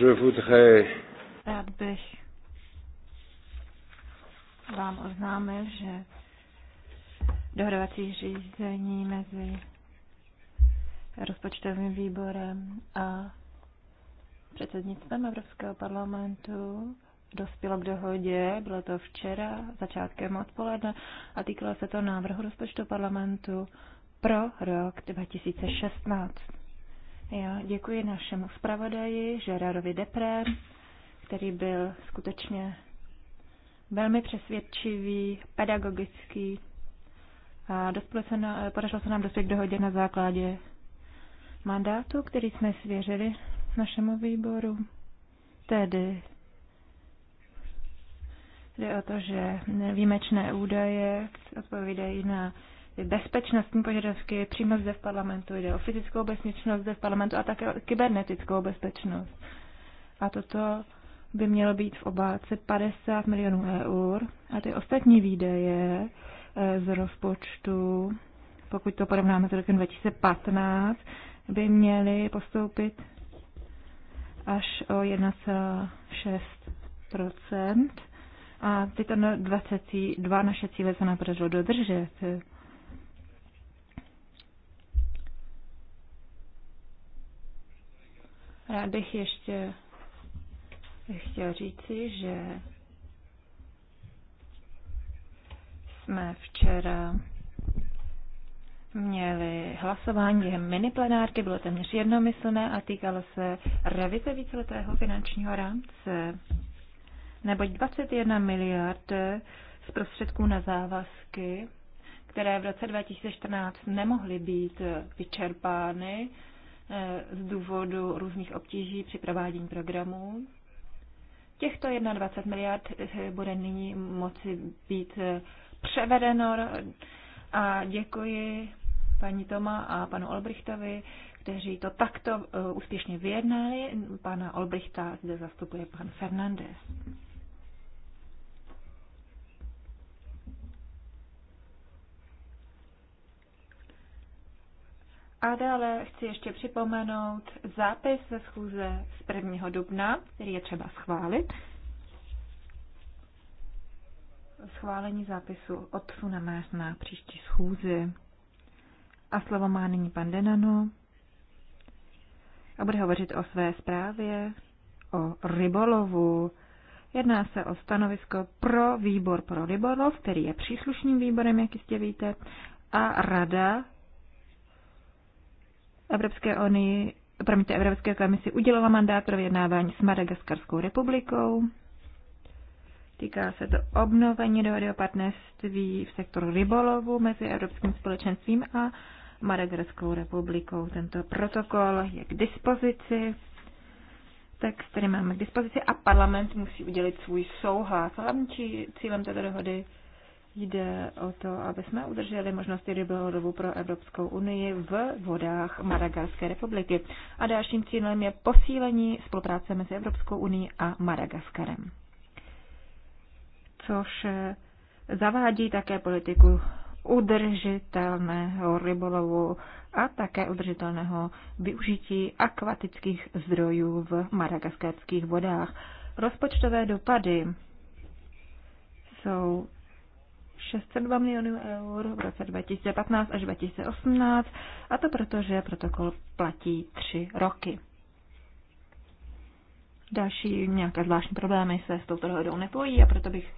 Je voudrais... Rád bych vám oznámil, že dohodovací řízení mezi rozpočtovým výborem a předsednictvem Evropského parlamentu dospělo k dohodě, bylo to včera, začátkem odpoledne, a týkalo se to návrhu rozpočtu parlamentu pro rok 2016. Já děkuji našemu zpravodaji Žerarovi Depré, který byl skutečně velmi přesvědčivý, pedagogický a se na, podařilo se nám dospět k dohodě na základě mandátu, který jsme svěřili našemu výboru. Tedy jde o to, že výjimečné údaje odpovídají na bezpečnostní požadavky přímo zde v parlamentu, jde o fyzickou bezpečnost zde v parlamentu a také o kybernetickou bezpečnost. A toto by mělo být v obálce 50 milionů eur a ty ostatní výdaje e, z rozpočtu, pokud to porovnáme s rokem 2015, by měly postoupit až o 1,6 a tyto 22 naše cíle se nám podařilo dodržet. Rád bych ještě chtěl říci, že jsme včera měli hlasování během plenárky, bylo téměř jednomyslné a týkalo se revize víceletého finančního rámce, neboť 21 miliard z prostředků na závazky, které v roce 2014 nemohly být vyčerpány, Eh, z důvodu různých obtíží při provádění programů. Těchto 21 miliard eh, bude nyní moci být eh, převedeno a děkuji paní Toma a panu Olbrichtovi, kteří to takto úspěšně vyjednali. Pana Olbrichta zde zastupuje pan Fernandez. A dále chci ještě připomenout zápis ze schůze z 1. dubna, který je třeba schválit. Schválení zápisu odsuneme na příští schůzi. A slovo má nyní pan Denano a bude hovořit o své zprávě, o rybolovu. Jedná se o stanovisko pro výbor pro rybolov, který je příslušným výborem, jak jistě víte, a rada Evropské unii, promiňte, Evropské komisi udělala mandát pro vyjednávání s Madagaskarskou republikou. Týká se to obnovení dohody o partnerství v sektoru rybolovu mezi Evropským společenstvím a Madagaskarskou republikou. Tento protokol je k dispozici, text, který máme k dispozici a parlament musí udělit svůj souhlas. Hlavním cílem této dohody Jde o to, aby jsme udrželi možnosti rybolovu pro Evropskou unii v vodách Madagarské republiky. A dalším cílem je posílení spolupráce mezi Evropskou unii a Madagaskarem. Což eh, zavádí také politiku udržitelného rybolovu a také udržitelného využití akvatických zdrojů v madagaskarských vodách. Rozpočtové dopady jsou 602 milionů eur v roce 2015 až 2018, a to proto, že protokol platí tři roky. Další nějaké zvláštní problémy se s touto dohodou nepojí a proto bych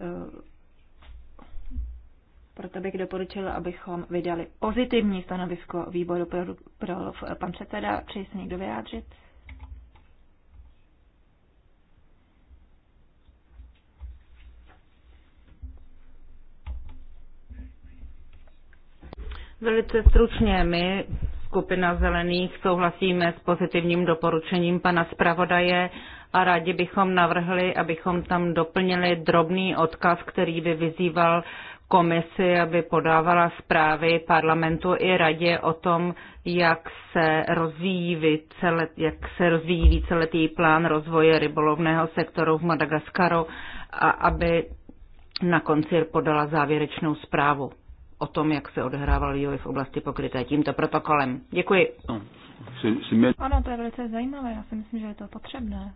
eh, proto bych doporučila, abychom vydali pozitivní stanovisko výboru pro, pro pan předseda. Přeji se někdo vyjádřit? Velice stručně my, skupina zelených, souhlasíme s pozitivním doporučením pana zpravodaje a rádi bychom navrhli, abychom tam doplnili drobný odkaz, který by vyzýval komisi, aby podávala zprávy parlamentu i radě o tom, jak se rozvíjí, vícelet, jak se rozvíjí víceletý plán rozvoje rybolovného sektoru v Madagaskaru a aby na konci podala závěrečnou zprávu o tom, jak se odehrával vývoj v oblasti pokryté tímto protokolem. Děkuji. No, ano, to je velice zajímavé. Já si myslím, že je to potřebné.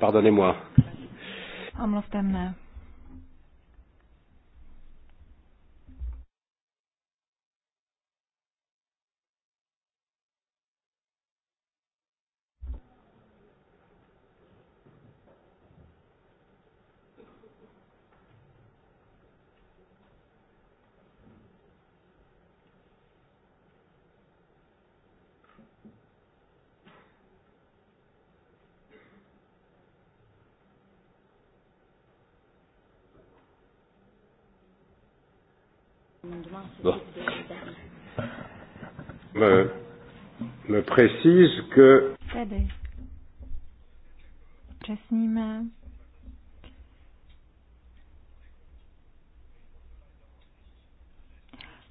Pardonnez-moi. Omluvte mne. bon. me, me précise que... Přesníme.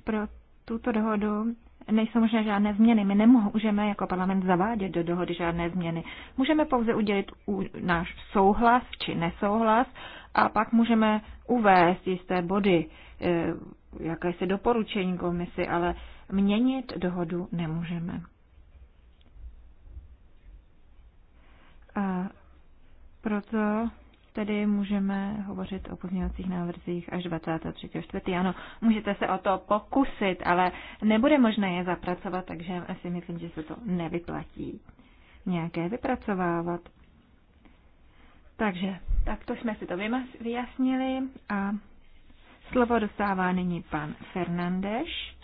Pro tuto dohodu nejsou možné žádné změny. My nemůžeme jako parlament zavádět do dohody žádné změny. Můžeme pouze udělit u, náš souhlas či nesouhlas a pak můžeme uvést jisté body eh, jakési doporučení komisi, ale měnit dohodu nemůžeme. A proto tedy můžeme hovořit o pozměňovacích návrzích až 23.4. Ano, můžete se o to pokusit, ale nebude možné je zapracovat, takže asi myslím, že se to nevyplatí nějaké vypracovávat. Takže takto jsme si to vyjasnili a Slovo dostává nyní pan Fernandeš.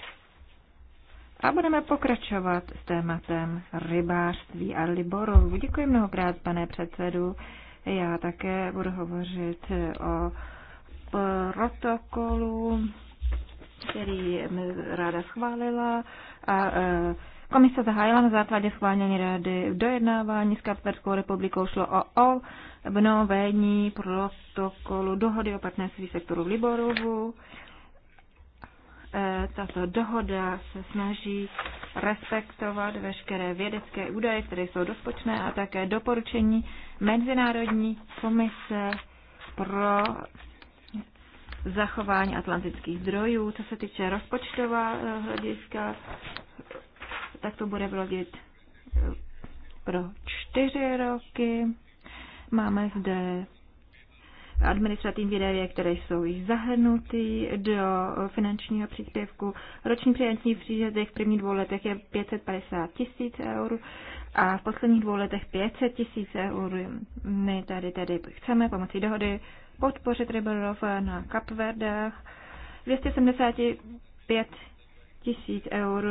A budeme pokračovat s tématem rybářství a Liborov. Děkuji mnohokrát, pane předsedu. Já také budu hovořit o protokolu, který ráda schválila a e, Komise zahájila na základě schválení rady v dojednávání s Kapverskou republikou šlo o obnovení protokolu dohody o partnerství sektoru v Liborovu. E, tato dohoda se snaží respektovat veškeré vědecké údaje, které jsou dospočné a také doporučení Mezinárodní komise pro zachování atlantických zdrojů. Co se týče rozpočtová hlediska, tak to bude vlodit eh, pro čtyři roky. Máme zde administrativní výdaje, které jsou již zahrnuty do finančního příspěvku. Roční přijatní příspěvek v prvních dvou letech je 550 tisíc eur a v posledních dvou letech 500 tisíc eur. My tady tedy chceme pomocí dohody podpořit rybolov na Kapverdách 275 tisíc eur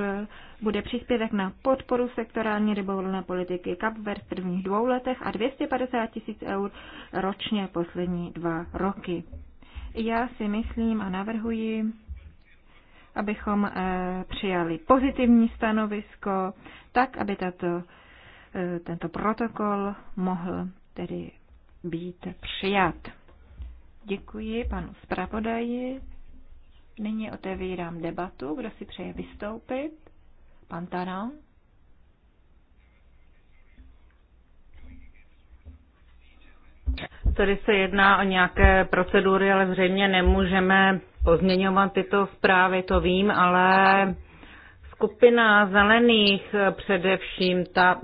bude příspěvek na podporu sektorální rybolovné politiky Kapver v prvních dvou letech a 250 tisíc eur ročně poslední dva roky. Já si myslím a navrhuji, abychom eh, přijali pozitivní stanovisko, tak aby tato, eh, tento protokol mohl tedy být přijat. Děkuji panu zpravodaji. Nyní otevírám debatu. Kdo si přeje vystoupit? Pan Taran. Tady se jedná o nějaké procedury, ale zřejmě nemůžeme pozměňovat tyto zprávy, to vím, ale skupina zelených, především ta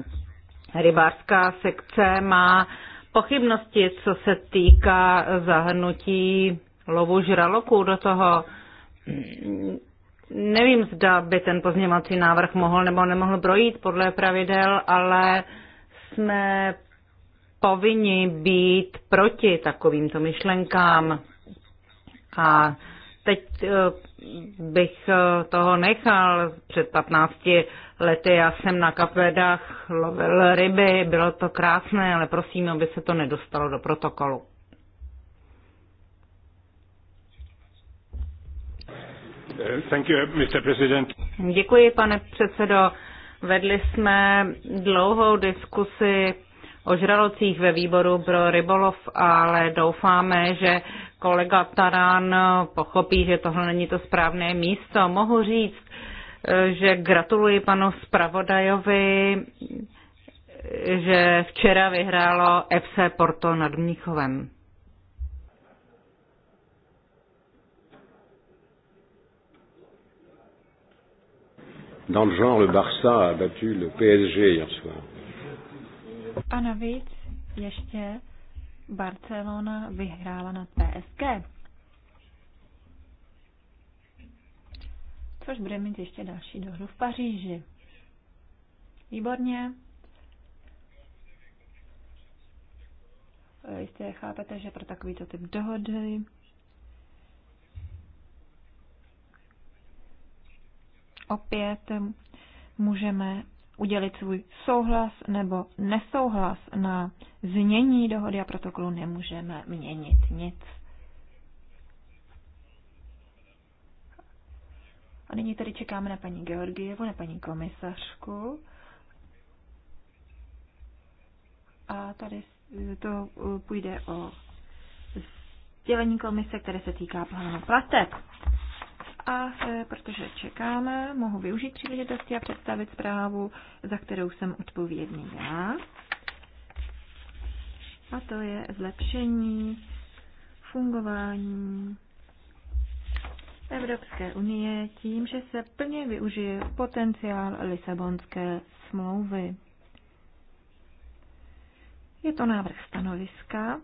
rybářská sekce, má pochybnosti, co se týká zahrnutí lovu žraloků do toho nevím, zda by ten pozměňovací návrh mohl nebo nemohl projít podle pravidel, ale jsme povinni být proti takovýmto myšlenkám. A teď eh, bych eh, toho nechal. Před 15 lety já jsem na kapvedách lovil ryby, bylo to krásné, ale prosím, aby se to nedostalo do protokolu. Děkuji, pane předsedo. Vedli jsme dlouhou diskusi o žralocích ve výboru pro rybolov, ale doufáme, že kolega Taran pochopí, že tohle není to správné místo. Mohu říct, že gratuluji panu zpravodajovi, že včera vyhrálo FC e e Porto nad Mnichovem. Dans le genre, le Barça a battu le PSG hier soir. A navíc ještě Barcelona vyhrála nad PSG. Což bude mít ještě další dohru v Paříži. Výborně. Jistě chápete, že pro takovýto typ dohody opět můžeme udělit svůj souhlas nebo nesouhlas na znění dohody a protokolu nemůžeme měnit nic. A nyní tedy čekáme na paní Georgievu, na paní komisařku. A tady to půjde o sdělení komise, které se týká plánu plateb. A e, protože čekáme, mohu využít příležitosti a představit zprávu, za kterou jsem odpovědný já. A to je zlepšení fungování Evropské unie tím, že se plně využije potenciál Lisabonské smlouvy. Je to návrh stanoviska,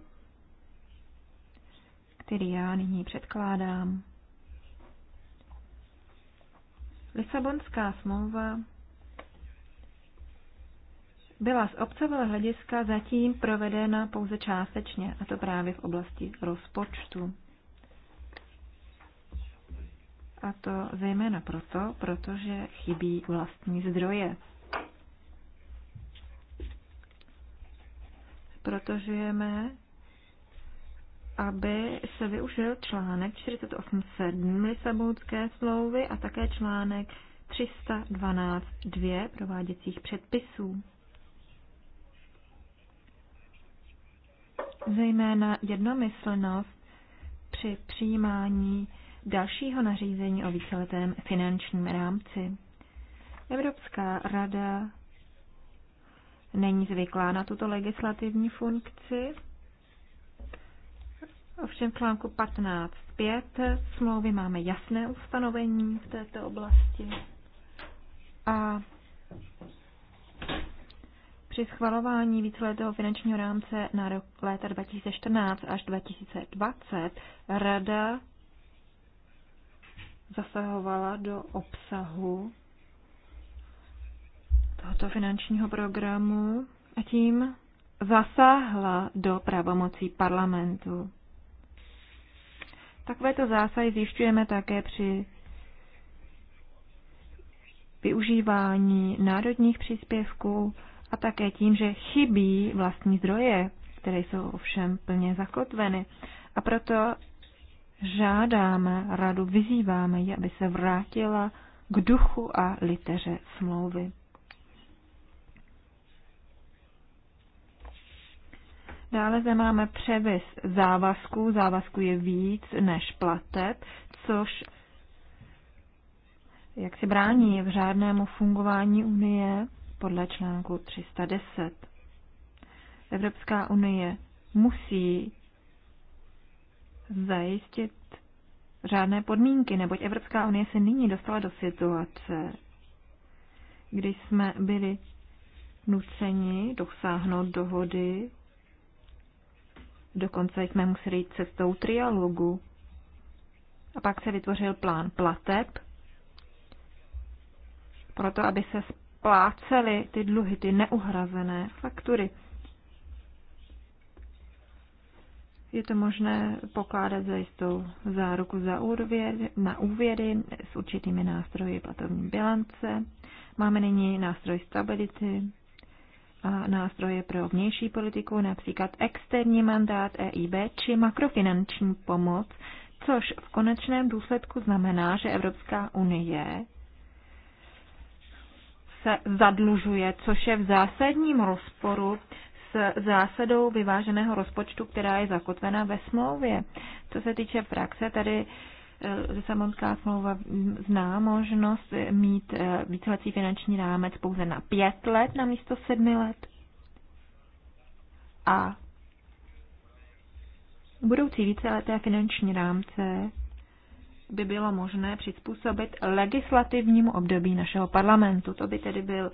který já nyní předkládám. Lisabonská smlouva byla z obcového hlediska zatím provedena pouze částečně, a to právě v oblasti rozpočtu. A to zejména proto, protože chybí vlastní zdroje. Protože žijeme aby se využil článek 48.7 Lisabonské smlouvy a také článek 312.2 prováděcích předpisů. Zejména jednomyslnost při přijímání dalšího nařízení o víceletém finančním rámci. Evropská rada není zvyklá na tuto legislativní funkci Ovšem článku 15.5 smlouvy máme jasné ustanovení v této oblasti a při schvalování víceletého finančního rámce na rok léta 2014 až 2020 Rada zasahovala do obsahu tohoto finančního programu a tím zasáhla do pravomocí parlamentu. Takovéto zásahy zjišťujeme také při využívání národních příspěvků a také tím, že chybí vlastní zdroje, které jsou ovšem plně zakotveny. A proto žádáme radu, vyzýváme ji, aby se vrátila k duchu a liteře smlouvy. Dále zde máme převis závazků. Závazků je víc než plateb, což jak si brání v řádnému fungování Unie podle článku 310. Evropská unie musí zajistit řádné podmínky, neboť Evropská unie se nyní dostala do situace, kdy jsme byli nuceni dosáhnout dohody Dokonce jsme museli jít cestou trialogu. A pak se vytvořil plán plateb, proto aby se spláceli ty dluhy, ty neuhrazené faktury. Je to možné pokládat za jistou záruku za úvěr, na úvěry s určitými nástroji platovní bilance. Máme nyní nástroj stability, a nástroje pro vnější politiku, například externí mandát EIB či makrofinanční pomoc, což v konečném důsledku znamená, že Evropská unie se zadlužuje, což je v zásadním rozporu s zásadou vyváženého rozpočtu, která je zakotvena ve smlouvě. Co se týče praxe, tady Lisabonská smlouva zná možnost mít eh, vícelecí finanční rámec pouze na pět let na místo sedmi let. A budoucí víceleté finanční rámce by bylo možné přizpůsobit legislativnímu období našeho parlamentu. To by tedy byl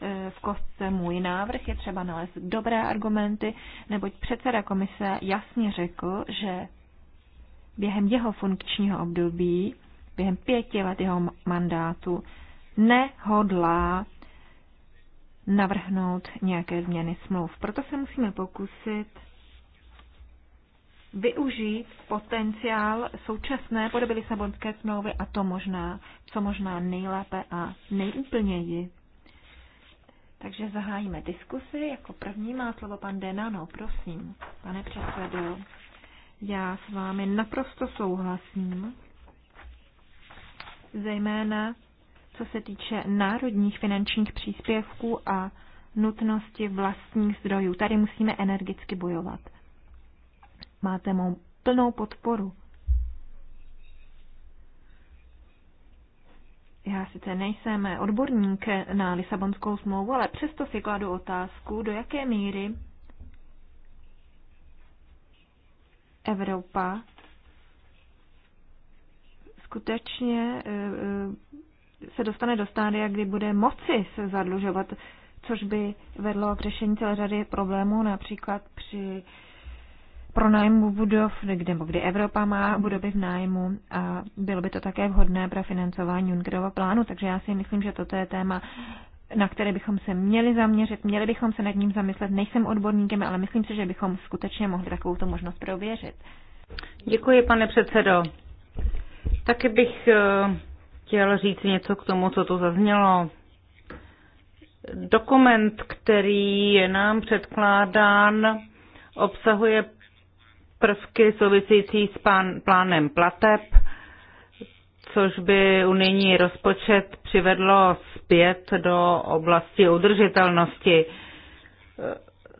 eh, v kostce můj návrh. Je třeba nalézt dobré argumenty, neboť předseda komise jasně řekl, že během jeho funkčního období, během pěti let jeho mandátu, nehodlá navrhnout nějaké změny smluv. Proto se musíme pokusit využít potenciál současné podoby Lisabonské smlouvy a to možná, co možná nejlépe a nejúplněji. Takže zahájíme diskusy. Jako první má slovo pan Denano, prosím, pane předsedo. Já s vámi naprosto souhlasím, zejména co se týče národních finančních příspěvků a nutnosti vlastních zdrojů. Tady musíme energicky bojovat. Máte mou plnou podporu. Já sice nejsem odborník na Lisabonskou smlouvu, ale přesto si kladu otázku, do jaké míry Evropa skutečně eh, eh, se dostane do stádia, kdy bude moci se zadlužovat, což by vedlo k řešení celé řady problémů, například při pronájmu budov, nebo kdy Evropa má budovy v nájmu a bylo by to také vhodné pro financování Junckerova plánu. Takže já si myslím, že toto je téma na které bychom se měli zaměřit, měli bychom se nad ním zamyslet. Nejsem odborníkem, ale myslím si, že bychom skutečně mohli takovou to možnost prověřit. Děkuji, pane předsedo. Taky bych eh, chtěl říct něco k tomu, co tu zaznělo. Dokument, který je nám předkládán, obsahuje prvky související s pán, plánem plateb, což by unijní rozpočet přivedlo zpět do oblasti udržitelnosti.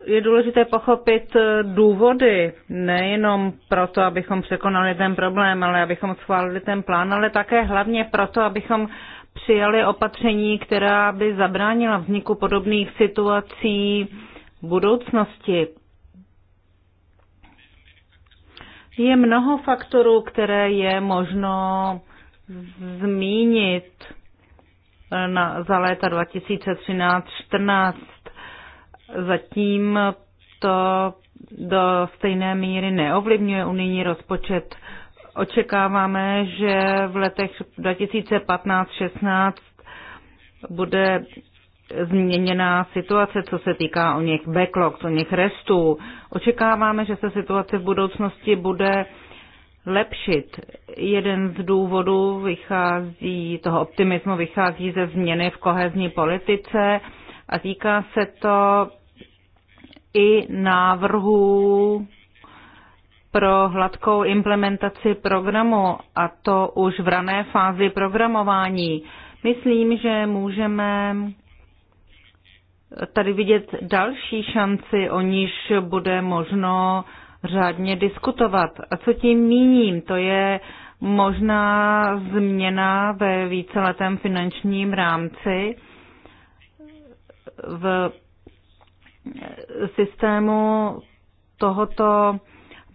Je důležité pochopit důvody, nejenom proto, abychom překonali ten problém, ale abychom schválili ten plán, ale také hlavně proto, abychom přijali opatření, která by zabránila vzniku podobných situací v budoucnosti. Je mnoho faktorů, které je možno zmínit na, za léta 2013-14. Zatím to do stejné míry neovlivňuje unijní rozpočet. Očekáváme, že v letech 2015-16 bude změněná situace, co se týká o něch backlogs, o něch restů. Očekáváme, že se situace v budoucnosti bude lepšit. Jeden z důvodů vychází, toho optimismu vychází ze změny v kohezní politice a týká se to i návrhů pro hladkou implementaci programu a to už v rané fázi programování. Myslím, že můžeme tady vidět další šanci, o níž bude možno řádně diskutovat. A co tím míním? To je možná změna ve víceletém finančním rámci v systému tohoto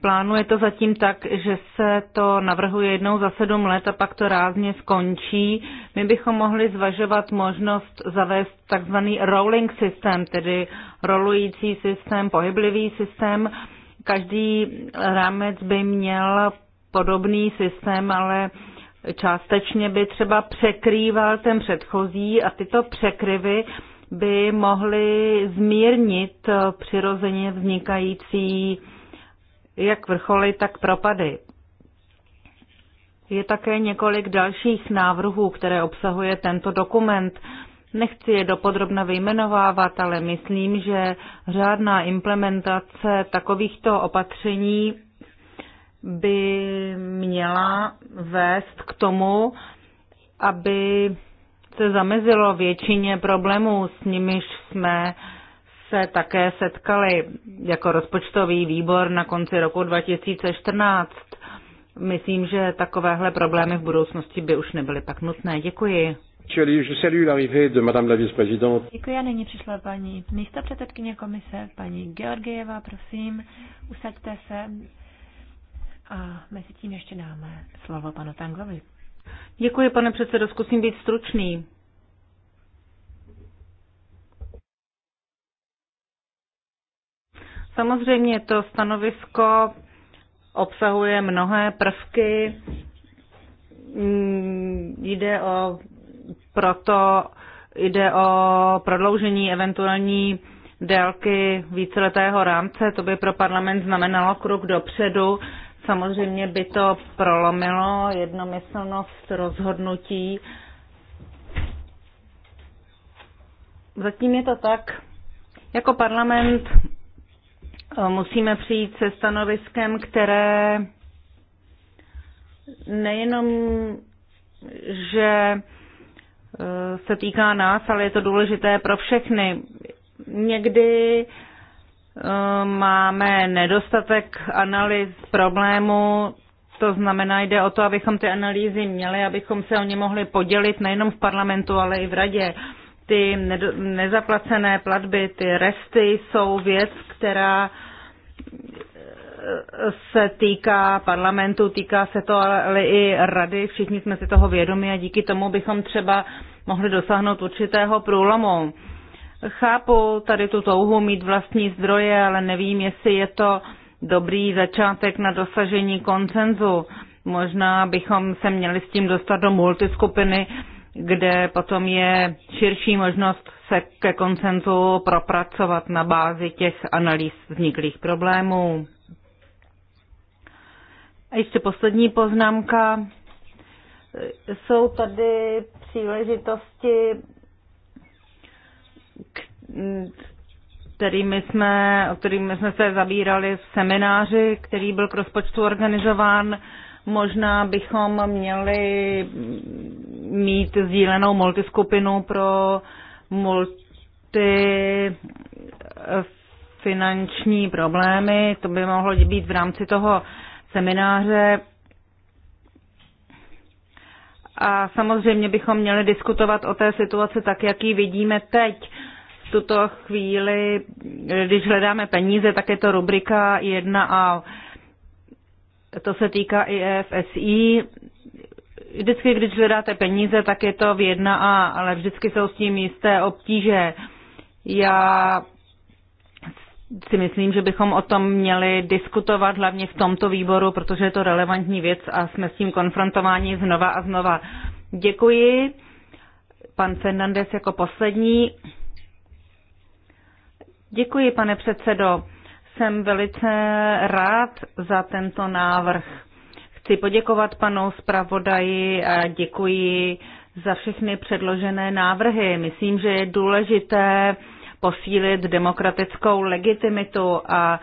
plánu je to zatím tak, že se to navrhuje jednou za sedm let a pak to rázně skončí. My bychom mohli zvažovat možnost zavést takzvaný rolling systém, tedy rolující systém, pohyblivý systém, Každý rámec by měl podobný systém, ale částečně by třeba překrýval ten předchozí a tyto překryvy by mohly zmírnit přirozeně vznikající jak vrcholy, tak propady. Je také několik dalších návrhů, které obsahuje tento dokument. Nechci je dopodrobna vyjmenovávat, ale myslím, že řádná implementace takovýchto opatření by měla vést k tomu, aby se zamezilo většině problémů, s nimiž jsme se také setkali jako rozpočtový výbor na konci roku 2014. Myslím, že takovéhle problémy v budoucnosti by už nebyly pak nutné. Děkuji. Děkuji a nyní přišla paní místo předsedkyně komise, paní Georgieva, prosím, usaďte se a mezi tím ještě dáme slovo panu Tanglovi. Děkuji, pane předsedo, zkusím být stručný. Samozřejmě to stanovisko obsahuje mnohé prvky. Mm, jde o proto jde o prodloužení eventuální délky víceletého rámce. To by pro parlament znamenalo krok dopředu. Samozřejmě by to prolomilo jednomyslnost rozhodnutí. Zatím je to tak, jako parlament eh, musíme přijít se stanoviskem, které nejenom, že Eh, se týká nás, ale je to důležité pro všechny. Někdy eh, máme nedostatek analýz problému, to znamená, jde o to, abychom ty analýzy měli, abychom se o ně mohli podělit nejenom v parlamentu, ale i v radě. Ty nezaplacené platby, ty resty jsou věc, která eh, se týká parlamentu, týká se to ale i rady, všichni jsme si toho vědomi a díky tomu bychom třeba mohli dosáhnout určitého průlomu. Chápu tady tu touhu mít vlastní zdroje, ale nevím, jestli je to dobrý začátek na dosažení koncenzu. Možná bychom se měli s tím dostat do multiskupiny, kde potom je širší možnost se ke koncenzu propracovat na bázi těch analýz vzniklých problémů. A ještě poslední poznámka. Jsou tady příležitosti, kterými jsme, o kterými jsme se zabírali v semináři, který byl k rozpočtu organizován. Možná bychom měli mít sdílenou multiskupinu pro multi finanční problémy. To by mohlo být v rámci toho semináře a samozřejmě bychom měli diskutovat o té situaci tak, jak ji vidíme teď. V tuto chvíli, když hledáme peníze, tak je to rubrika 1a. To se týká i EFSI. Vždycky, když hledáte peníze, tak je to v 1a, ale vždycky jsou s tím jisté obtíže. Já si myslím, že bychom o tom měli diskutovat hlavně v tomto výboru, protože je to relevantní věc a jsme s tím konfrontováni znova a znova. Děkuji. Pan Fernandez jako poslední. Děkuji, pane předsedo. Jsem velice rád za tento návrh. Chci poděkovat panu zpravodaji a děkuji za všechny předložené návrhy. Myslím, že je důležité, posílit demokratickou legitimitu a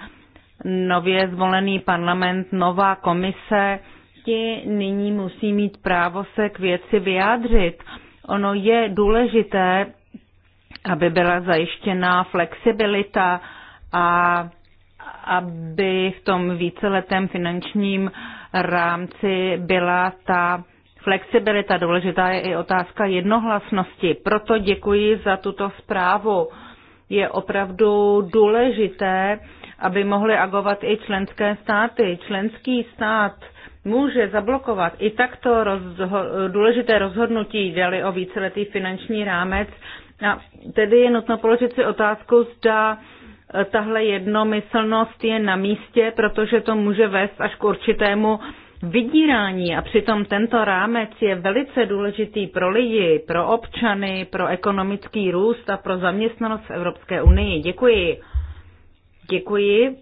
nově zvolený parlament, nová komise, ti nyní musí mít právo se k věci vyjádřit. Ono je důležité, aby byla zajištěná flexibilita a aby v tom víceletém finančním rámci byla ta flexibilita. Důležitá je i otázka jednohlasnosti. Proto děkuji za tuto zprávu je opravdu důležité, aby mohly agovat i členské státy. Členský stát může zablokovat i takto rozho- důležité rozhodnutí, jde o víceletý finanční rámec. A tedy je nutno položit si otázku, zda eh, tahle jednomyslnost je na místě, protože to může vést až k určitému vydírání a přitom tento rámec je velice důležitý pro lidi, pro občany, pro ekonomický růst a pro zaměstnanost v Evropské unii. Děkuji. Děkuji.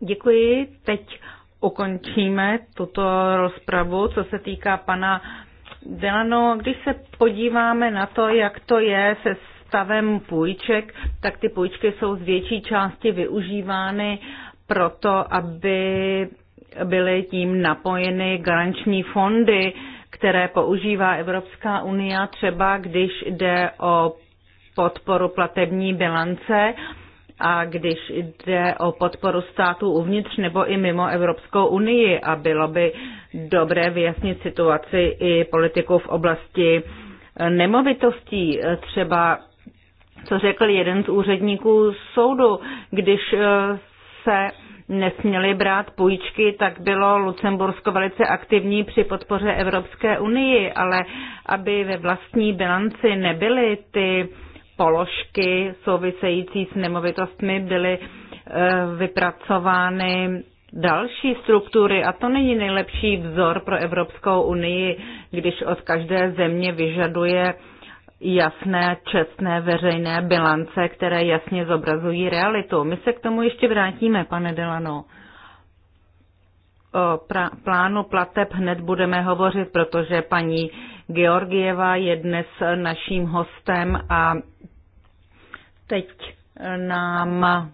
Děkuji. Teď ukončíme tuto rozpravu, co se týká pana Delano. Když se podíváme na to, jak to je se stavem půjček, tak ty půjčky jsou z větší části využívány proto, aby byly tím napojeny garanční fondy, které používá Evropská unie, třeba když jde o podporu platební bilance a když jde o podporu států uvnitř nebo i mimo Evropskou unii a bylo by dobré vyjasnit situaci i politiku v oblasti eh, nemovitostí. Eh, třeba, co řekl jeden z úředníků soudu, když eh, se nesměli brát půjčky, tak bylo Lucembursko velice aktivní při podpoře Evropské unii, ale aby ve vlastní bilanci nebyly ty položky související s nemovitostmi, byly eh, vypracovány další struktury a to není nejlepší vzor pro Evropskou unii, když od každé země vyžaduje jasné, čestné veřejné bilance, které jasně zobrazují realitu. My se k tomu ještě vrátíme, pane Delano. O pra- plánu plateb hned budeme hovořit, protože paní Georgieva je dnes naším hostem a teď nám e,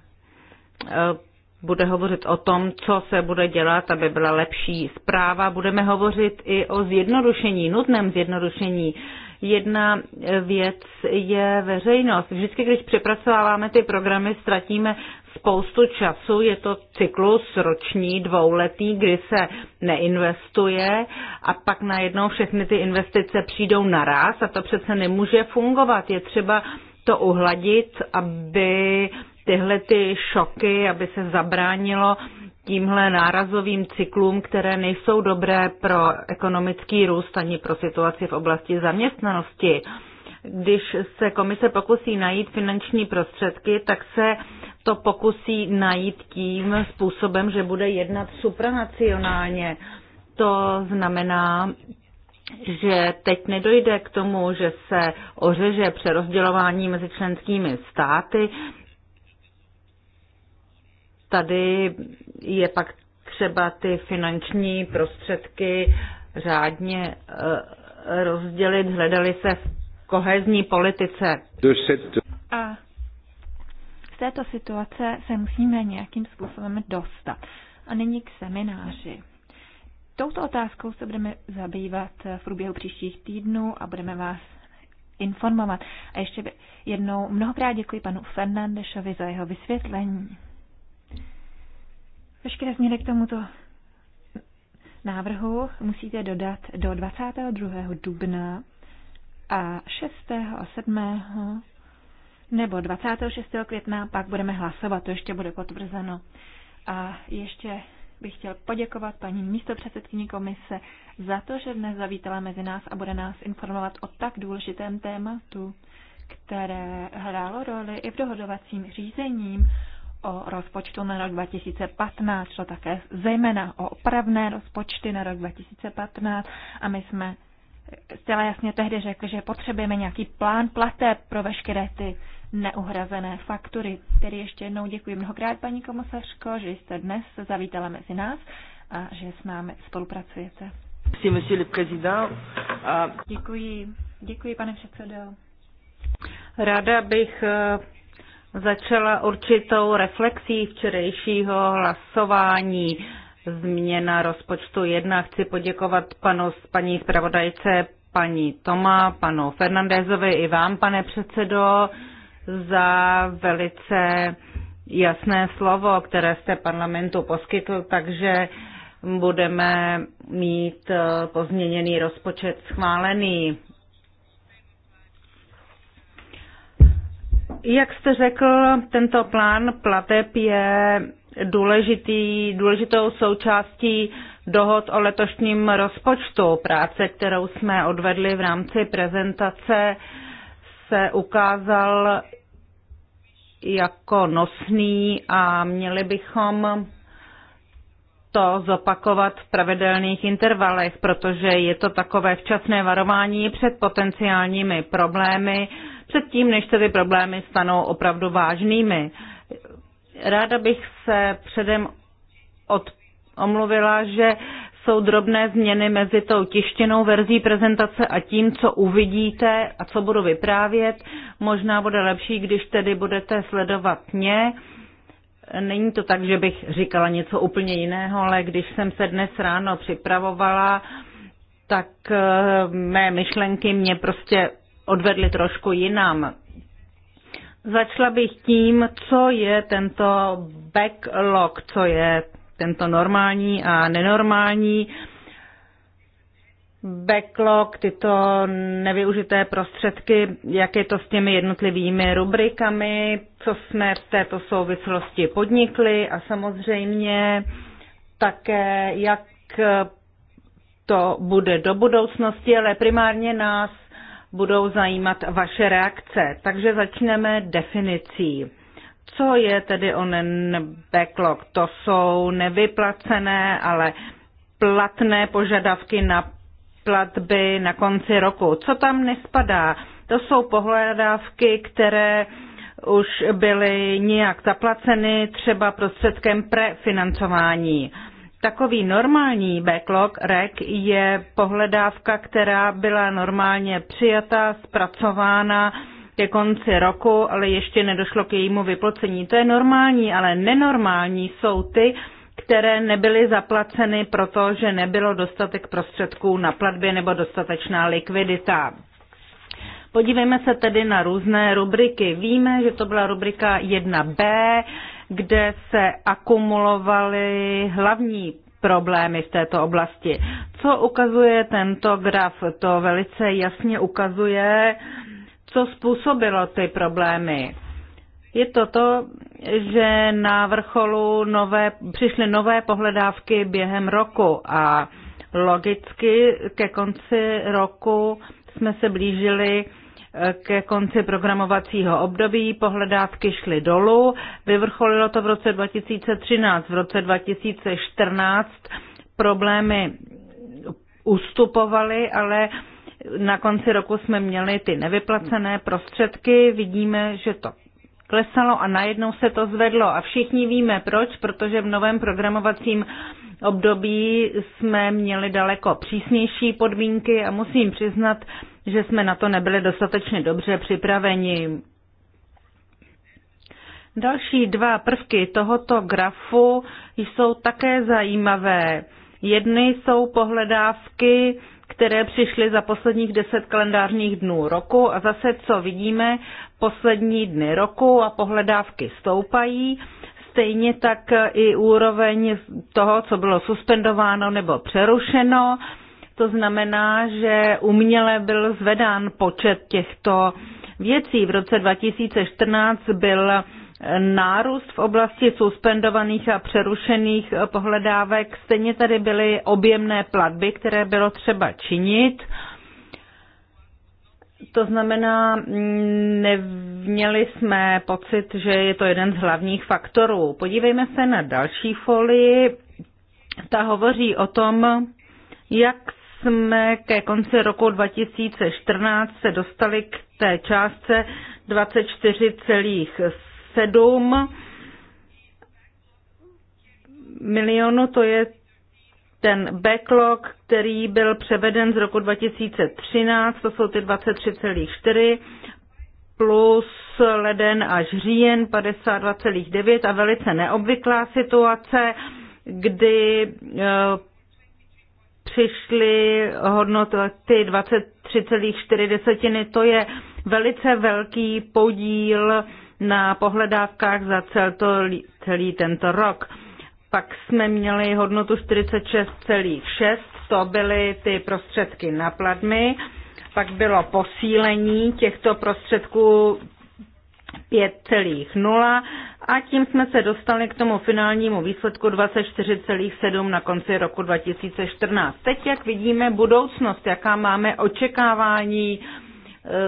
bude hovořit o tom, co se bude dělat, aby byla lepší zpráva. Budeme hovořit i o zjednodušení, nutném zjednodušení Jedna věc je veřejnost. Vždycky, když přepracováváme ty programy, ztratíme spoustu času. Je to cyklus roční, dvouletý, kdy se neinvestuje a pak najednou všechny ty investice přijdou naraz a to přece nemůže fungovat. Je třeba to uhladit, aby tyhle ty šoky, aby se zabránilo uh, tímhle nárazovým cyklům, které nejsou dobré pro ekonomický růst ani pro situaci v oblasti zaměstnanosti. Když se komise pokusí najít finanční prostředky, tak se to pokusí najít tím způsobem, že bude jednat supranacionálně. To znamená, že teď nedojde k tomu, že se ořeže přerozdělování mezi členskými státy, tady je pak třeba ty finanční prostředky řádně eh, rozdělit, hledali se v kohezní politice. A z této situace se musíme nějakým způsobem dostat. A nyní k semináři. Touto otázkou se budeme zabývat v průběhu příštích týdnů a budeme vás informovat. A ještě jednou mnohokrát děkuji panu Fernandešovi za jeho vysvětlení. Veškeré změny k tomuto návrhu musíte dodat do 22. dubna a 6. a 7. nebo 26. května pak budeme hlasovat, to ještě bude potvrzeno. A ještě bych chtěl poděkovat paní místopředsedkyni komise za to, že dnes zavítala mezi nás a bude nás informovat o tak důležitém tématu, které hrálo roli i v dohodovacím řízením o rozpočtu na rok 2015, šlo také zejména o opravné rozpočty na rok 2015 a my jsme zcela jasně tehdy řekli, že potřebujeme nějaký plán plateb pro veškeré ty neuhrazené faktury. Tedy ještě jednou děkuji mnohokrát, paní komisařko, že jste dnes zavítala mezi nás a že s námi spolupracujete. Děkuji, děkuji pane předsedo. Ráda bych eh, začala určitou reflexí včerejšího hlasování. Změna rozpočtu Jedna Chci poděkovat panu paní zpravodajce, paní Toma, panu Fernandezovi i vám, pane předsedo, za velice jasné slovo, které jste parlamentu poskytl, takže budeme mít eh, pozměněný rozpočet schválený. Jak jste řekl, tento plán plateb je důležitý, důležitou součástí dohod o letošním rozpočtu. Práce, kterou jsme odvedli v rámci prezentace, se ukázal jako nosný a měli bychom to zopakovat v pravidelných intervalech, protože je to takové včasné varování před potenciálními problémy, předtím, než se ty problémy stanou opravdu vážnými. Ráda bych se předem od, omluvila, že jsou drobné změny mezi tou tištěnou verzí prezentace a tím, co uvidíte a co budu vyprávět. Možná bude lepší, když tedy budete sledovat mě. Není to tak, že bych říkala něco úplně jiného, ale když jsem se dnes ráno připravovala, tak eh, mé myšlenky mě prostě odvedli trošku jinam. Začala bych tím, co je tento backlog, co je tento normální a nenormální backlog, tyto nevyužité prostředky, jak je to s těmi jednotlivými rubrikami, co jsme v této souvislosti podnikli a samozřejmě také, jak to bude do budoucnosti, ale primárně nás budou zajímat vaše reakce. Takže začneme definicí. Co je tedy onen backlog? To jsou nevyplacené, ale platné požadavky na platby na konci roku. Co tam nespadá? To jsou pohledávky, které už byly nějak zaplaceny třeba prostředkem prefinancování. Takový normální backlog REC je pohledávka, která byla normálně přijata, zpracována ke konci roku, ale ještě nedošlo k jejímu vyplocení. To je normální, ale nenormální jsou ty, které nebyly zaplaceny, protože nebylo dostatek prostředků na platby nebo dostatečná likvidita. Podívejme se tedy na různé rubriky. Víme, že to byla rubrika 1b, kde se akumulovaly hlavní problémy v této oblasti. Co ukazuje tento graf? To velice jasně ukazuje, co způsobilo ty problémy. Je to to, že na vrcholu nové, přišly nové pohledávky během roku a logicky ke konci roku jsme se blížili ke konci programovacího období, pohledávky šly dolů, vyvrcholilo to v roce 2013, v roce 2014 problémy ustupovaly, ale na konci roku jsme měli ty nevyplacené prostředky, vidíme, že to klesalo a najednou se to zvedlo. A všichni víme proč, protože v novém programovacím období jsme měli daleko přísnější podmínky a musím přiznat, že jsme na to nebyli dostatečně dobře připraveni. Další dva prvky tohoto grafu jsou také zajímavé. Jedny jsou pohledávky, které přišly za posledních deset kalendářních dnů roku a zase, co vidíme, poslední dny roku a pohledávky stoupají. Stejně tak i úroveň toho, co bylo suspendováno nebo přerušeno. To znamená, že uměle byl zvedán počet těchto věcí. V roce 2014 byl nárůst v oblasti suspendovaných a přerušených pohledávek. Stejně tady byly objemné platby, které bylo třeba činit. To znamená, neměli jsme pocit, že je to jeden z hlavních faktorů. Podívejme se na další folii. Ta hovoří o tom, jak jsme ke konci roku 2014 se dostali k té částce 24,7 milionu, to je ten backlog, který byl převeden z roku 2013, to jsou ty 23,4 plus leden až říjen 52,9 a velice neobvyklá situace, kdy eh, přišly hodnoty 23,4, to je velice velký podíl na pohledávkách za cel to, celý tento rok. Pak jsme měli hodnotu 46,6, to byly ty prostředky na platmy. Pak bylo posílení těchto prostředků a tím jsme se dostali k tomu finálnímu výsledku 24,7 na konci roku 2014. Teď, jak vidíme budoucnost, jaká máme očekávání e,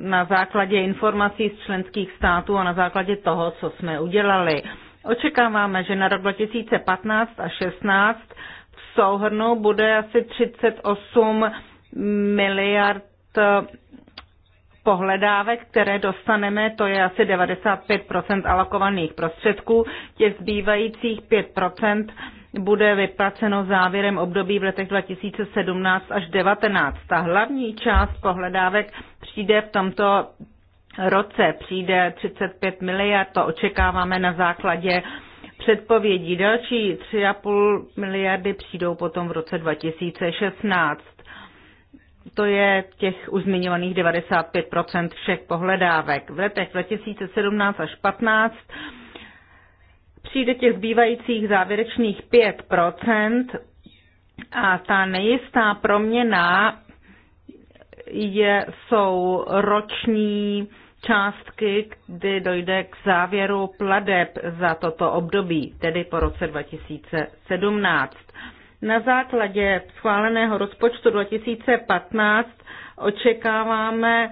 na základě informací z členských států a na základě toho, co jsme udělali. Očekáváme, že na rok 2015 a 16 v souhrnu bude asi 38 miliard pohledávek, které dostaneme, to je asi 95 alokovaných prostředků. Těch zbývajících 5 bude vyplaceno závěrem období v letech 2017 až 2019. Ta hlavní část pohledávek přijde v tomto roce, přijde 35 miliard, to očekáváme na základě předpovědí. Další 3,5 miliardy přijdou potom v roce 2016 to je těch už zmiňovaných 95 všech pohledávek. V letech 2017 až 15 přijde těch zbývajících závěrečných 5 a ta nejistá proměna je, jsou roční částky, kdy dojde k závěru pladeb za toto období, tedy po roce 2017. Na základě schváleného rozpočtu 2015 očekáváme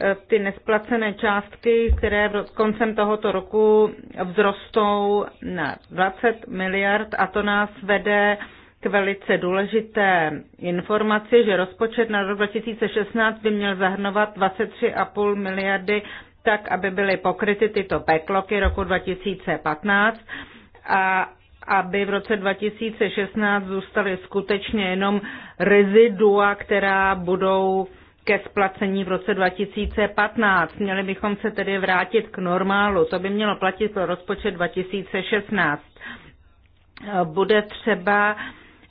eh, ty nesplacené částky, které koncem tohoto roku vzrostou na 20 miliard a to nás vede k velice důležité informaci, že rozpočet na rok 2016 by měl zahrnovat 23,5 miliardy tak, aby byly pokryty tyto backlogy roku 2015 a aby v roce 2016 zůstaly skutečně jenom rezidua, která budou ke splacení v roce 2015. Měli bychom se tedy vrátit k normálu. To by mělo platit pro rozpočet 2016. Bude třeba,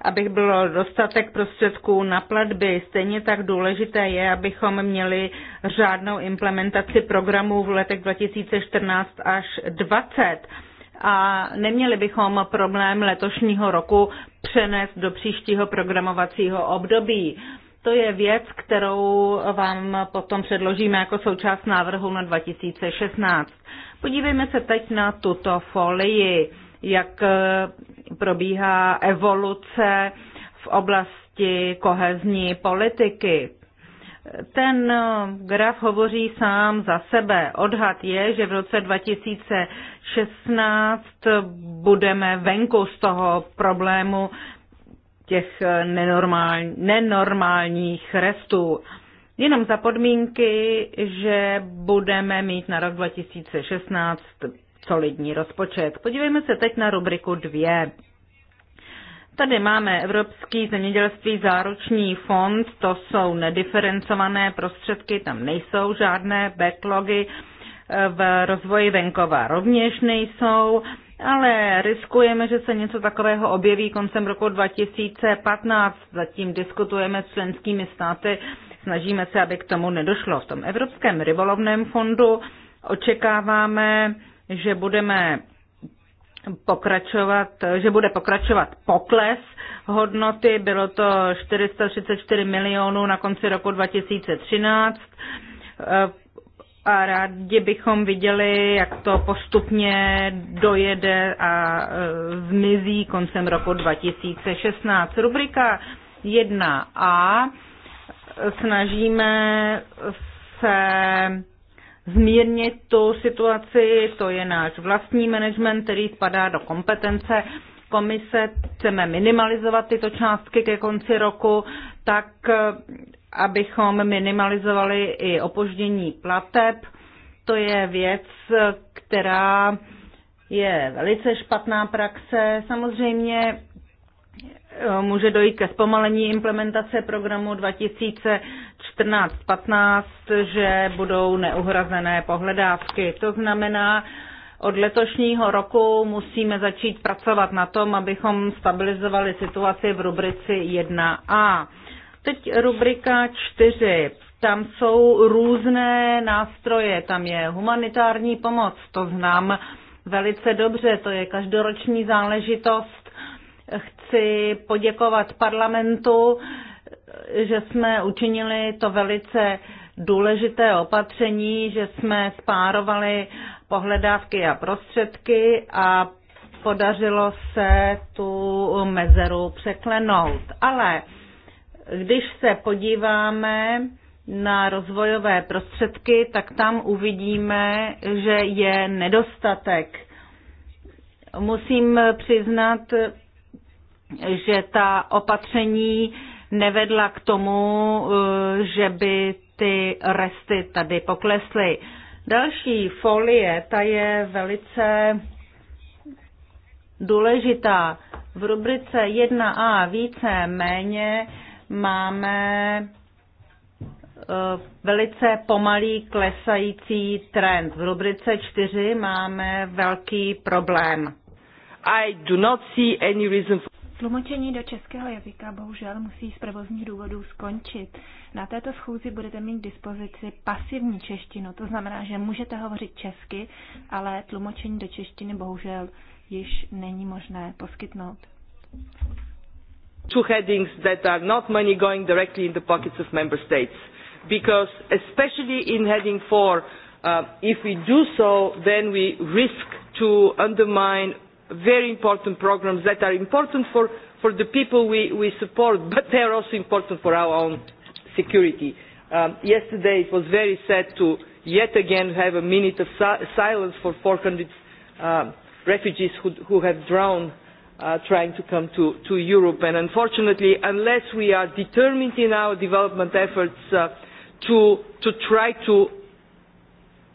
abych bylo dostatek prostředků na platby. Stejně tak důležité je, abychom měli řádnou implementaci programů v letech 2014 až 2020 a neměli bychom problém letošního roku přenést do příštího programovacího období. To je věc, kterou vám potom předložíme jako součást návrhu na 2016. Podívejme se teď na tuto folii, jak eh, probíhá evoluce v oblasti kohezní politiky. Ten eh, graf hovoří sám za sebe. Odhad je, že v roce 2016 budeme venku z toho problému těch eh, nenormál, nenormálních restů. Jenom za podmínky, že budeme mít na rok 2016 solidní rozpočet. Podívejme se teď na rubriku 2. Tady máme Evropský zemědělství záruční fond, to jsou nediferencované prostředky, tam nejsou žádné backlogy, eh, v rozvoji venkova rovněž nejsou, ale riskujeme, že se něco takového objeví koncem roku 2015. Zatím diskutujeme s členskými státy, snažíme se, aby k tomu nedošlo. V tom Evropském rybolovném fondu očekáváme, že budeme pokračovat, že bude pokračovat pokles hodnoty. Bylo to 434 milionů na konci roku 2013 a rádi bychom viděli, jak to postupně dojede a e, zmizí koncem roku 2016. Rubrika 1a snažíme se zmírnit tu situaci, to je náš vlastní management, který spadá do kompetence komise, chceme minimalizovat tyto částky ke konci roku, tak eh, abychom minimalizovali i opoždění plateb. To je věc, eh, která je velice špatná praxe. Samozřejmě Eh, může dojít ke zpomalení implementace programu 2014-15, že budou neuhrazené pohledávky. To znamená, od letošního roku musíme začít pracovat na tom, abychom stabilizovali situaci v rubrici 1a. Teď rubrika 4. Tam jsou různé nástroje. Tam je humanitární pomoc, to znám velice dobře, to je každoroční záležitost chci poděkovat parlamentu, že jsme učinili to velice důležité opatření, že jsme spárovali pohledávky a prostředky a podařilo se tu mezeru překlenout. Ale když se podíváme na rozvojové prostředky, tak tam uvidíme, že je nedostatek. Musím přiznat, že ta opatření nevedla k tomu, eh, že by ty resty tady poklesly. Další folie, ta je velice důležitá. V rubrice 1a více méně máme eh, velice pomalý klesající trend. V rubrice 4 máme velký problém. I do not see any reason for Tlumočení do českého jazyka bohužel musí z provozních důvodů skončit. Na této schůzi budete mít k dispozici pasivní češtinu, to znamená, že můžete hovořit česky, ale tlumočení do češtiny bohužel již není možné poskytnout. Two headings that are not money going directly in the pockets of member states, because especially in heading four, uh, if we do so, then we risk to undermine very important programs that are important for, for the people we, we support, but they are also important for our own security. Um, yesterday it was very sad to yet again have a minute of si silence for 400 um, refugees who, who have drowned uh, trying to come to, to Europe. And unfortunately, unless we are determined in our development efforts uh, to, to try to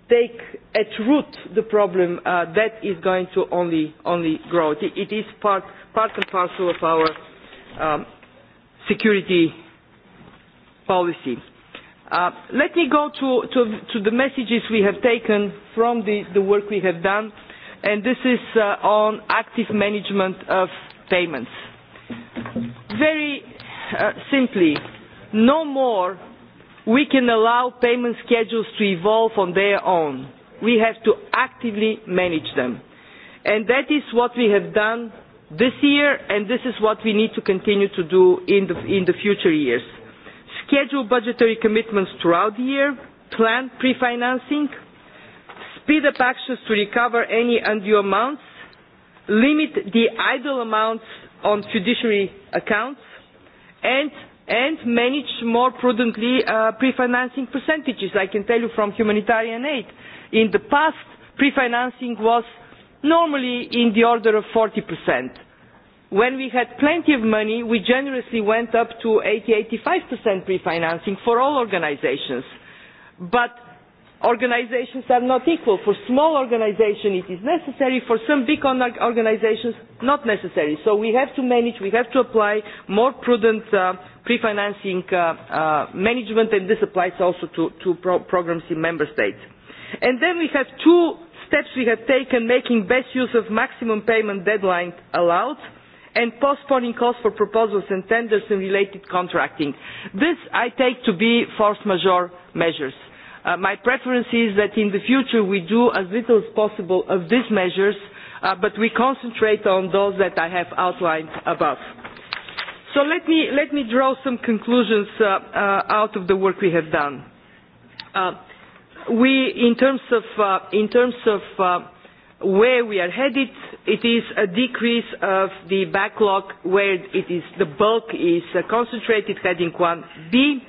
take at root the problem, uh, that is going to only, only grow. It, it is part, part and parcel of our um, security policy. Uh, let me go to, to, to the messages we have taken from the, the work we have done, and this is uh, on active management of payments. Very uh, simply, no more we can allow payment schedules to evolve on their own. We have to actively manage them. And that is what we have done this year, and this is what we need to continue to do in the, in the future years. Schedule budgetary commitments throughout the year, plan pre-financing, speed up actions to recover any undue amounts, limit the idle amounts on fiduciary accounts, and and manage more prudently uh, pre-financing percentages. I can tell you from humanitarian aid, in the past pre-financing was normally in the order of 40%. When we had plenty of money, we generously went up to 80-85% pre-financing for all organizations. But organizations are not equal. For small organizations it is necessary, for some big organizations not necessary. So we have to manage, we have to apply more prudent uh, pre-financing uh, uh, management and this applies also to, to pro programs in member states. And then we have two steps we have taken making best use of maximum payment deadline allowed and postponing costs for proposals and tenders and related contracting. This I take to be force majeure measures Uh, my preference is that in the future we do as little as possible of these measures, uh, but we concentrate on those that I have outlined above. So let me, let me draw some conclusions uh, uh, out of the work we have done. Uh, we, in terms of, uh, in terms of uh, where we are headed, it is a decrease of the backlog where it is, the bulk is uh, concentrated, heading 1B Uh,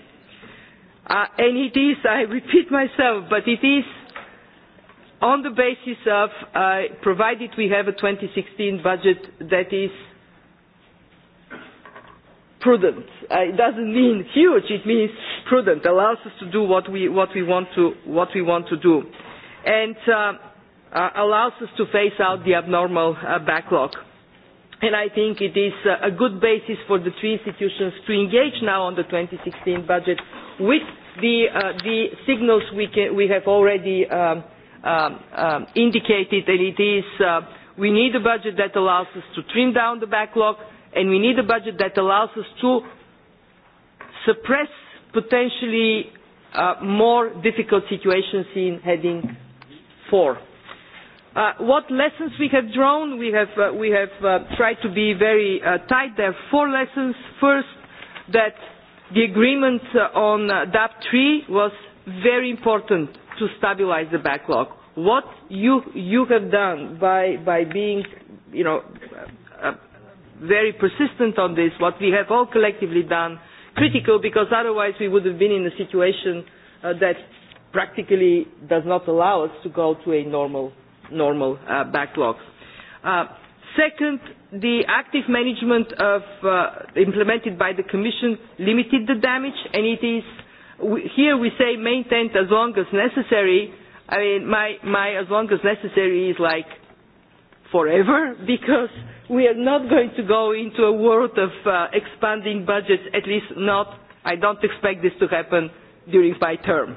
Uh, and it is, I repeat myself, but it is on the basis of, uh, provided we have a 2016 budget that is prudent. Uh, it doesn't mean huge, it means prudent, allows us to do what we, what we, want, to, what we want to do, and uh, uh, allows us to phase out the abnormal uh, backlog and I think it is a good basis for the three institutions to engage now on the 2016 budget with the, uh, the signals we, can, we have already um, um, um, indicated that it is uh, we need a budget that allows us to trim down the backlog and we need a budget that allows us to suppress potentially uh, more difficult situations in heading four. Uh, what lessons we have drawn? We have, uh, we have uh, tried to be very uh, tight. There are four lessons. First, that the agreement uh, on uh, DAP3 was very important to stabilize the backlog. What you, you have done by, by being you know, uh, very persistent on this, what we have all collectively done, critical because otherwise we would have been in a situation uh, that practically does not allow us to go to a normal normal uh, backlogs. Uh, second, the active management of, uh, implemented by the Commission limited the damage, and it is here we say maintained as long as necessary. I mean, my, my as long as necessary is like forever because we are not going to go into a world of uh, expanding budgets, at least not, I don't expect this to happen during my term.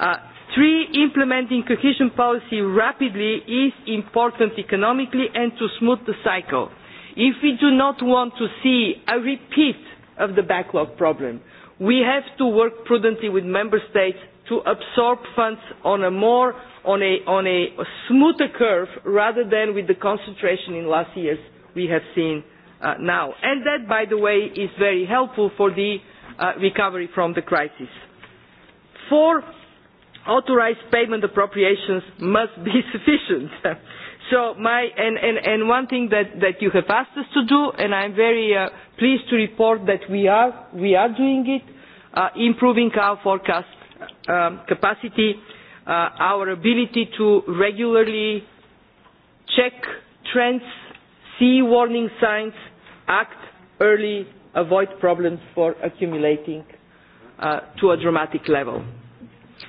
Uh, Three, implementing cohesion policy rapidly is important economically and to smooth the cycle. If we do not want to see a repeat of the backlog problem, we have to work prudently with member states to absorb funds on a more on a, on a smoother curve rather than with the concentration in last years we have seen uh, now. And that, by the way, is very helpful for the uh, recovery from the crisis. Four, authorized payment appropriations must be sufficient. so my, and, and, and one thing that, that you have asked us to do, and I'm very uh, pleased to report that we are, we are doing it, uh, improving our forecast um, capacity, uh, our ability to regularly check trends, see warning signs, act early, avoid problems for accumulating uh, to a dramatic level.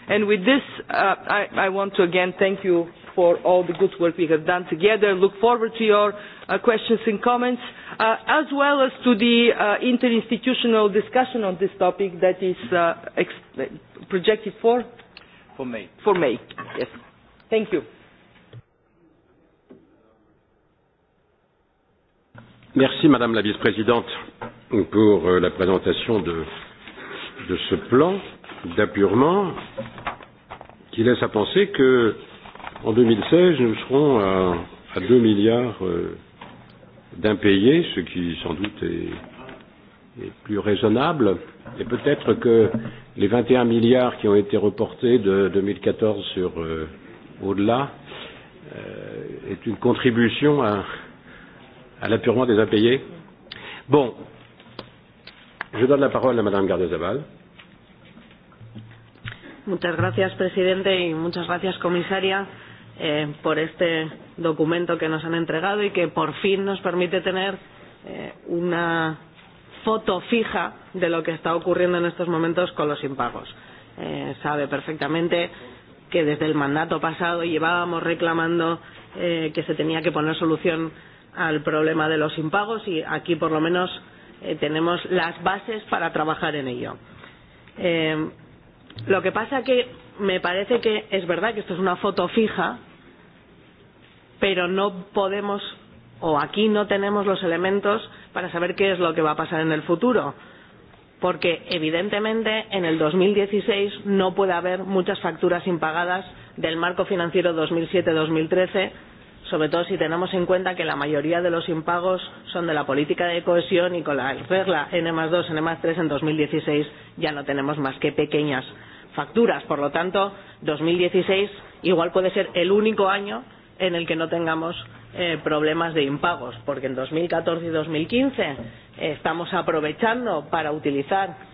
And with this, uh, I, I want to again thank you for all the good work we have done together. Look forward to your uh, questions and comments, uh, as well as to the uh, interinstitutional discussion on this topic that is uh, ex- projected for? For May. For May, yes. Thank you. Merci Madame la Vice-Présidente pour euh, la présentation de, de ce plan d'apurement qui laisse à penser que en 2016, nous serons à, à 2 milliards euh, d'impayés, ce qui sans doute est, est plus raisonnable. Et peut-être que les 21 milliards qui ont été reportés de 2014 sur euh, au-delà euh, est une contribution à, à l'apurement des impayés. Bon, je donne la parole à Madame Gardezabal. Euh, Muchas gracias, presidente, y muchas gracias, comisaria, eh, por este documento que nos han entregado y que por fin nos permite tener eh, una foto fija de lo que está ocurriendo en estos momentos con los impagos. Eh, sabe perfectamente que desde el mandato pasado llevábamos reclamando eh, que se tenía que poner solución al problema de los impagos y aquí por lo menos eh, tenemos las bases para trabajar en ello. Eh, Lo que pasa que me parece que es verdad que esto es una foto fija, pero no podemos o aquí no tenemos los elementos para saber qué es lo que va a pasar en el futuro. Porque evidentemente en el 2016 no puede haber muchas facturas impagadas del marco financiero 2007-2013 sobre todo si tenemos en cuenta que la mayoría de los impagos son de la política de cohesión y con la regla N más 2, N más 3 en 2016 ya no tenemos más que pequeñas facturas. Por lo tanto, 2016 igual puede ser el único año en el que no tengamos eh, problemas de impagos, porque en 2014 y 2015 eh, estamos aprovechando para utilizar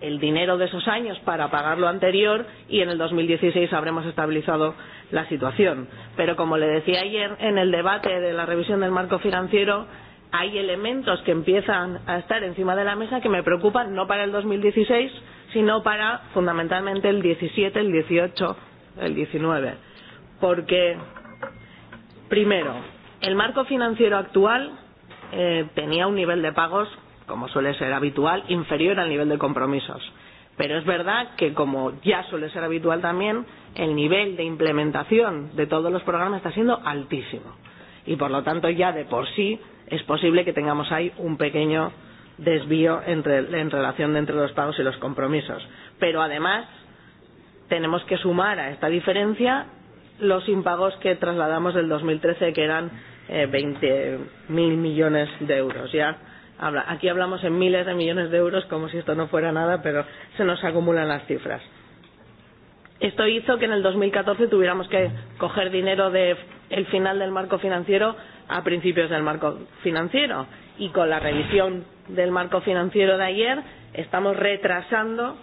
el dinero de esos años para pagar lo anterior y en el 2016 habremos estabilizado la situación. Pero como le decía ayer en el debate de la revisión del marco financiero, hay elementos que empiezan a estar encima de la mesa que me preocupan no para el 2016, sino para fundamentalmente el 17, el 18, el 19. Porque, primero, el marco financiero actual eh, tenía un nivel de pagos, como suele ser habitual, inferior al nivel de compromisos. Pero es verdad que, como ya suele ser habitual también, el nivel de implementación de todos los programas está siendo altísimo. Y por lo tanto ya de por sí es posible que tengamos ahí un pequeño desvío entre, en relación de entre los pagos y los compromisos. Pero además tenemos que sumar a esta diferencia los impagos que trasladamos del 2013 que eran eh, 20.000 millones de euros. Ya habla, aquí hablamos en miles de millones de euros como si esto no fuera nada, pero se nos acumulan las cifras. Esto hizo que en el 2014 tuviéramos que coger dinero del de final del marco financiero a principios del marco financiero. Y con la revisión del marco financiero de ayer estamos retrasando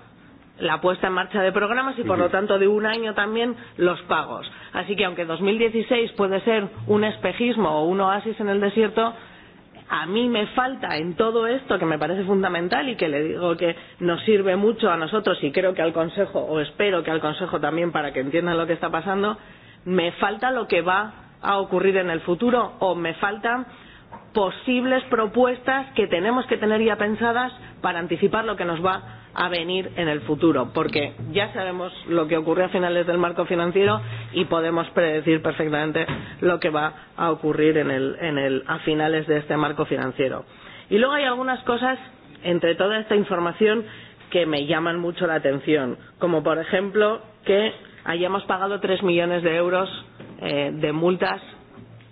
la puesta en marcha de programas y, por lo tanto, de un año también los pagos. Así que, aunque 2016 puede ser un espejismo o un oasis en el desierto, a mí me falta en todo esto, que me parece fundamental y que le digo que nos sirve mucho a nosotros y creo que al Consejo, o espero que al Consejo también para que entiendan lo que está pasando, me falta lo que va a ocurrir en el futuro o me faltan posibles propuestas que tenemos que tener ya pensadas para anticipar lo que nos va a venir en el futuro, porque ya sabemos lo que ocurrió a finales del marco financiero y podemos predecir perfectamente lo que va a ocurrir en el, en el, a finales de este marco financiero. Y luego hay algunas cosas entre toda esta información que me llaman mucho la atención, como por ejemplo que hayamos pagado tres millones de euros eh, de multas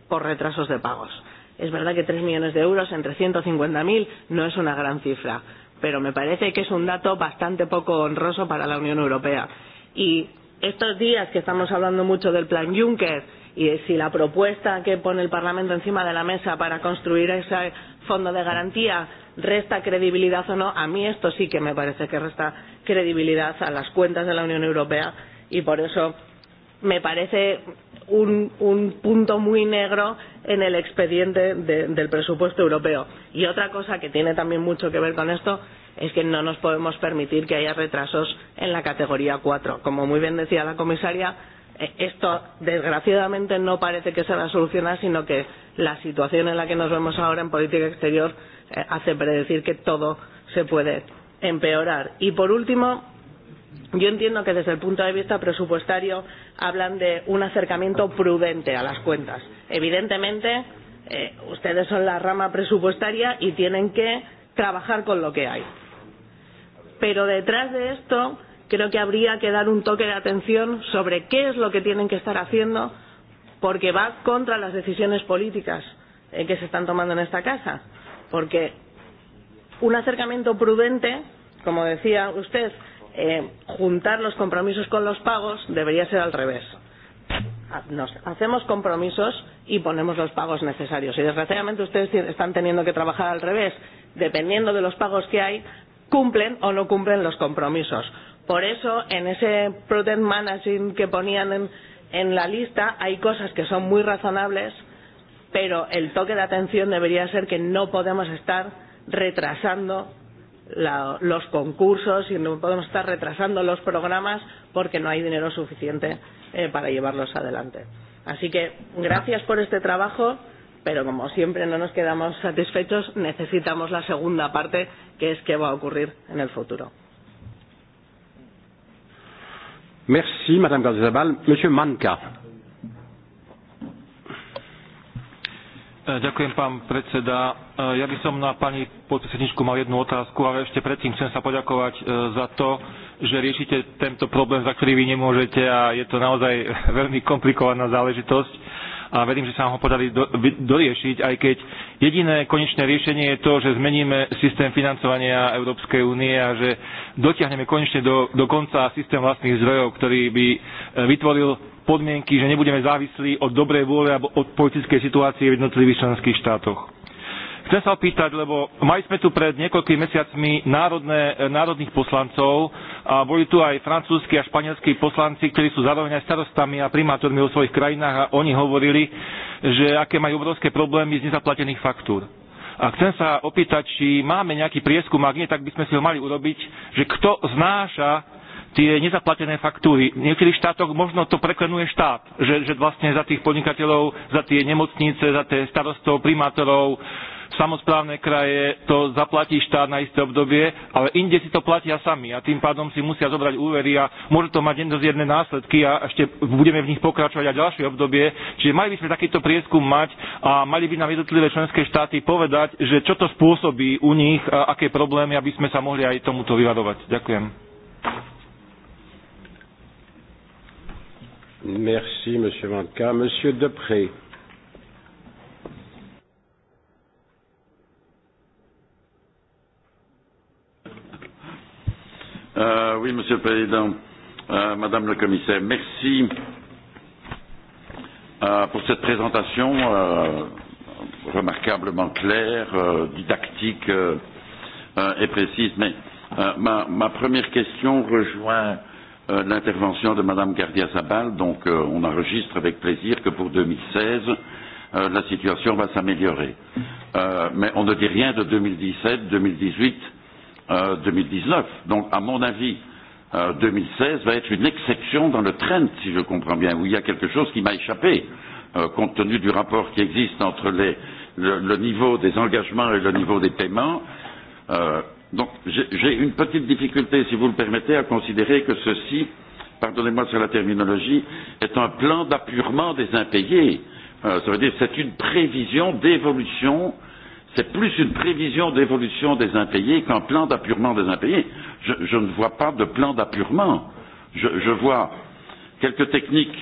por retrasos de pagos Es verdad que 3 millones de euros entre 150.000 no es una gran cifra, pero me parece que es un dato bastante poco honroso para la Unión Europea. Y estos días que estamos hablando mucho del plan Juncker y de si la propuesta que pone el Parlamento encima de la mesa para construir ese fondo de garantía resta credibilidad o no, a mí esto sí que me parece que resta credibilidad a las cuentas de la Unión Europea y por eso me parece un, un punto muy negro en el expediente de, del presupuesto europeo. Y otra cosa que tiene también mucho que ver con esto es que no nos podemos permitir que haya retrasos en la categoría 4. Como muy bien decía la comisaria, eh, esto desgraciadamente no parece que se va a solucionar, sino que la situación en la que nos vemos ahora en política exterior eh, hace predecir que todo se puede empeorar. Y por último, yo entiendo que desde el punto de vista presupuestario hablan de un acercamiento prudente a las cuentas. Evidentemente, eh, ustedes son la rama presupuestaria y tienen que trabajar con lo que hay. Pero detrás de esto creo que habría que dar un toque de atención sobre qué es lo que tienen que estar haciendo porque va contra las decisiones políticas eh, que se están tomando en esta casa. Porque un acercamiento prudente, como decía usted, eh, juntar los compromisos con los pagos debería ser al revés. Nos hacemos compromisos y ponemos los pagos necesarios. Y desgraciadamente ustedes están teniendo que trabajar al revés. Dependiendo de los pagos que hay, cumplen o no cumplen los compromisos. Por eso, en ese prudent managing que ponían en, en la lista, hay cosas que son muy razonables, pero el toque de atención debería ser que no podemos estar retrasando la, los concursos y no podemos estar retrasando los programas porque no hay dinero suficiente eh, para llevarlos adelante. Así que gracias por este trabajo, pero como siempre no nos quedamos satisfechos, necesitamos la segunda parte, que es qué va a ocurrir en el futuro. Merci, Madame Gazabal. Monsieur Manka. Eh, ďakujem, pán predseda E, ja by som na pani podpredsedničku mal jednu otázku, ale ešte predtým chcem sa poďakovať e, za to, že riešite tento problém, za ktorý vy nemôžete a je to naozaj veľmi komplikovaná záležitosť a verím, že sa vám ho podali do, doriešiť, aj keď jediné konečné riešenie je to, že zmeníme systém financovania Európskej únie a že dotiahneme konečne do, do konca systém vlastných zdrojov, ktorý by e, vytvoril podmienky, že nebudeme závislí od dobrej vôle alebo od politickej situácie v jednotlivých členských štátoch. Chcem sa opýtať, lebo mali sme tu pred niekoľkými mesiacmi národné, eh, národných poslancov a boli tu aj francúzsky a španielskí poslanci, ktorí sú zároveň aj starostami a primátormi vo svojich krajinách a oni hovorili, že aké majú obrovské problémy z nezaplatených faktúr. A chcem sa opýtať, či máme nejaký prieskum, ak nie, tak by sme si ho mali urobiť, že kto znáša tie nezaplatené faktúry. V niektorých štátoch možno to preklenuje štát, že, že vlastne za tých podnikateľov, za tie nemocnice, za tie starostov, primátorov, samozprávne kraje to zaplatí štát na isté obdobie, ale inde si to platia sami a tým pádom si musia zobrať úvery a môže to mať jedné následky a ešte budeme v nich pokračovať aj ďalšie obdobie. Čiže mali by sme takýto prieskum mať a mali by nám jednotlivé členské štáty povedať, že čo to spôsobí u nich, a aké problémy, aby sme sa mohli aj tomuto vyvadovať. Ďakujem. Merci, Monsieur Vanka. Monsieur Depré. Euh, oui, Monsieur le Président, euh, Madame le Commissaire, merci euh, pour cette présentation euh, remarquablement claire, euh, didactique euh, euh, et précise. Mais euh, ma, ma première question rejoint euh, l'intervention de Madame Gardia Zabal, donc euh, on enregistre avec plaisir que pour 2016, euh, la situation va s'améliorer. Euh, mais on ne dit rien de 2017, 2018 euh, 2019. Donc, à mon avis, euh, 2016 va être une exception dans le trend, si je comprends bien, où il y a quelque chose qui m'a échappé, euh, compte tenu du rapport qui existe entre les, le, le niveau des engagements et le niveau des paiements. Euh, donc, j'ai une petite difficulté, si vous le permettez, à considérer que ceci, pardonnez-moi sur la terminologie, est un plan d'appurement des impayés. Euh, ça veut dire que c'est une prévision d'évolution euh, c'est plus une prévision d'évolution des impayés qu'un plan d'appurement des impayés. Je, je ne vois pas de plan d'appurement. Je, je vois quelques techniques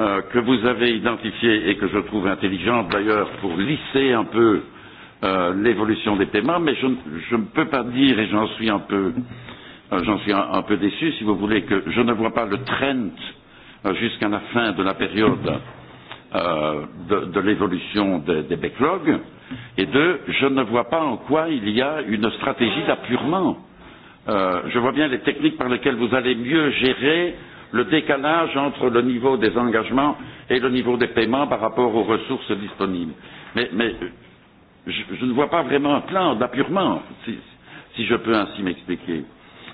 euh, que vous avez identifiées et que je trouve intelligentes d'ailleurs pour lisser un peu euh, l'évolution des paiements, mais je, ne peux pas dire, et j'en suis un peu, euh, j'en suis un, un peu déçu, si vous voulez, que je ne vois pas le trend euh, jusqu'à la fin de la période euh, de, de l'évolution des, des backlogs. Euh, Et deux, je ne vois pas en quoi il y a une stratégie d'appurement. Euh, je vois bien les techniques par lesquelles vous allez mieux gérer le décalage entre le niveau des engagements et le niveau des paiements par rapport aux ressources disponibles. Mais, mais euh, je, je ne vois pas vraiment un plan d'appurement, si, si je peux ainsi m'expliquer,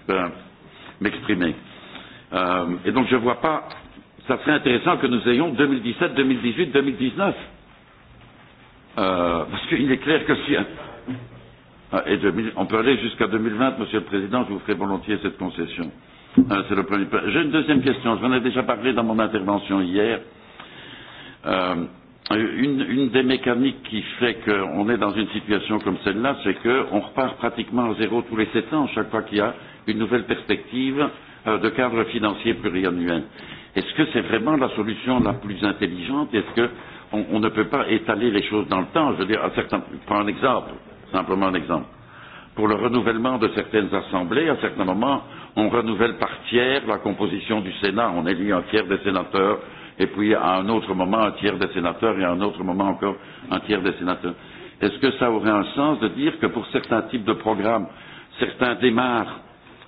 ben, euh, m'exprimer. Euh, et donc je ne vois pas. Ça serait intéressant que nous ayons 2017, 2018, 2019 Euh, parce qu'il est clair que si. Et 2000, on peut aller jusqu'à 2020, Monsieur le Président, je vous ferai volontiers cette concession. Euh, c'est le premier point. J'ai une deuxième question. J'en ai déjà parlé dans mon intervention hier. Euh, une, une des mécaniques qui fait qu'on est dans une situation comme celle-là, c'est qu'on repart pratiquement à zéro tous les sept ans, chaque fois qu'il y a une nouvelle perspective euh, de cadre financier pluriannuel. Est-ce que c'est vraiment la solution la plus intelligente Est-ce que euh, on, on ne peut pas étaler les choses dans le temps. Je veux dire, à certains, prends un exemple, simplement un exemple. Pour le renouvellement de certaines assemblées, à certains moments, on renouvelle par tiers la composition du Sénat. On élit un tiers des sénateurs, et puis à un autre moment un tiers des sénateurs, et à un autre moment encore un tiers des sénateurs. Est-ce que ça aurait un sens de dire que pour certains types de programmes, certains démarrent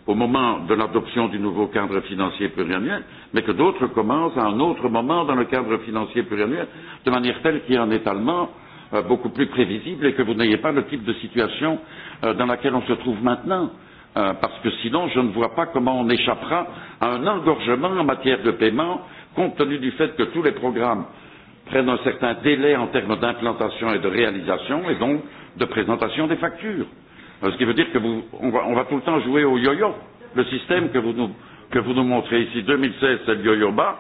au moment de l'adoption du nouveau cadre financier pluriannuel, mais que d'autres commencent à un autre moment dans le cadre financier pluriannuel, de manière telle qu'il y ait un étalement euh, beaucoup plus prévisible et que vous n'ayez pas le type de situation euh, dans laquelle on se trouve maintenant. Euh, parce que sinon, je ne vois pas comment on échappera à un engorgement en matière de paiement, compte tenu du fait que tous les programmes prennent un certain délai en termes d'implantation et de réalisation, et donc de présentation des factures. Ce qui veut dire que vous, on va, on va tout le temps jouer au yo-yo. Le système que vous nous, que vous nous montrez ici, 2016 c'est le yo-yo bas,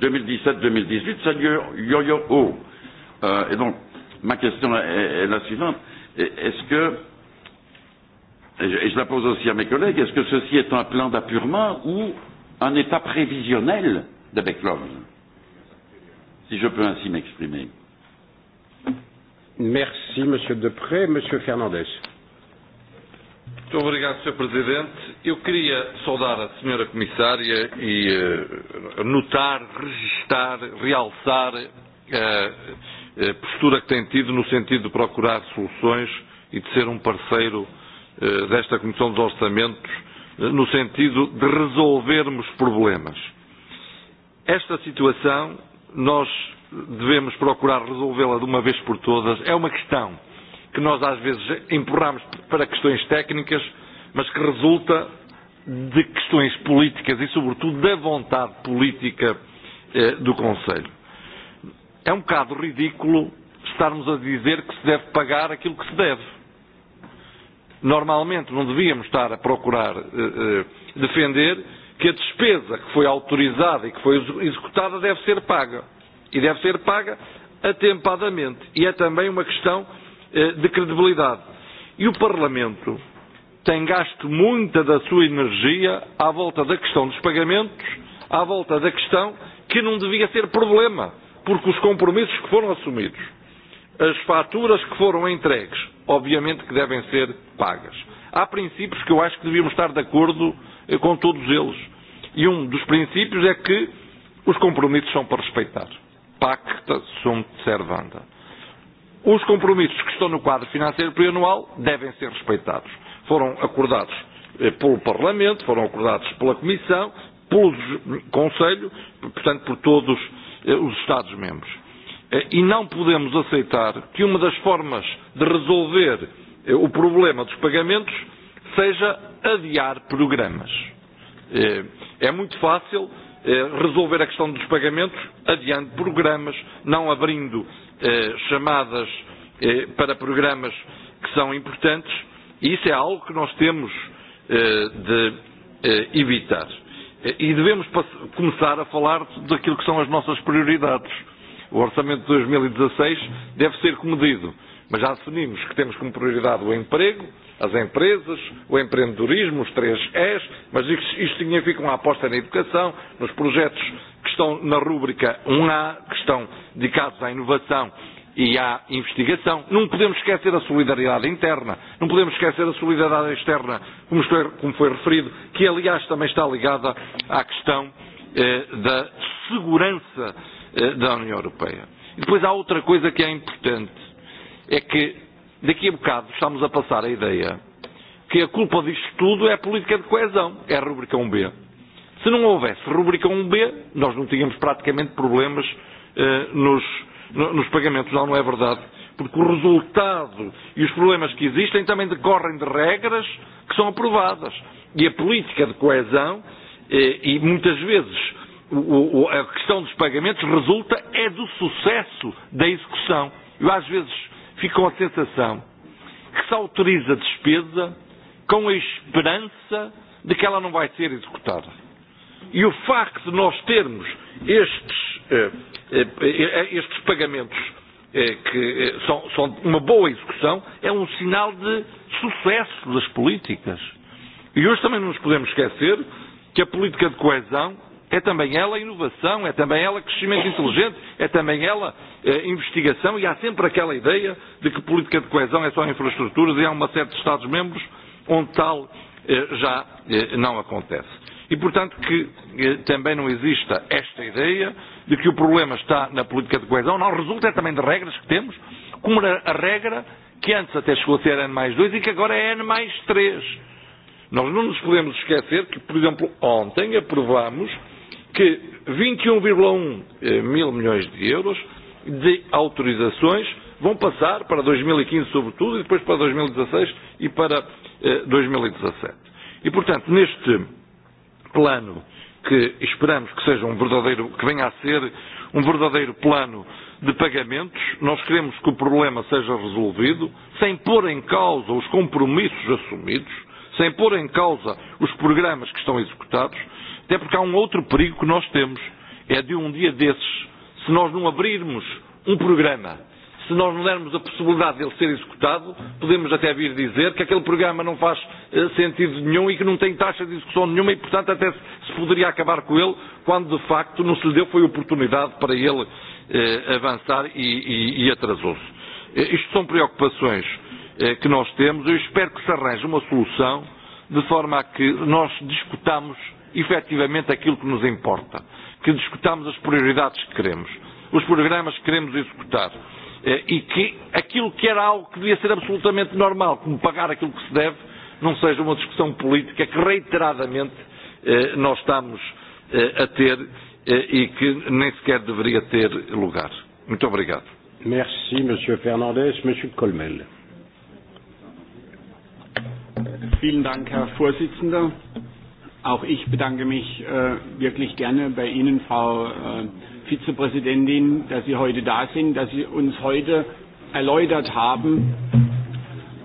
2017-2018 c'est le yo-yo haut. Euh, et donc, ma question est, est la suivante. Est-ce que, et je, et je la pose aussi à mes collègues, est-ce que ceci est un plan d'appurement ou un état prévisionnel de backlog Si je peux ainsi m'exprimer. Merci, Monsieur Depré. Monsieur Fernandez. Muito obrigado, Sr. Presidente. Eu queria saudar a Sra. Comissária e uh, notar, registar, realçar uh, a postura que tem tido no sentido de procurar soluções e de ser um parceiro uh, desta Comissão dos Orçamentos uh, no sentido de resolvermos problemas. Esta situação nós devemos procurar resolvê-la de uma vez por todas. É uma questão que nós às vezes empurramos para questões técnicas, mas que resulta de questões políticas e, sobretudo, da vontade política eh, do Conselho. É um bocado ridículo estarmos a dizer que se deve pagar aquilo que se deve. Normalmente não devíamos estar a procurar eh, eh, defender que a despesa que foi autorizada e que foi executada deve ser paga. E deve ser paga atempadamente. E é também uma questão Eh, de credibilidade. E o Parlamento tem gasto muita da sua energia à volta da questão dos pagamentos, à volta da questão que não devia ser problema, porque os compromissos que foram assumidos, as faturas que foram entregues, obviamente que devem ser pagas. Há princípios que eu acho que devíamos estar de acordo eh, com todos eles. E um dos princípios é que os compromissos são para respeitar. Pacta sunt servanda. Os compromissos que estão no quadro financeiro plurianual devem ser respeitados. Foram acordados eh, pelo Parlamento, foram acordados pela Comissão, pelo Conselho, portanto, por todos eh, os Estados-membros. Eh, e não podemos aceitar que uma das formas de resolver o problema dos pagamentos seja adiar programas. É muito fácil resolver a questão dos pagamentos adiando programas, não abrindo eh, chamadas eh, para programas que são importantes e isso é algo que nós temos eh, de eh, evitar. Eh, e devemos começar a falar daquilo que são as nossas prioridades. O orçamento de 2016 e deve ser comedido, mas já definimos que temos como prioridade o emprego, as empresas, o empreendedorismo, os três E's, mas isto significa uma aposta na educação, nos projetos estão na rúbrica 1A, que estão dedicados à inovação e à investigação. Não podemos esquecer a solidariedade interna, não podemos esquecer a solidariedade externa, como, estou, como foi referido, que aliás também está ligada à questão eh, da segurança eh, da União Europeia. E depois há outra coisa que é importante, é que daqui a bocado estamos a passar a ideia que a culpa disto tudo é a política de coesão, é a rubrica 1B. Um se não houvesse rubrica 1B, nós não tínhamos praticamente problemas eh, nos, no, nos pagamentos. Não, não é verdade. Porque o resultado e os problemas que existem também decorrem de regras que são aprovadas. E a política de coesão, eh, e muitas vezes o, o, a questão dos pagamentos resulta é do sucesso da execução. Eu às vezes fico com a sensação que se autoriza a despesa com a esperança de que ela não vai ser executada. E o facto de nós termos estes, eh, eh, eh, estes pagamentos que são, são uma boa execução é um sinal de sucesso das políticas. E hoje também não nos podemos esquecer que a política de coesão é também ela inovação, é também ela crescimento inteligente, é também ela é, investigação e há sempre aquela ideia de que política de coesão é só infraestruturas e há uma série de Estados-membros onde tal é, já é, não acontece. E, portanto, que eh, também não exista esta ideia de que o problema está na política de coesão. Não, resulta é também de regras que temos, como a regra que antes até chegou a ser N mais 2 e que agora é N mais 3. Nós não nos podemos esquecer que, por exemplo, ontem aprovámos que 21,1 e um um, eh, mil milhões de euros de autorizações vão passar para 2015, e sobretudo, e depois para 2016 e, e para eh, 2017. E, portanto, neste plano que esperamos que seja um verdadeiro, que venha a ser um verdadeiro plano de pagamentos. Nós queremos que o problema seja resolvido sem pôr em causa os compromissos assumidos, sem pôr em causa os programas que estão executados, até porque há um outro perigo que nós temos, é de um dia desses, se nós não abrirmos um programa se nós não dermos a possibilidade dele ser executado, podemos até vir dizer que aquele programa não faz eh, sentido nenhum e que não tem taxa de execução nenhuma e, portanto, até se poderia acabar com ele, quando de facto não se lhe deu foi oportunidade para ele eh, avançar e, e, e atrasou-se. Eh, isto são preocupações eh, que nós temos. Eu espero que se arranje uma solução de forma a que nós discutamos efetivamente aquilo que nos importa, que discutamos as prioridades que queremos, os programas que queremos executar Eh, e que aquilo que era algo que devia ser absolutamente normal, como pagar aquilo que se deve, não seja uma discussão política que reiteradamente eh, nós estamos eh, a ter e que nem sequer deveria ter lugar. Muito obrigado. Merci, Monsieur Fernandes. Monsieur Colmel. Vielen Dank, Herr Vorsitzender. Auch ich bedanke mich äh, wirklich gerne bei Ihnen, Frau äh, Vizepräsidentin, dass Sie heute da sind, dass Sie uns heute erläutert haben,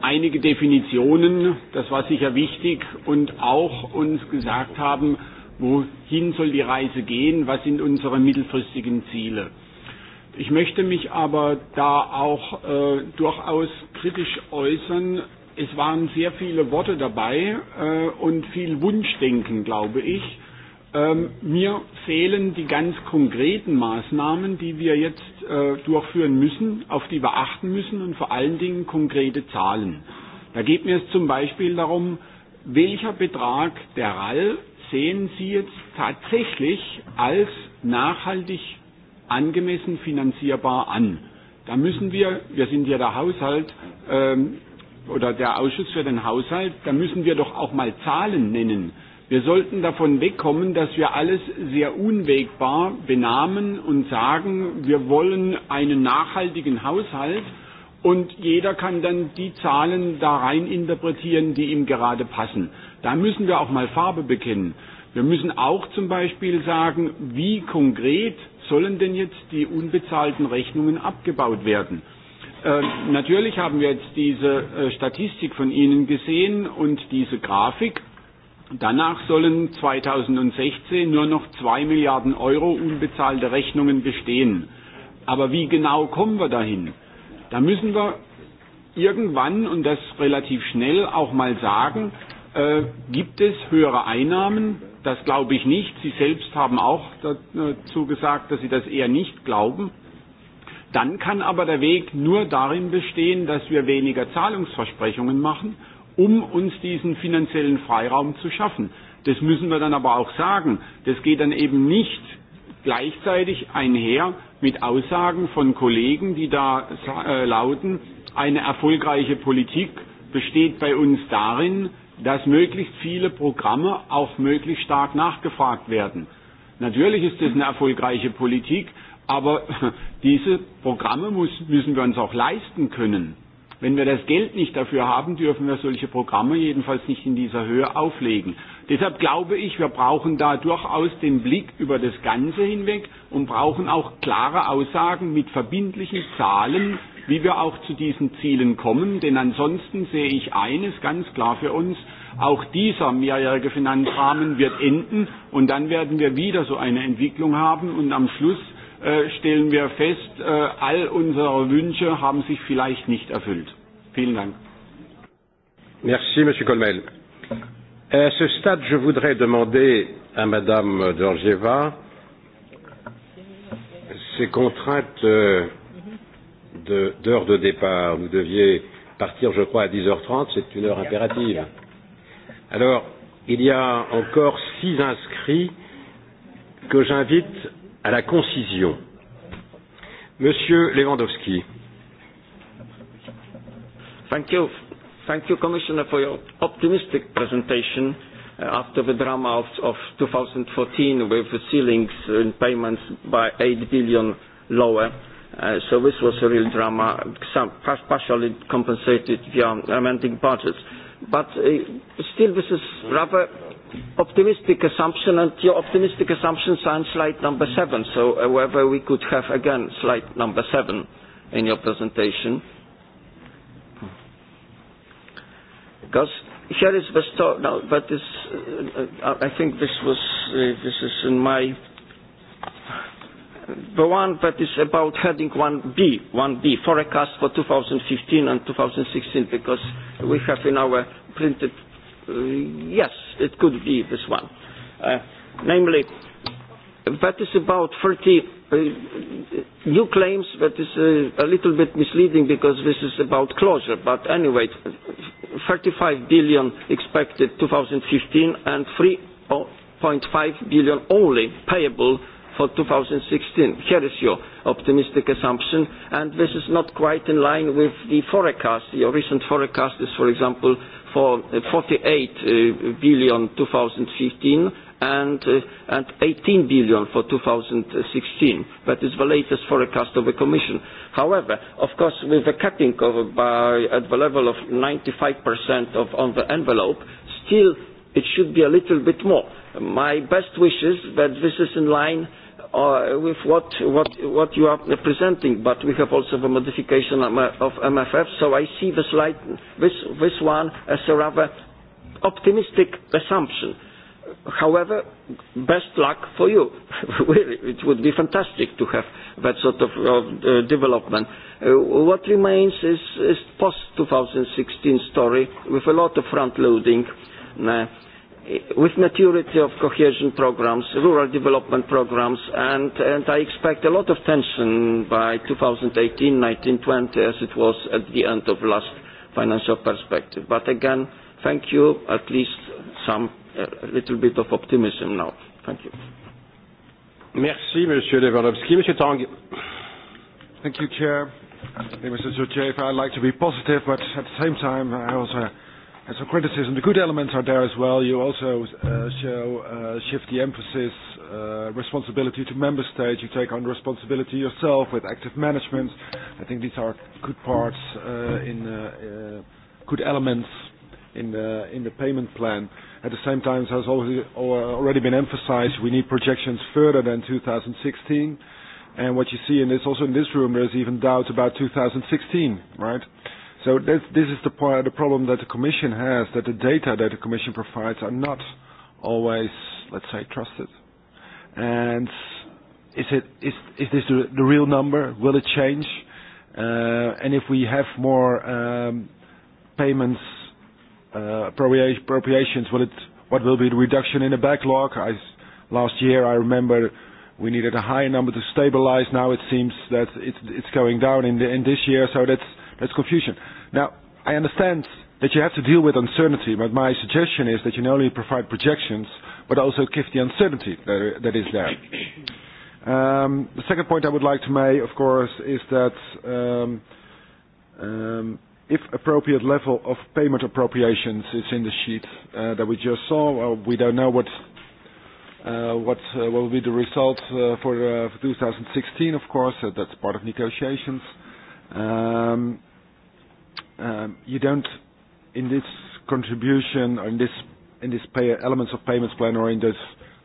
einige Definitionen, das war sicher wichtig, und auch uns gesagt haben, wohin soll die Reise gehen, was sind unsere mittelfristigen Ziele. Ich möchte mich aber da auch äh, durchaus kritisch äußern. Es waren sehr viele Worte dabei äh, und viel Wunschdenken, glaube ich. Ähm, mir fehlen die ganz konkreten Maßnahmen, die wir jetzt äh, durchführen müssen, auf die wir achten müssen und vor allen Dingen konkrete Zahlen. Da geht mir es zum Beispiel darum, welcher Betrag der RAL sehen Sie jetzt tatsächlich als nachhaltig angemessen finanzierbar an? Da müssen wir, wir sind ja der Haushalt ähm, oder der Ausschuss für den Haushalt, da müssen wir doch auch mal Zahlen nennen Wir sollten davon wegkommen, dass wir alles sehr unwägbar benahmen und sagen, wir wollen einen nachhaltigen Haushalt und jeder kann dann die Zahlen da rein interpretieren, die ihm gerade passen. Da müssen wir auch mal Farbe bekennen. Wir müssen auch zum Beispiel sagen, wie konkret sollen denn jetzt die unbezahlten Rechnungen abgebaut werden? Äh, natürlich haben wir jetzt diese äh, Statistik von Ihnen gesehen und diese Grafik Danach sollen 2016 nur noch 2 Milliarden Euro unbezahlte Rechnungen bestehen. Aber wie genau kommen wir dahin? Da müssen wir irgendwann und das relativ schnell auch mal sagen, äh, gibt es höhere Einnahmen? Das glaube ich nicht. Sie selbst haben auch dazu gesagt, dass Sie das eher nicht glauben. Dann kann aber der Weg nur darin bestehen, dass wir weniger Zahlungsversprechungen machen um uns diesen finanziellen Freiraum zu schaffen. Das müssen wir dann aber auch sagen. Das geht dann eben nicht gleichzeitig einher mit Aussagen von Kollegen, die da äh, lauten, eine erfolgreiche Politik besteht bei uns darin, dass möglichst viele Programme auch möglichst stark nachgefragt werden. Natürlich ist das eine erfolgreiche Politik, aber diese Programme muss, müssen wir uns auch leisten können. Wenn wir das Geld nicht dafür haben, dürfen wir solche Programme jedenfalls nicht in dieser Höhe auflegen. Deshalb glaube ich, wir brauchen da durchaus den Blick über das Ganze hinweg und brauchen auch klare Aussagen mit verbindlichen Zahlen, wie wir auch zu diesen Zielen kommen. Denn ansonsten sehe ich eines ganz klar für uns, auch dieser mehrjährige Finanzrahmen wird enden und dann werden wir wieder so eine Entwicklung haben und am Schluss Äh, stellen wir fest, äh, all unsere Wünsche haben sich vielleicht nicht erfüllt. Vielen Dank. Merci, Monsieur Colmel. À ce stade, je voudrais demander à Madame Georgieva ces contraintes euh, d'heure de, de départ. Vous deviez partir, je crois, à 10h30, c'est une heure impérative. Alors, il y a encore six inscrits que j'invite à la concision. Monsieur Lewandowski. Thank you. Thank you, Commissioner, for your optimistic presentation uh, after the drama of, of 2014 with the ceilings in payments by 8 billion lower. Uh, so this was a real drama, some partially compensated via amending budgets. But uh, still, this is rather optimistic assumption, and your optimistic assumptions are on slide number seven. So uh, whether we could have again slide number seven in your presentation. Because here is the story, no, but this, uh, uh, I think this was, uh, this is in my, the one that is about heading 1B, 1B, forecast for 2015 and 2016, because we have in our printed Uh, yes, it could be this one. Uh, namely, that is about 30 uh, new claims. That is uh, a little bit misleading because this is about closure. But anyway, 35 billion expected 2015 and 3.5 billion only payable for 2016. Here is your optimistic assumption, and this is not quite in line with the forecast. Your recent forecast is, for example, for 48 uh, uh, billion 2015 and, uh, and 18 billion for 2016. That is the latest forecast of the Commission. However, of course, with the cutting of, by, at the level of 95% of, on the envelope, still it should be a little bit more. My best wishes that this is in line uh, with what, what, what you are presenting, but we have also the modification of MFF, so I see the slide, this, this one as a rather optimistic assumption. However, best luck for you. it would be fantastic to have that sort of, of uh, development. Uh, what remains is, is post-2016 story with a lot of front-loading. Uh, with maturity of cohesion programs, rural development programs, and, and I expect a lot of tension by 2018, 19, as it was at the end of last financial perspective. But again, thank you, at least some, a little bit of optimism now. Thank you. Merci, Monsieur Lewandowski. Monsieur Tang. Thank you, Chair. Mr. Georgieva, I'd like to be positive, but at the same time, I also And some criticism, the good elements are there as well. You also uh, show, uh, shift the emphasis, uh, responsibility to member states. You take on responsibility yourself with active management. I think these are good parts uh, in uh, uh, good elements in the in the payment plan. At the same time, as has already been emphasized, we need projections further than 2016. And what you see in this, also in this room, there's even doubt about 2016, right? So this, this is the, part, the problem that the Commission has, that the data that the Commission provides are not always, let's say, trusted. And is, it, is, is this the, real number? Will it change? Uh, and if we have more um, payments, uh, appropriations, will it, what will be the reduction in the backlog? I, last year, I remember we needed a higher number to stabilize. Now it seems that it's, it's going down in, the, in this year. So that's That's confusion. Now, I understand that you have to deal with uncertainty, but my suggestion is that you not only provide projections, but also give the uncertainty that, that is there. Um, the second point I would like to make, of course, is that um, um, if appropriate level of payment appropriations is in the sheet uh, that we just saw, well, we don't know what uh, what uh, will be the result uh, for, uh, for 2016. Of course, uh, that's part of negotiations. Um, Um, you don't, in this contribution or in this in this pay, elements of payments plan or in this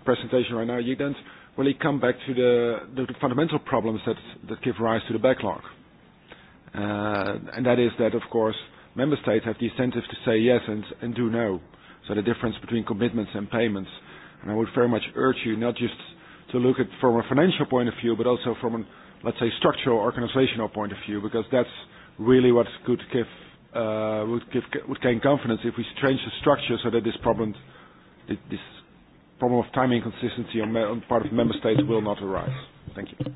presentation right now, you don't really come back to the, the fundamental problems that, that give rise to the backlog. Uh, and that is that, of course, member states have the incentive to say yes and, and do no. So the difference between commitments and payments. And I would very much urge you not just to look at from a financial point of view, but also from let's say, structural organizational point of view, because that's really what could give, uh, would, give, would gain confidence if we change the structure so that this problem, this problem of timing consistency on, on part of member states will not arise. Thank you.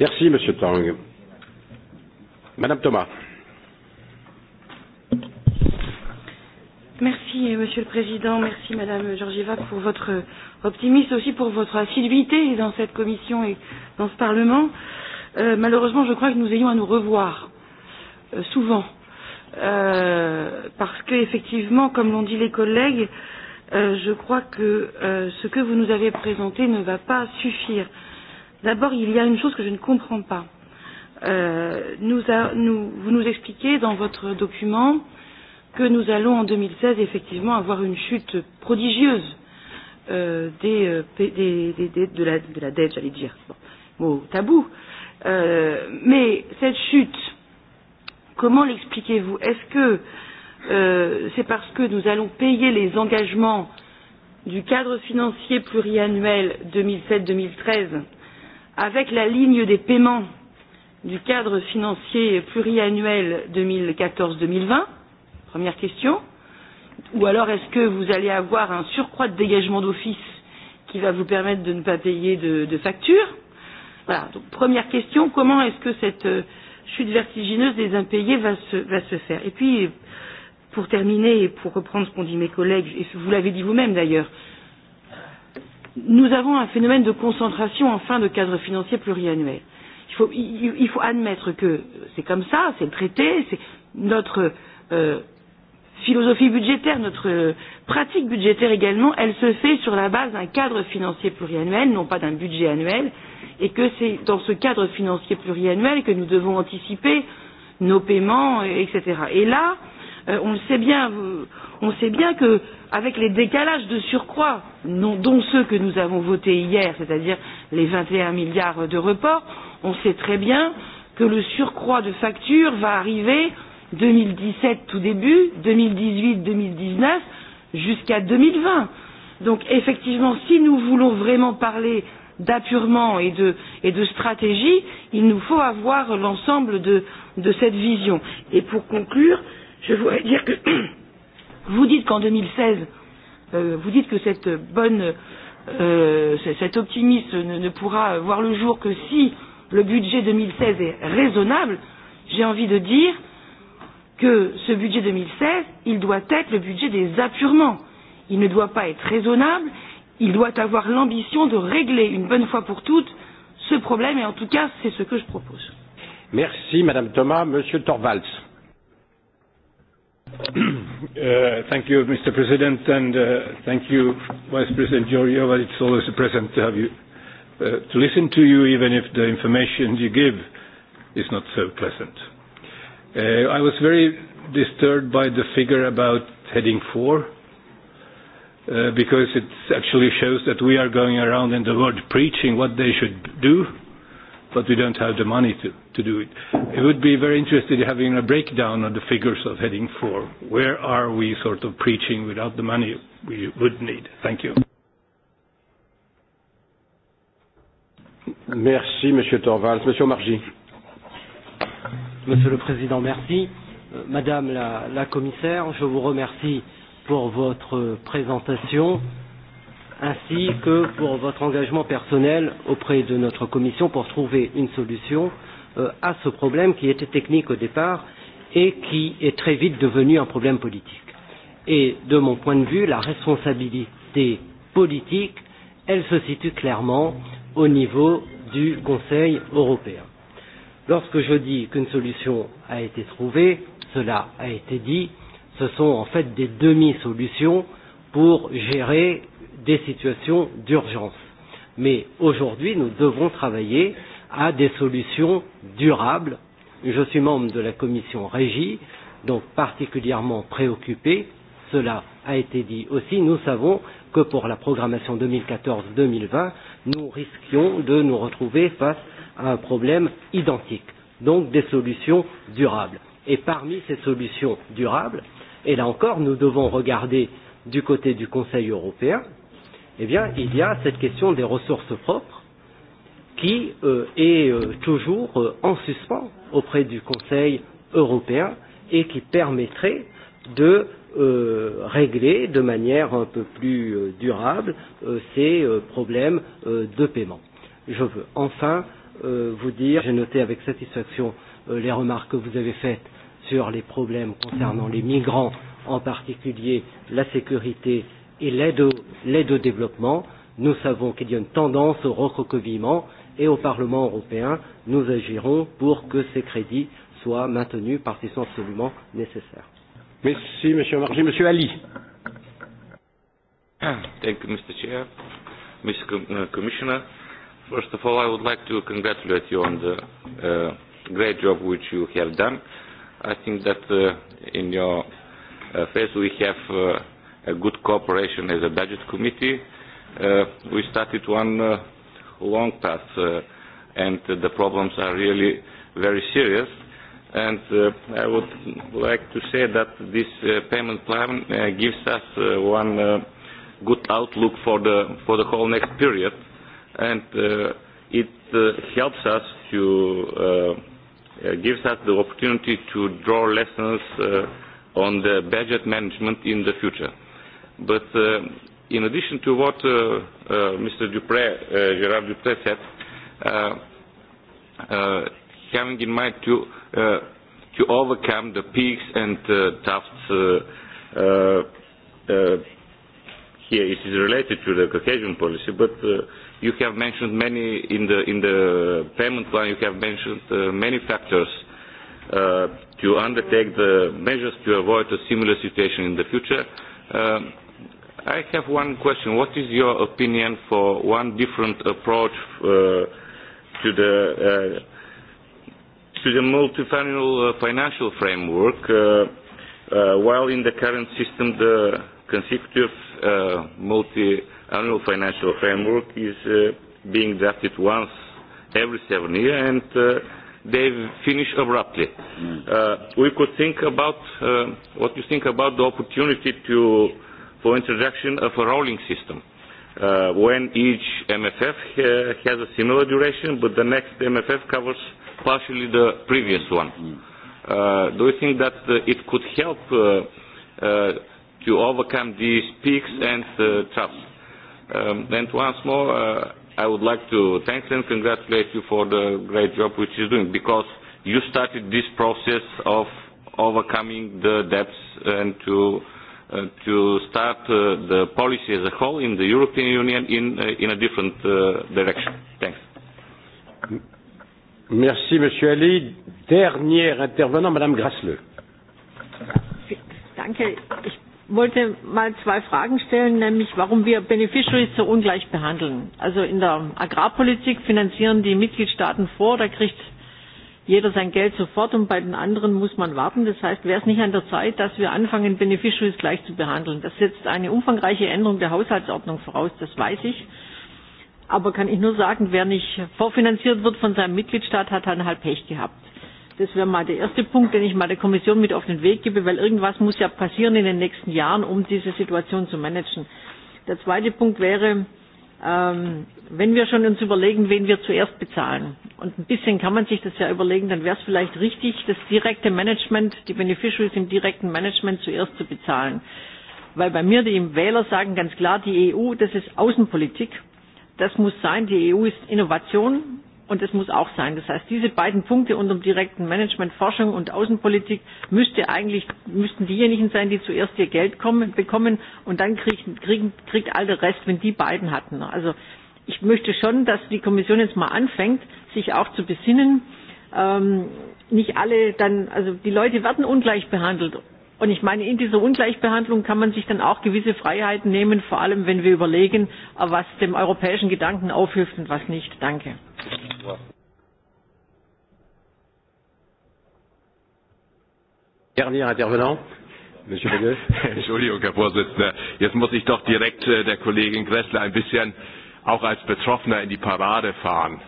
Merci, Monsieur Tang. Madame Thomas. Merci, Monsieur le Président. Merci, Madame Georgieva, pour votre optimisme, aussi pour votre assiduité dans cette commission et dans ce Parlement. Euh, euh, malheureusement, je crois que nous ayons à nous revoir euh, souvent. Euh, parce qu'effectivement, comme l'ont dit les collègues, euh, je crois que euh, ce que vous nous avez présenté ne va pas suffire. D'abord, il y a une chose que je ne comprends pas. Euh, nous a, nous, vous nous expliquez dans votre document que nous allons en 2016 effectivement avoir une chute prodigieuse euh, des, euh, des, des, des, de, la, de la dette, j'allais dire. Bon, mot tabou. Euh, Euh, mais cette chute, comment l'expliquez-vous Est-ce que euh, c'est parce que nous allons payer les engagements du cadre financier pluriannuel 2007-2013 avec la ligne des paiements du cadre financier pluriannuel 2014-2020 Première question. Ou alors est-ce que vous allez avoir un surcroît de dégagement d'office qui va vous permettre de ne pas payer de, de factures Voilà, donc première question, comment est-ce que cette euh, chute vertigineuse des impayés va se, va se faire Et puis, pour terminer et pour reprendre ce qu'ont dit mes collègues, et vous l'avez dit vous-même d'ailleurs, nous avons un phénomène de concentration en fin de cadre financier pluriannuel. Il faut, il, il faut admettre que c'est comme ça, c'est le traité, c'est notre euh, philosophie budgétaire, notre euh, pratique budgétaire également, elle se fait sur la base d'un cadre financier pluriannuel, non pas d'un budget annuel. Euh, et que c'est dans ce cadre financier pluriannuel que nous devons anticiper nos paiements, etc. Et là, euh, on sait bien, euh, on sait bien que avec les décalages de surcroît, non, dont ceux que nous avons votés hier, c'est-à-dire les 21 milliards de reports, on sait très bien que le surcroît de factures va arriver 2017 tout début, 2018, 2019, jusqu'à 2020. Donc effectivement, si nous voulons vraiment parler euh, d'apurement et de, et de stratégie, il nous faut avoir l'ensemble de, de cette vision. Et pour conclure, je voudrais dire que vous dites qu'en 2016, euh, vous dites que cette bonne, euh, cet optimisme ne, ne pourra voir le jour que si le budget 2016 est raisonnable. J'ai envie de dire que ce budget 2016, il doit être le budget des apurements. Il ne doit pas être raisonnable, il doit avoir l'ambition de régler une bonne fois pour toutes ce problème et en tout cas c'est ce que je propose. Merci Madame Thomas. Monsieur Torvalds. Uh, thank you, Mr. President, and uh, thank you, Vice President Georgieva. It's always a pleasant to have you, uh, to listen to you, even if the information you give is not so pleasant. Uh, I was very disturbed by the figure about heading four Uh, because it actually shows that we are going around in the world preaching what they should do, but we don't have the money to, to do it. It would be very interesting having a breakdown of the figures of heading four. Where are we sort of preaching without the money we would need? Thank you. Merci, Monsieur Torvalds. Monsieur Margi. Monsieur le Président, merci. Euh, Madame la, la Commissaire, je vous remercie euh, pour votre présentation ainsi que pour votre engagement personnel auprès de notre commission pour trouver une solution euh, à ce problème qui était technique au départ et qui est très vite devenu un problème politique. Et de mon point de vue, la responsabilité politique, elle se situe clairement au niveau du Conseil européen. Lorsque je dis qu'une solution a été trouvée, cela a été dit, ce sont en fait des demi-solutions pour gérer des situations d'urgence. Mais aujourd'hui, nous devons travailler à des solutions durables. Je suis membre de la commission Régie, donc particulièrement préoccupé. Cela a été dit aussi. Nous savons que pour la programmation 2014-2020, nous risquions de nous retrouver face à un problème identique. Donc des solutions durables. Et parmi ces solutions durables, et là encore, nous devons regarder du côté du Conseil européen, eh bien, il y a cette question des ressources propres qui euh, est euh, toujours euh, en suspens auprès du Conseil européen et qui permettrait de euh, régler de manière un peu plus euh, durable euh, ces euh, problèmes euh, de paiement. Je veux enfin euh, vous dire, j'ai noté avec satisfaction euh, les remarques que vous avez faites sur les problèmes concernant les migrants, en particulier la sécurité et l'aide au, l'aide au développement. Nous savons qu'il y a une tendance au recroquevillement et au Parlement européen, nous agirons pour que ces crédits soient maintenus parce qu'ils sont absolument nécessaires. Merci, Monsieur Margie. Monsieur Ali. Thank you, Mr. Chair. Mr. Com uh, Commissioner, first of all, I would like to congratulate you on the uh, great job which you have done. I think that uh, in your uh, face we have uh, a good cooperation as a budget committee. Uh, we started one uh, long path uh, and uh, the problems are really very serious. And uh, I would like to say that this uh, payment plan uh, gives us uh, one uh, good outlook for the, for the whole next period. And uh, it uh, helps us to uh, Uh, gives us the opportunity to draw lessons uh, on the budget management in the future. But uh, in addition to what uh, uh, Mr. Dupre, uh, Gerard Dupre said, uh, uh, having in mind to, uh, to overcome the peaks and uh, tufts uh, uh, uh, here it is related to the cohesion policy, but uh, you have mentioned many in the in the payment plan. You have mentioned uh, many factors uh, to undertake the measures to avoid a similar situation in the future. Um, I have one question. What is your opinion for one different approach uh, to the uh, to the multiannual uh, financial framework? Uh, uh, while in the current system, the consecutive uh, multi annual financial framework is uh, being drafted once every seven years and uh, they finish abruptly. Mm. Uh, we could think about uh, what you think about the opportunity to, for introduction of a rolling system. Uh, when each MFF ha uh, has a similar duration, but the next MFF covers partially the previous one. Mm. Uh, do you think that uh, it could help uh, uh, to overcome these peaks and uh, troughs? Um, and once more, uh, I would like to thank and congratulate you for the great job which you're doing because you started this process of overcoming the debts and to, uh, to start uh, the policy as a whole in the European Union in, uh, in a different uh, direction. Thanks. Merci, Monsieur Ali. Dernier intervenant, Madame Grasleux. Danke. Ich wollte mal zwei Fragen stellen, nämlich warum wir Beneficiaries so ungleich behandeln. Also in der Agrarpolitik finanzieren die Mitgliedstaaten vor, da kriegt jeder sein Geld sofort und bei den anderen muss man warten. Das heißt, wäre es nicht an der Zeit, dass wir anfangen, Beneficiaries gleich zu behandeln? Das setzt eine umfangreiche Änderung der Haushaltsordnung voraus, das weiß ich. Aber kann ich nur sagen, wer nicht vorfinanziert wird von seinem Mitgliedstaat, hat dann halt Pech gehabt. Das wäre mal der erste Punkt, den ich mal der Kommission mit auf den Weg gebe, weil irgendwas muss ja passieren in den nächsten Jahren, um diese Situation zu managen. Der zweite Punkt wäre, ähm, wenn wir schon uns überlegen, wen wir zuerst bezahlen, und ein bisschen kann man sich das ja überlegen, dann wäre es vielleicht richtig, das direkte Management, die Beneficiaries im direkten Management zuerst zu bezahlen. Weil bei mir die Wähler sagen ganz klar, die EU, das ist Außenpolitik. Das muss sein, die EU ist Innovation, und es muss auch sein. Das heißt, diese beiden Punkte unter dem direkten Management, Forschung und Außenpolitik müsste eigentlich, müssten diejenigen sein, die zuerst ihr Geld kommen, bekommen und dann kriegen, kriegen, kriegt all der Rest, wenn die beiden hatten. Also ich möchte schon, dass die Kommission jetzt mal anfängt, sich auch zu besinnen. Ähm, nicht alle dann, also die Leute werden ungleich behandelt Und ich meine, in dieser Ungleichbehandlung kann man sich dann auch gewisse Freiheiten nehmen, vor allem wenn wir überlegen, äh, was dem europäischen Gedanken aufhilft und was nicht. Danke. Dernier Intervenant. Monsieur Böge. Entschuldigung, Herr Vorsitzender. Jetzt muss ich doch direkt äh, der Kollegin Gressler ein bisschen auch als Betroffener in die Parade fahren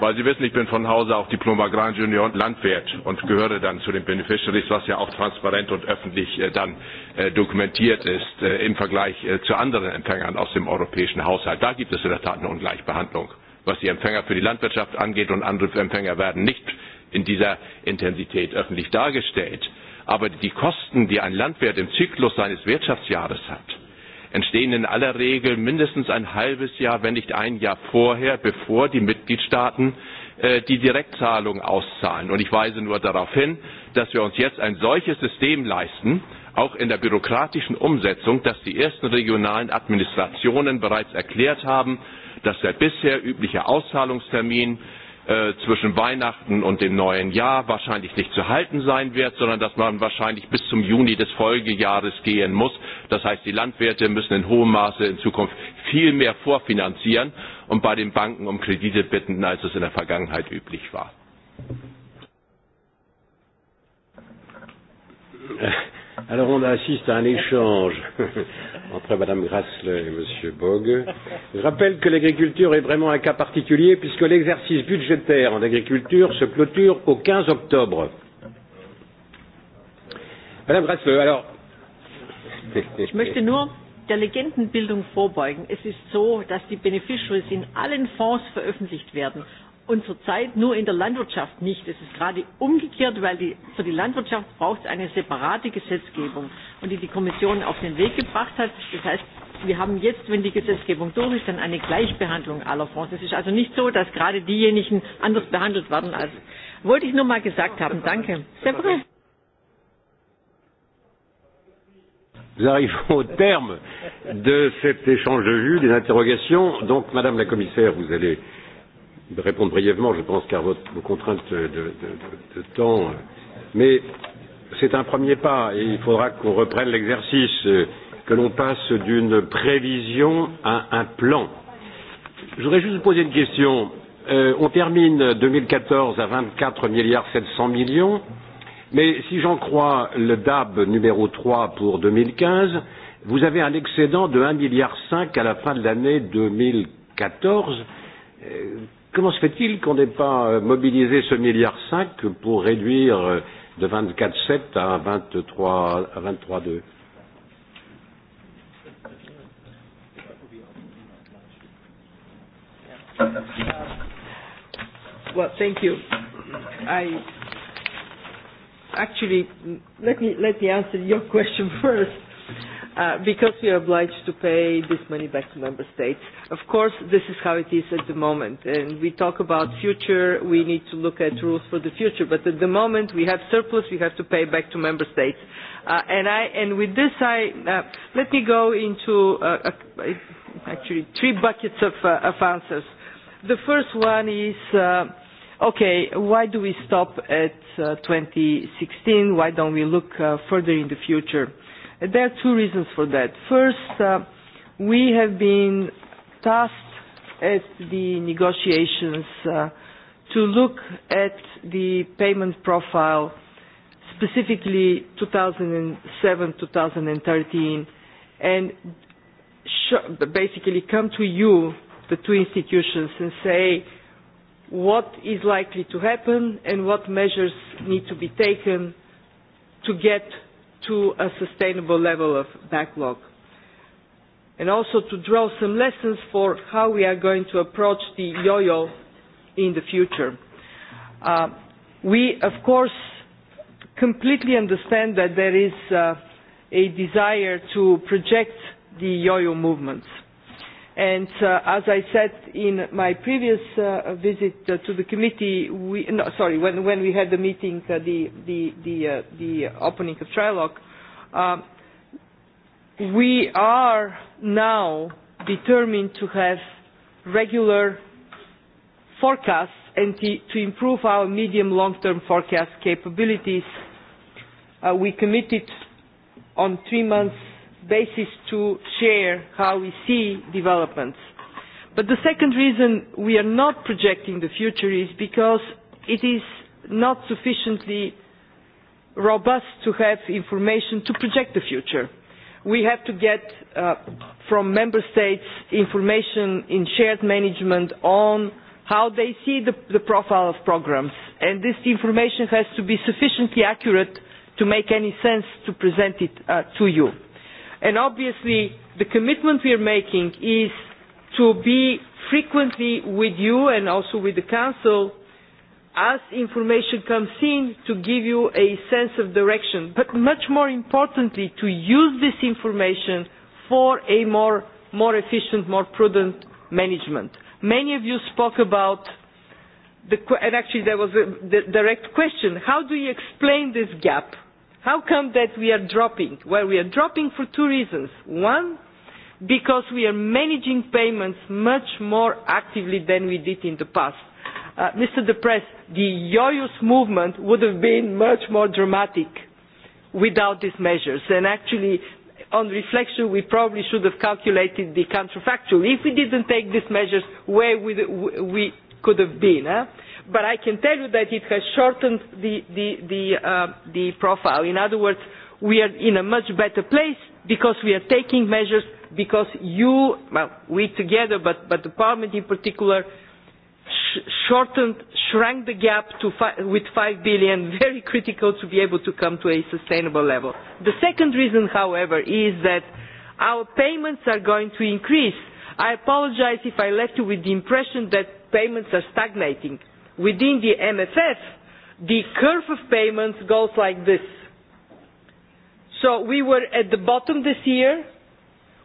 weil Sie wissen, ich bin von Hause auch Diplom Grand Junior Landwirt und gehöre dann zu den Beneficiaries, was ja auch transparent und öffentlich äh, dann äh, dokumentiert ist äh, im Vergleich äh, zu anderen Empfängern aus dem europäischen Haushalt. Da gibt es in der Tat eine Ungleichbehandlung, was die Empfänger für die Landwirtschaft angeht und andere Empfänger werden nicht in dieser Intensität öffentlich dargestellt. Aber die Kosten, die ein Landwirt im Zyklus seines Wirtschaftsjahres hat, entstehen in aller Regel mindestens ein halbes Jahr, wenn nicht ein Jahr vorher, bevor die Mitgliedstaaten äh, die Direktzahlung auszahlen. Und ich weise nur darauf hin, dass wir uns jetzt ein solches System leisten, auch in der bürokratischen Umsetzung, dass die ersten regionalen Administrationen bereits erklärt haben, dass der bisher übliche Auszahlungstermin Äh, zwischen Weihnachten und dem neuen Jahr wahrscheinlich nicht zu halten sein wird, sondern dass man wahrscheinlich bis zum Juni des Folgejahres gehen muss. Das heißt, die Landwirte müssen in hohem Maße in Zukunft viel mehr vorfinanzieren und bei den Banken um Kredite bitten, als es in der Vergangenheit üblich war. Alors on assiste à un échange entre Madame Grassle et Monsieur Bogue. Je rappelle que l'agriculture est vraiment un cas particulier puisque l'exercice budgétaire en agriculture se clôture au 15 octobre. Madame Grassle, alors. Ich möchte nur der Legendenbildung vorbeugen. Es ist so, dass die Beneficiaries in allen Fonds veröffentlicht werden und zurzeit nur in der Landwirtschaft nicht. Es ist gerade umgekehrt, weil die, für die Landwirtschaft braucht es eine separate Gesetzgebung und die die Kommission auf den Weg gebracht hat. Das heißt, wir haben jetzt, wenn die Gesetzgebung durch ist, dann eine Gleichbehandlung aller Fonds. Es ist also nicht so, dass gerade diejenigen anders behandelt werden als. Wollte ich nur mal gesagt haben. Danke. Nous arrivons au terme de cet échange de vues, des interrogations. Donc, Madame la Commissaire, vous allez de répondre brièvement, je pense, car votre, vos contraintes de, de, de, de temps. Mais c'est un premier pas et il faudra qu'on reprenne l'exercice, euh, que l'on passe d'une prévision à un plan. Je voudrais juste vous poser une question. Euh, on termine 2014 à 24 milliards 700 millions, mais si j'en crois le DAB numéro 3 pour 2015, vous avez un excédent de 1,5 milliard à la fin de l'année 2014. Euh, Comment se fait-il qu'on n'ait pas euh, mobilisé ce milliard cinq pour réduire euh, de 24,7 à 23,2 à 23, uh, Well, thank you. I actually let me let me answer your question first. Uh, because we are obliged to pay this money back to member states. Of course, this is how it is at the moment, and we talk about future, we need to look at rules for the future, but at the moment we have surplus, we have to pay back to member states. Uh, and, I, and with this, I, uh, let me go into uh, uh, actually three buckets of, uh, of answers. The first one is, uh, okay, why do we stop at uh, 2016? Why don't we look uh, further in the future? And there are two reasons for that. First, uh, we have been tasked at the negotiations uh, to look at the payment profile, specifically 2007-2013, and basically come to you, the two institutions, and say what is likely to happen and what measures need to be taken to get to a sustainable level of backlog. And also to draw some lessons for how we are going to approach the yo-yo in the future. Uh, we, of course, completely understand that there is uh, a desire to project the yo-yo movements. And uh, as I said in my previous uh, visit uh, to the committee, we, no, sorry, when, when we had the meeting, uh, the, the, the, uh, the opening of trilogue, uh, we are now determined to have regular forecasts and to improve our medium long-term forecast capabilities. Uh, we committed on three months basis to share how we see developments. But the second reason we are not projecting the future is because it is not sufficiently robust to have information to project the future. We have to get uh, from member states information in shared management on how they see the, the profile of programs. And this information has to be sufficiently accurate to make any sense to present it uh, to you. And obviously, the commitment we are making is to be frequently with you and also with the Council as information comes in to give you a sense of direction, but much more importantly, to use this information for a more, more efficient, more prudent management. Many of you spoke about, the, and actually there was a direct question, how do you explain this gap? How come that we are dropping? Well, we are dropping for two reasons. One, because we are managing payments much more actively than we did in the past. Uh, Mr. Depress, the yo-yo's movement would have been much more dramatic without these measures. And actually, on reflection, we probably should have calculated the counterfactual. If we didn't take these measures, where would we could have been? Eh? but I can tell you that it has shortened the, the, the, uh, the profile. In other words, we are in a much better place because we are taking measures, because you, well, we together, but, but the Parliament in particular, sh shortened, shrank the gap to fi with 5 billion, very critical to be able to come to a sustainable level. The second reason, however, is that our payments are going to increase. I apologize if I left you with the impression that payments are stagnating within the MFF, the curve of payments goes like this. So we were at the bottom this year.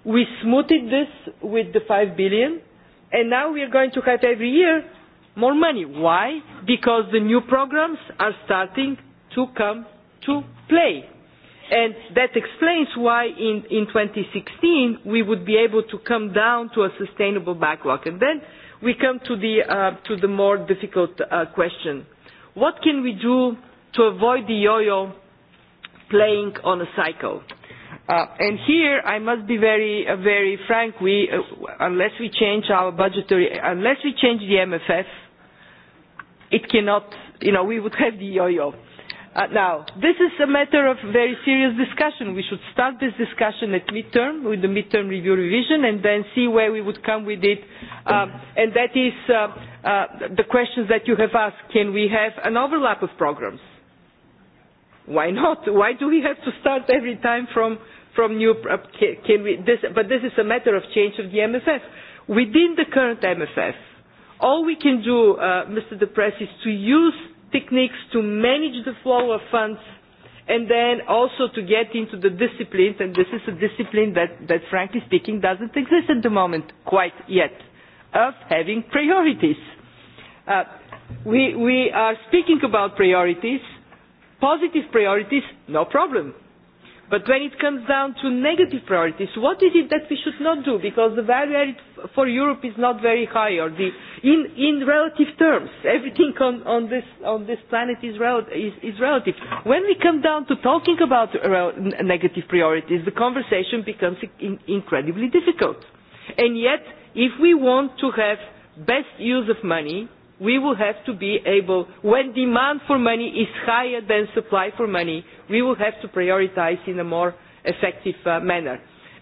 We smoothed this with the 5 billion, and now we are going to have every year more money. Why? Because the new programs are starting to come to play. And that explains why in, in 2016 we would be able to come down to a sustainable backlog. And then we come to the, uh, to the more difficult uh, question. What can we do to avoid the yo-yo playing on a cycle? Uh, and here I must be very, uh, very frank. We, uh, unless we change our budgetary, unless we change the MFF, it cannot. You know, we would have the yo-yo. Uh, now, this is a matter of very serious discussion. We should start this discussion at midterm with the midterm review revision and then see where we would come with it. Um, and that is uh, uh, the questions that you have asked. Can we have an overlap of programs? Why not? Why do we have to start every time from, from new... Uh, can, can we, this, but this is a matter of change of the MFF. Within the current MFF, all we can do, uh, Mr. Depress, is to use techniques to manage the flow of funds and then also to get into the disciplines, and this is a discipline that, that frankly speaking doesn't exist at the moment quite yet, of having priorities. Uh, we, we are speaking about priorities, positive priorities, no problem But when it comes down to negative priorities, what is it that we should not do? Because the value added for Europe is not very high, or the, in, in relative terms, everything on, on, this, on this planet is, rel- is, is relative. When we come down to talking about rel, negative priorities, the conversation becomes in- incredibly difficult. And yet, if we want to have best use of money, we will have to be able, when demand for money is higher than supply for money, we will have to prioritize in a more effective uh, manner.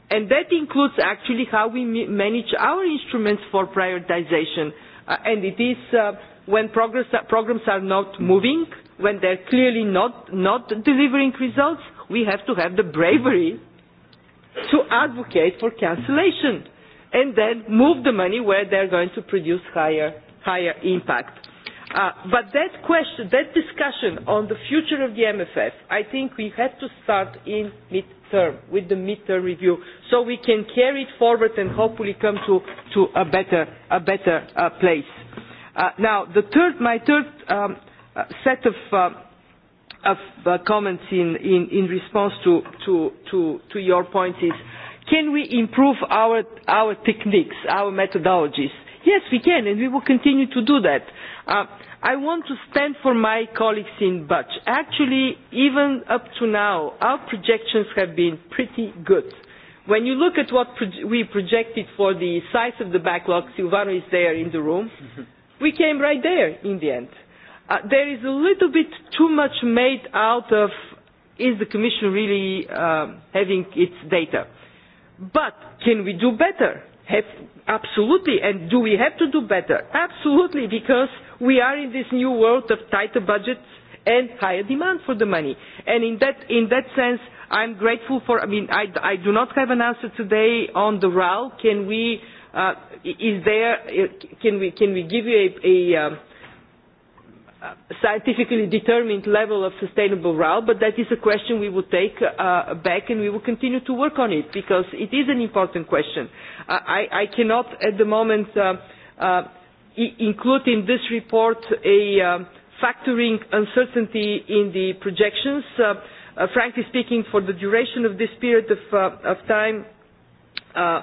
And that includes actually how we manage our instruments for prioritization. Uh, and it is uh, when progress, uh, programs are not moving, when they're clearly not, not delivering results, we have to have the bravery to advocate for cancellation and then move the money where they're going to produce higher higher impact. Uh, but that question, that discussion on the future of the MFF, I think we have to start in mid-term, with the mid-term review, so we can carry it forward and hopefully come to, to a better, a better uh, place. Uh, now, the third, my third um, uh, set of, uh, of uh, comments in, in, in response to, to, to, to your point is, can we improve our, our techniques, our methodologies? Yes, we can, and we will continue to do that. Uh, I want to stand for my colleagues in Butch. Actually, even up to now, our projections have been pretty good. When you look at what pro- we projected for the size of the backlog, Silvano is there in the room, we came right there in the end. Uh, there is a little bit too much made out of is the Commission really um, having its data? But can we do better? Have, absolutely. And do we have to do better? Absolutely, because we are in this new world of tighter budgets and higher demand for the money. And in that, in that sense, I'm grateful for, I mean, I, I do not have an answer today on the RAL. Can we, uh, is there, uh, can we, can we give you a, a um, scientifically determined level of sustainable RAL, but that is a question we will take uh, back and we will continue to work on it because it is an important question. Uh, I, I cannot at the moment uh, uh, include in this report a uh, factoring uncertainty in the projections. Uh, uh, frankly speaking, for the duration of this period of, uh, of time, uh,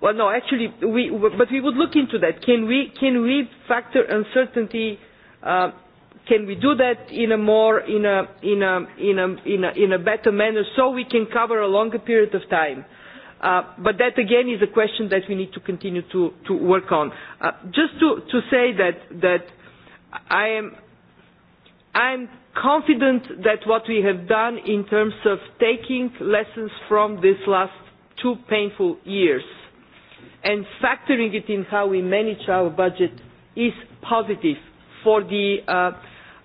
well, no, actually, we, but we would look into that. Can we, can we factor uncertainty uh, can we do that in a more in a in a in a in a, in a better manner so we can cover a longer period of time uh, but that again is a question that we need to continue to, to work on. Uh, just to, to say that, that I am I'm confident that what we have done in terms of taking lessons from this last two painful years and factoring it in how we manage our budget is positive for the uh,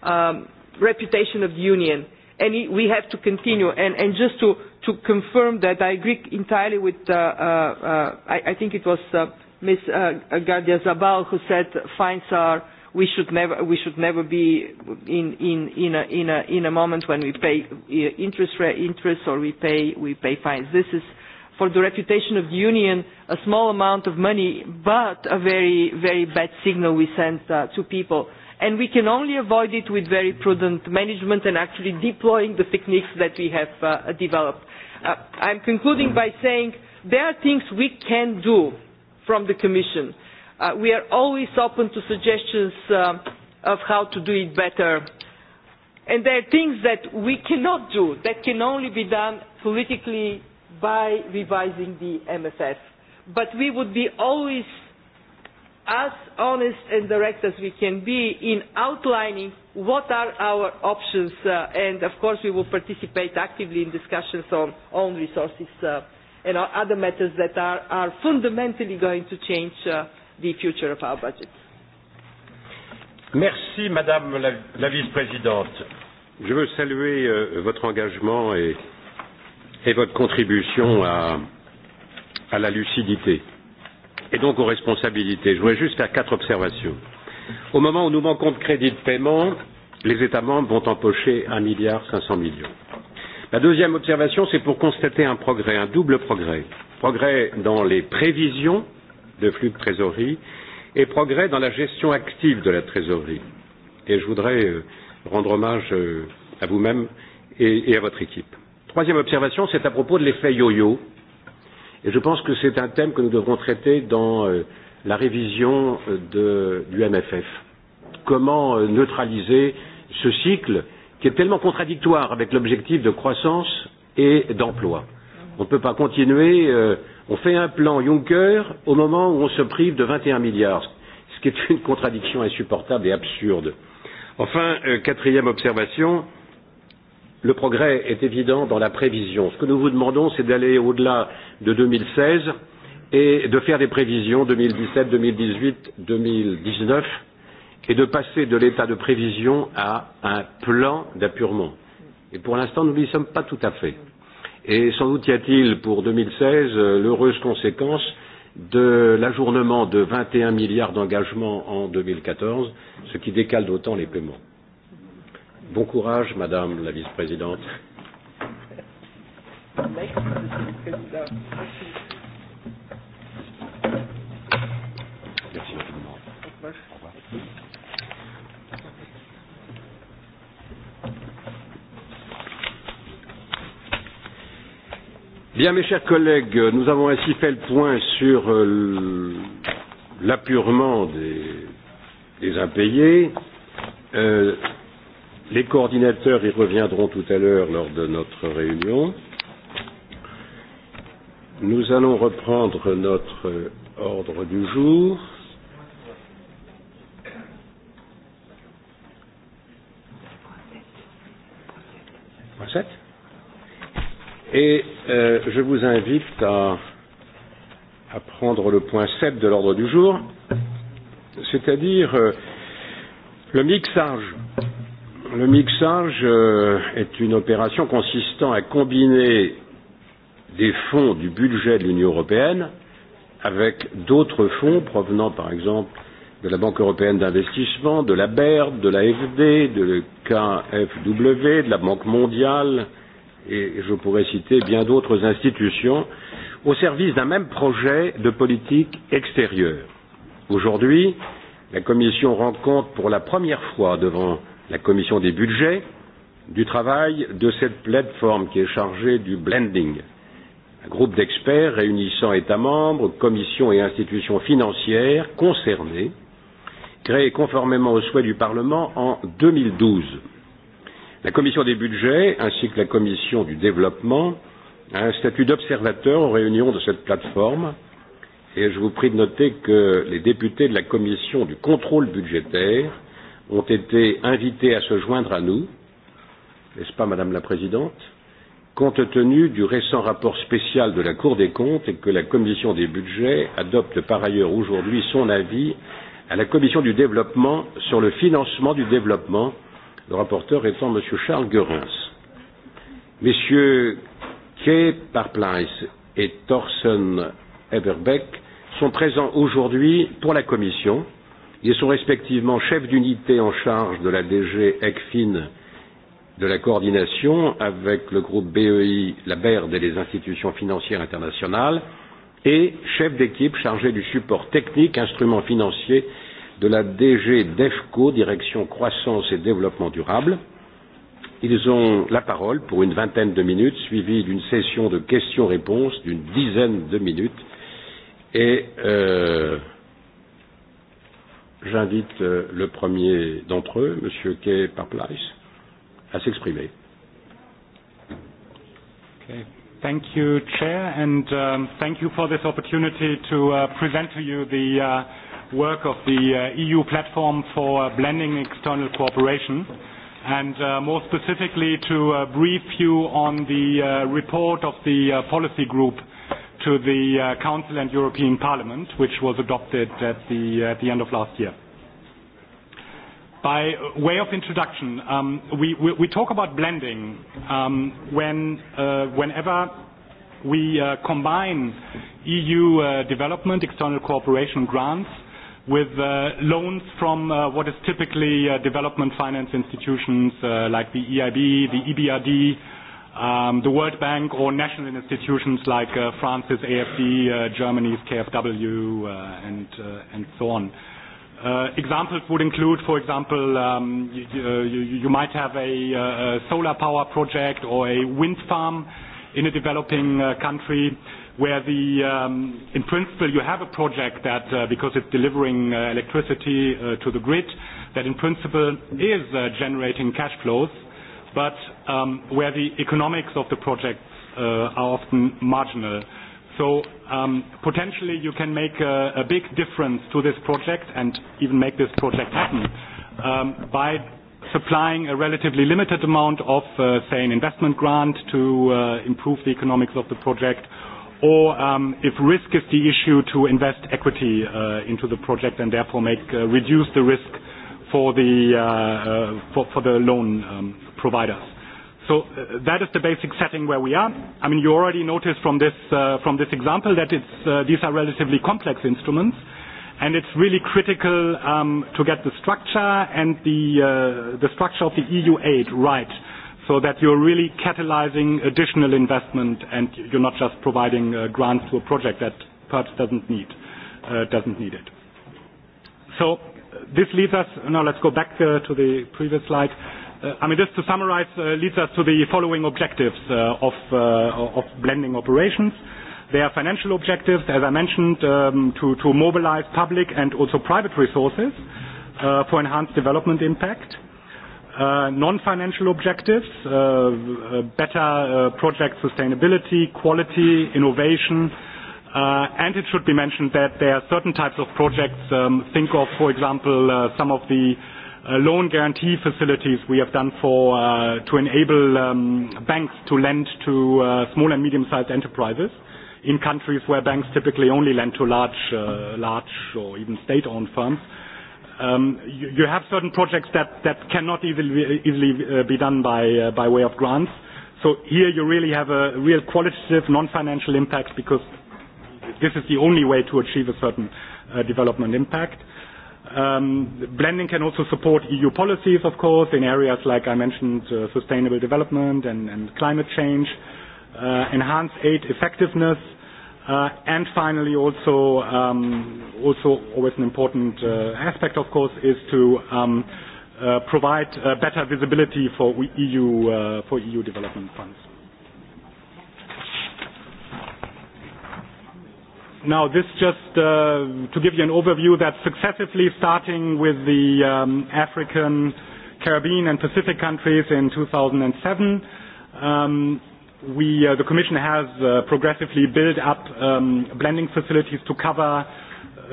um, reputation of the Union. And we have to continue. And, and just to, to confirm that, I agree entirely with, uh, uh, uh I, I think it was uh, Ms. Uh, Gardia Zabal who said fines are, we should never, we should never be in, in, in, a, in, a, in a moment when we pay interest, interest or we pay, we pay fines. This is for the reputation of the union a small amount of money, but a very, very bad signal we send uh, to people and we can only avoid it with very prudent management and actually deploying the techniques that we have uh, developed. Uh, I'm concluding by saying there are things we can do from the Commission. Uh, we are always open to suggestions uh, of how to do it better. And there are things that we cannot do, that can only be done politically by revising the MFF. But we would be always as honest and direct as we can be in outlining what are our options uh, and of course we will participate actively in discussions on own resources uh, and other matters that are, are fundamentally going to change uh, the future of our budget. Merci Madame la, la Vice-Présidente. Je veux saluer euh, votre engagement et, et votre contribution à, à la lucidité et donc aux responsabilités. Je voudrais juste faire quatre observations. Au moment où nous manquons de crédits de paiement, les États membres vont empocher 1,5 milliard. La deuxième observation, c'est pour constater un progrès, un double progrès. Progrès dans les prévisions de flux de trésorerie et progrès dans la gestion active de la trésorerie. Et je voudrais euh, rendre hommage euh, à vous-même et à votre équipe. Troisième observation, c'est à propos de l'effet yo-yo. Et je pense que c'est un thème que nous devrons traiter dans euh, la révision euh, de, du MFF. Comment euh, neutraliser ce cycle qui est tellement contradictoire avec l'objectif de croissance et d'emploi. On ne peut pas continuer, euh, on fait un plan Juncker au moment où on se prive de 21 milliards, ce qui est une contradiction insupportable et absurde. Enfin, euh, quatrième observation, euh, Le progrès est évident dans la prévision. Ce que nous vous demandons, c'est d'aller au-delà de 2016 et de faire des prévisions 2017, 2018, 2019 et de passer de l'état de prévision à un plan d'appurement. Et pour l'instant, nous n'y sommes pas tout à fait. Et sans doute y a-t-il pour 2016 l'heureuse conséquence de l'ajournement de 21 milliards d'engagements en 2014, ce qui décale d'autant les paiements. Bon courage, Madame la Vice-présidente. Merci infiniment. Bien, mes chers collègues, nous avons ainsi fait le point sur euh, l'appurement des, des impayés. Euh, Les coordinateurs y reviendront tout à l'heure lors de notre réunion. Nous allons reprendre notre ordre du jour. Et euh, je vous invite à, à prendre le point 7 de l'ordre du jour, c'est-à-dire euh, le mixage Le mixage euh, est une opération consistant à combiner des fonds du budget de l'Union européenne avec d'autres fonds provenant par exemple de la Banque européenne d'investissement, de la BERD, de l'AFD, de le KFW, de la Banque mondiale, et je pourrais citer bien d'autres institutions, au service d'un même projet de politique extérieure. Aujourd'hui, la Commission rencontre pour la première fois devant la commission des budgets du travail de cette plateforme qui est chargée du blending, un groupe d'experts réunissant États membres, commissions et institutions financières concernées, créé conformément aux souhaits du Parlement en 2012. La commission des budgets ainsi que la commission du développement a un statut d'observateur aux réunions de cette plateforme et je vous prie de noter que les députés de la commission du contrôle budgétaire ont été invités à se joindre à nous, n'est-ce pas, Madame la Présidente, compte tenu du récent rapport spécial de la Cour des comptes et que la Commission des budgets adopte par ailleurs aujourd'hui son avis à la Commission du développement sur le financement du développement, le rapporteur étant M. Charles Goerens. Messieurs Kay Parplins et Thorsten Everbeck sont présents aujourd'hui pour la Commission Ils sont respectivement chefs d'unité en charge de la DG ECFIN de la coordination avec le groupe BEI, la BERD et les institutions financières internationales et chef d'équipe chargé du support technique, instruments financiers de la DG DEFCO, direction croissance et développement durable. Ils ont la parole pour une vingtaine de minutes, suivie d'une session de questions-réponses d'une dizaine de minutes. Et euh, J'invite euh, le premier d'entre eux, M. Kay Paplais, à s'exprimer. Okay. Thank you, Chair, and um, thank you for this opportunity to uh, present to you the uh, work of the uh, EU platform for uh, blending external cooperation, and uh, more specifically to uh, brief you on the uh, report of the uh, policy group uh, to the uh, Council and European Parliament, which was adopted at the, uh, at the end of last year. By way of introduction, um, we, we, we talk about blending um, when, uh, whenever we uh, combine EU uh, development, external cooperation grants with uh, loans from uh, what is typically uh, development finance institutions uh, like the EIB, the EBRD, um, the World Bank or national institutions like uh, France's AFD, uh, Germany's KfW, uh, and, uh, and so on. Uh, examples would include, for example, um, you, uh, you, you might have a, uh, a solar power project or a wind farm in a developing uh, country where the, um, in principle you have a project that, uh, because it's delivering uh, electricity uh, to the grid, that in principle is uh, generating cash flows, uh, but um, where the economics of the projects uh, are often marginal. So um, potentially you can make a, a big difference to this project and even make this project happen um, by supplying a relatively limited amount of, uh, say, an investment grant to uh, improve the economics of the project, or um, if risk is the issue, to invest equity uh, into the project and therefore make uh, reduce the risk for the, uh, uh, for, for the loan um, providers. So uh, that is the basic setting where we are. I mean, you already noticed from this, uh, from this example that it's, uh, these are relatively complex instruments, and it's really critical um, to get the structure and the, uh, the structure of the EU aid right so that you're really catalyzing additional investment and you're not just providing uh, grants to a project that perhaps doesn't need, uh, doesn't need it. So this leads us, now let's go back uh, to the previous slide. Uh, I mean, just to summarize, uh, leads us to the following objectives uh, of, uh, of blending operations. They are financial objectives, as I mentioned, um, to, to mobilize public and also private resources uh, for enhanced development impact. Uh, non-financial objectives, uh, uh better uh, project sustainability, quality, innovation, Uh, and it should be mentioned that there are certain types of projects. Um, think of, for example, uh, some of the uh, loan guarantee facilities we have done for uh, to enable um, banks to lend to uh, small and medium-sized enterprises in countries where banks typically only lend to large, uh, large or even state-owned firms. Um, you, you have certain projects that, that cannot easily, easily uh, be done by, uh, by way of grants. So here you really have a real qualitative non-financial impact because this is the only way to achieve a certain uh, development impact. Um, blending can also support EU policies, of course, in areas like I mentioned, uh, sustainable development and, and climate change, uh, enhance aid effectiveness, uh, and finally also, um, also always an important uh, aspect, of course, is to um, uh, provide uh, better visibility for EU, uh, for EU development funds. Now, this just uh, to give you an overview that successively starting with the um, African, Caribbean, and Pacific countries in 2007, um, we, uh, the Commission has uh, progressively built up um, blending facilities to cover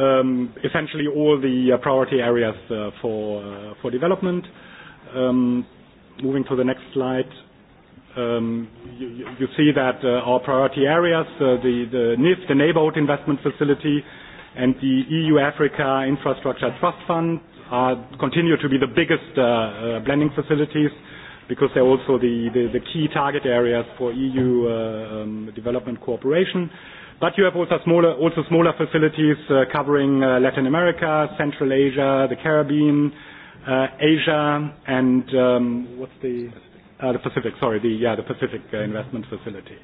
um, essentially all the uh, priority areas uh, for, uh, for development. Um, moving to the next slide. Um, you, you see that uh, our priority areas, uh, the, the NIF, the Neighborhood Investment Facility, and the EU Africa Infrastructure Trust Fund are, continue to be the biggest uh, uh, blending facilities because they're also the, the, the key target areas for EU uh, um, development cooperation. But you have also smaller, also smaller facilities uh, covering uh, Latin America, Central Asia, the Caribbean, uh, Asia, and um, what's the Uh, the Pacific, sorry. The, yeah, the Pacific uh, Investment Facility.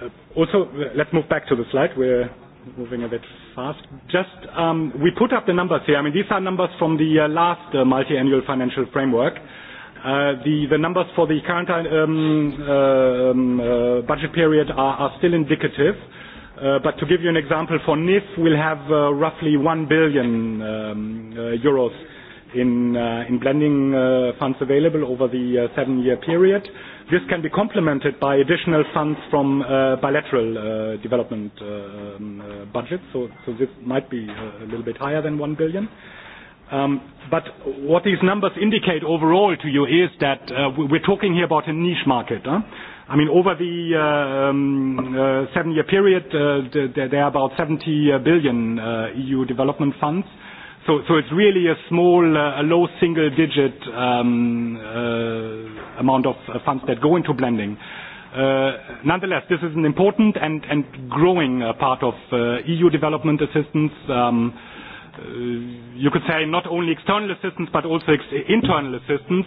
Uh, also, uh, let's move back to the slide. We're moving a bit fast. Just, um, we put up the numbers here. I mean, these are numbers from the uh, last uh, multi-annual financial framework. The, the numbers for the current um, um budget period are, are still indicative. But to give you an example, for NIF, we'll have roughly 1 billion um, euros in, uh, in blending uh, funds available over the uh, seven-year period. This can be complemented by additional funds from uh, bilateral uh, development uh, um, uh, budgets, so, so this might be uh, a little bit higher than 1 billion. Um, but what these numbers indicate overall to you is that uh, we're talking here about a niche market. Huh? I mean, over the uh, um, uh, seven-year period, uh, there, are about 70 uh, billion uh, EU development funds it's really a small, uh, low single-digit um, uh, amount of uh, funds that go into blending. nonetheless, this is an important and, growing part of EU development assistance. Um, you could say not only external assistance, but also internal assistance,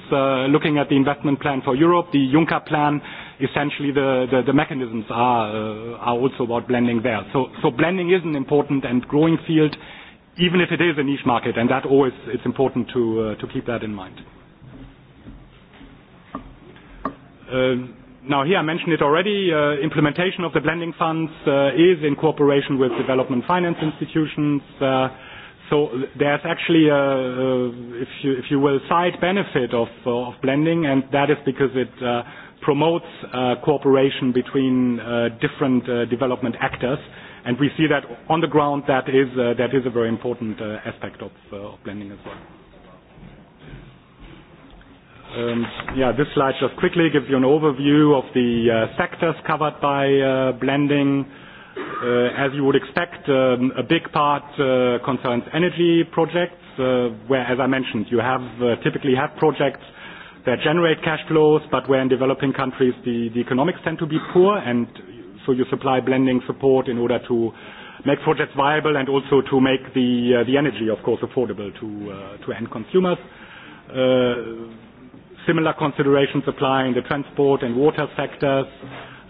looking at the investment plan for Europe, the Juncker plan, essentially the, mechanisms are, also about blending there. blending is an important and growing field even if it is a niche market, and that always it's important to uh, to keep that in mind. Um, now here I mentioned it already. Uh, implementation of the blending funds uh, is in cooperation with development finance institutions. Uh, so there's actually a, uh, a, uh, if you if you will, side benefit of uh, of blending, and that is because it uh, promotes uh, cooperation between uh, different uh, development actors and we see that on the ground that is, uh, that is a very important uh, aspect of, uh, of blending as well. Um, yeah, this slide just quickly gives you an overview of the uh, sectors covered by uh, blending. Uh, as you would expect, um, a big part uh, concerns energy projects, uh, where, as I mentioned, you have uh, typically have projects that generate cash flows, but where in developing countries the, the economics tend to be poor, and So you supply blending support in order to make projects viable and also to make the, uh, the energy, of course, affordable to, uh, to end consumers. Uh, similar considerations apply in the transport and water sectors.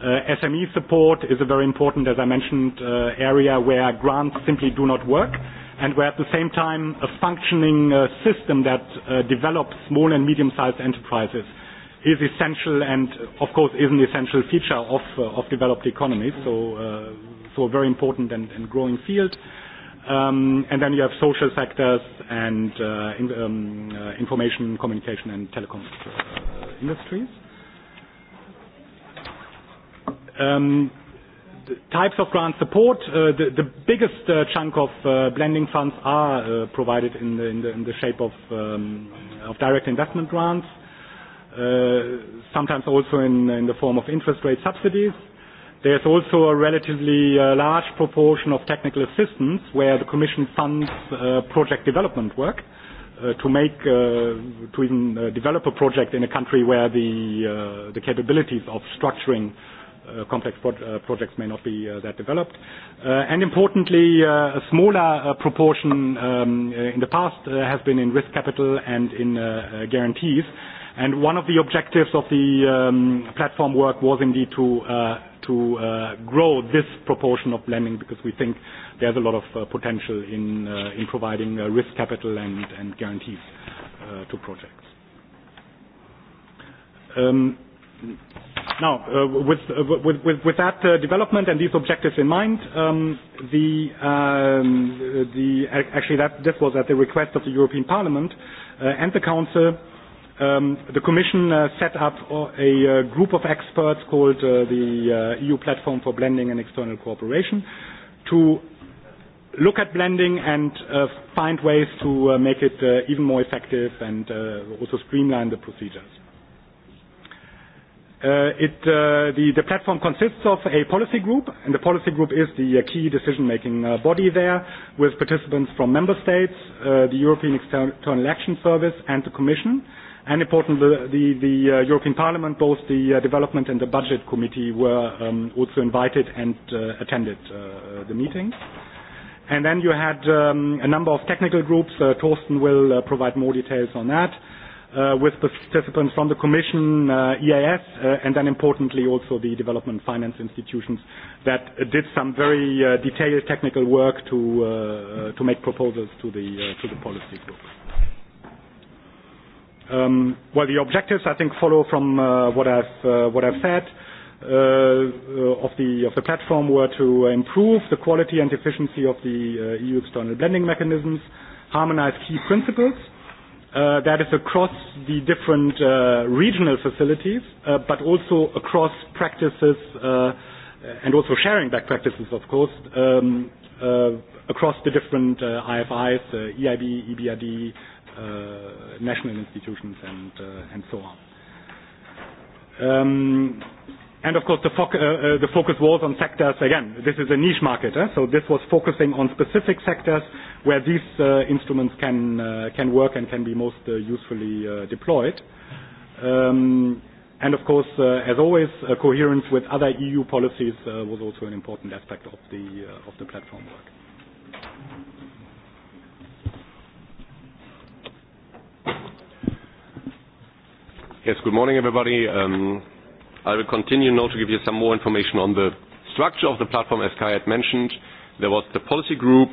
Uh, SME support is a very important, as I mentioned, uh, area where grants simply do not work and where at the same time a functioning uh, system that uh, develops small and medium-sized enterprises is essential and, of course, is an essential feature of, uh, of developed economies, so, uh, so a very important and, and growing field. Um, and then you have social sectors and uh, in, um, uh, information, communication, and telecom uh, industries. Um, the types of grant support, uh, the, the biggest uh, chunk of uh, blending funds are uh, provided in the, in, the, in the shape of, um, of direct investment grants. Uh, sometimes also in, in the form of interest rate subsidies. There's also a relatively uh, large proportion of technical assistance where the Commission funds uh, project development work uh, to make, uh, to even uh, develop a project in a country where the, uh, the capabilities of structuring uh, complex pro uh, projects may not be uh, that developed. Uh, and importantly, uh, a smaller uh, proportion um, uh, in the past uh, has been in risk capital and in uh, uh, guarantees one of the objectives of the um, platform work was indeed to, uh, uh, grow this proportion of lending because we think there's a lot of uh, potential in, providing risk capital and, guarantees to projects. Um, with, that development and these objectives in mind, um, actually this was at the request of the European Parliament and the Council um, the Commission uh, set up a, a uh, group of experts called uh, the uh, EU Platform for Blending and External Cooperation to look at blending and uh, find ways to uh, make it uh, even more effective and uh, also streamline the procedures. Uh, it, uh, the, the platform consists of a policy group, and the policy group is the uh, key decision-making uh, body there, with participants from member states, uh, the European External Action Service, and the Commission. And importantly, the, the uh, European Parliament, both the uh, Development and the Budget Committee were um, also invited and uh, attended uh, the meetings. And then you had um, a number of technical groups. Uh, Torsten will uh, provide more details on that, uh, with participants from the Commission, uh, EAS, uh, and then importantly also the development finance institutions that uh, did some very uh, detailed technical work to, uh, uh, to make proposals to the, uh, to the policy group. Um, well, the objectives I think follow from uh, what I've uh, what I've said uh, uh of the of the platform were to improve the quality and efficiency of the uh, EU external blending mechanisms, harmonise key principles. Uh, that is across the different uh, regional facilities, uh, but also across practices uh, and also sharing back practices, of course, um, uh, across the different uh, IFIs, uh, EIB, EBRD, Uh, national institutions and, uh, and so on. Um, and of course, the, foc- uh, uh, the focus was on sectors. Again, this is a niche market, eh? so this was focusing on specific sectors where these uh, instruments can uh, can work and can be most uh, usefully uh, deployed. Um, and of course, uh, as always, uh, coherence with other EU policies uh, was also an important aspect of the uh, of the platform work. Yes, good morning, everybody. Um, I will continue now to give you some more information on the structure of the platform, as Kai had mentioned. There was the policy group,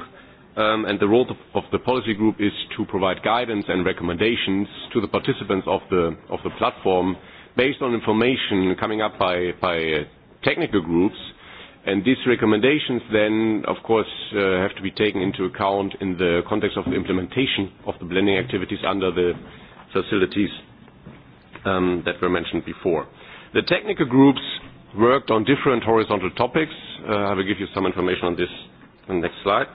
um, and the role of the policy group is to provide guidance and recommendations to the participants of the, of the platform based on information coming up by, by uh, technical groups these recommendations then, of course, uh, have to be taken into account in the context of the implementation of the blending activities under the facilities um, that were mentioned before. The technical groups worked on different horizontal topics. Uh, I will give you some information on this on the next slide.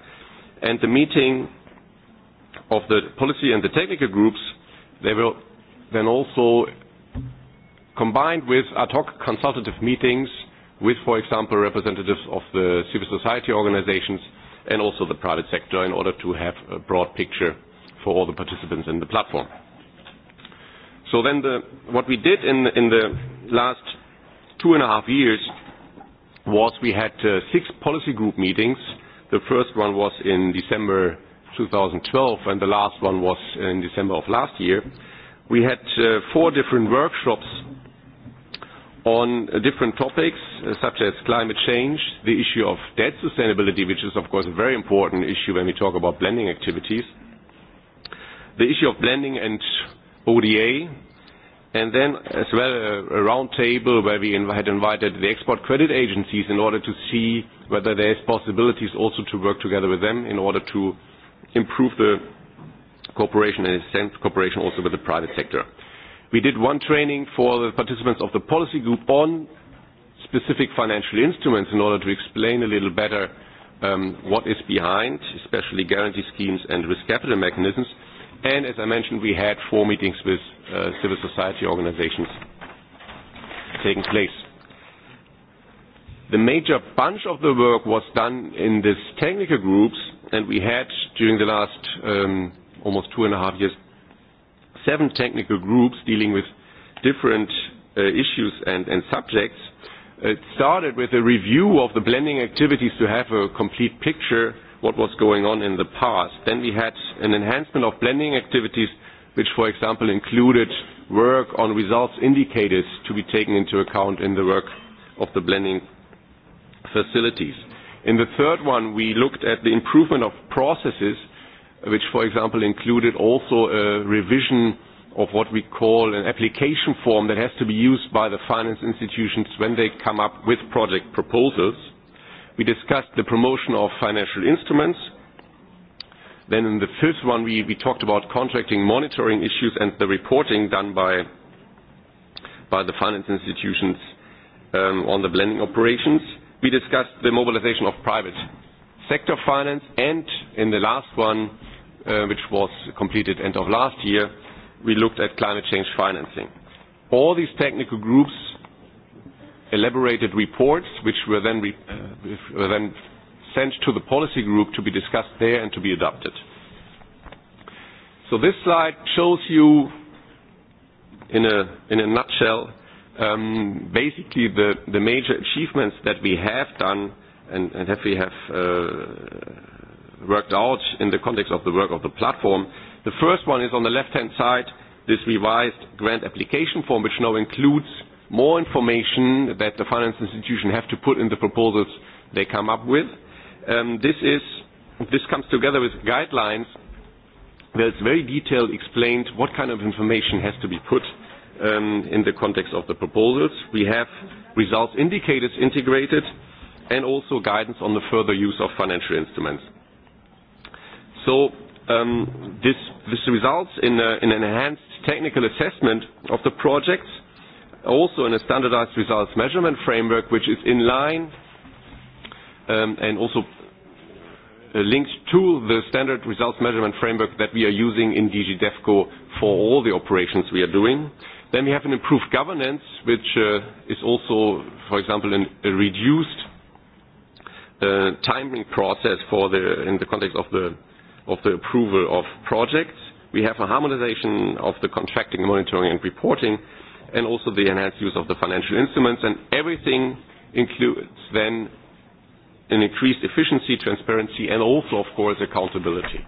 And the meeting of the policy and the technical groups, they will then also combined with ad hoc consultative meetings – with, for example, representatives of the civil society organizations and also the private sector in order to have a broad picture for all the participants in the platform. So then the, what we did in, in the last two and a half years was we had uh, six policy group meetings. The first one was in December 2012 and the last one was in December of last year. We had uh, four different workshops on different topics uh, such as climate change, the issue of debt sustainability, which is of course a very important issue when we talk about blending activities, the issue of blending and ODA, and then as well a, a round table where we inv had invited the export credit agencies in order to see whether there is possibilities also to work together with them in order to improve the cooperation and cooperation also with the private sector. We did one training for the participants of the policy group on specific financial instruments in order to explain a little better um, what is behind, especially guarantee schemes and risk capital mechanisms. And as I mentioned, we had four meetings with uh, civil society organizations taking place. The major bunch of the work was done in these technical groups, and we had, during the last um, almost two and a half years, seven technical groups dealing with different uh, issues and, and subjects. Uh, it started with a review of the blending activities to have a complete picture what was going on in the past. Then we had an enhancement of blending activities, which, for example, included work on results indicators to be taken into account in the work of the blending facilities. In the third one, we looked at the improvement of processes which, for example, included also a revision of what we call an application form that has to be used by the finance institutions when they come up with project proposals. We discussed the promotion of financial instruments. Then in the fifth one, we, we talked about contracting monitoring issues and the reporting done by, by the finance institutions um, on the blending operations. We discussed the mobilization of private sector finance, and in the last one, Uh, which was completed end of last year, we looked at climate change financing. All these technical groups elaborated reports, which were then, re, uh, were then sent to the policy group to be discussed there and to be adopted. So this slide shows you, in a, in a nutshell, um, basically the, the major achievements that we have done and, and have we have uh, worked out in the context of the work of the platform. The first one is on the left-hand side, this revised grant application form, which now includes more information that the finance institution have to put in the proposals they come up with. Um, this, is, this comes together with guidelines where it's very detailed explained what kind of information has to be put um, in the context of the proposals. We have results indicators integrated and also guidance on the further use of financial instruments. So um, this, this results in, a, uh, in an enhanced technical assessment of the projects, also in a standardized results measurement framework, which is in line um, and also uh, linked to the standard results measurement framework that we are using in DG DEFCO for all the operations we are doing. Then we have an improved governance, which uh, is also, for example, an, a reduced uh, timing process for the, in the context of the of the approval of projects. We have a harmonization of the contracting, monitoring, and reporting, and also the enhanced use of the financial instruments. And everything includes then an increased efficiency, transparency, and also, of course, accountability.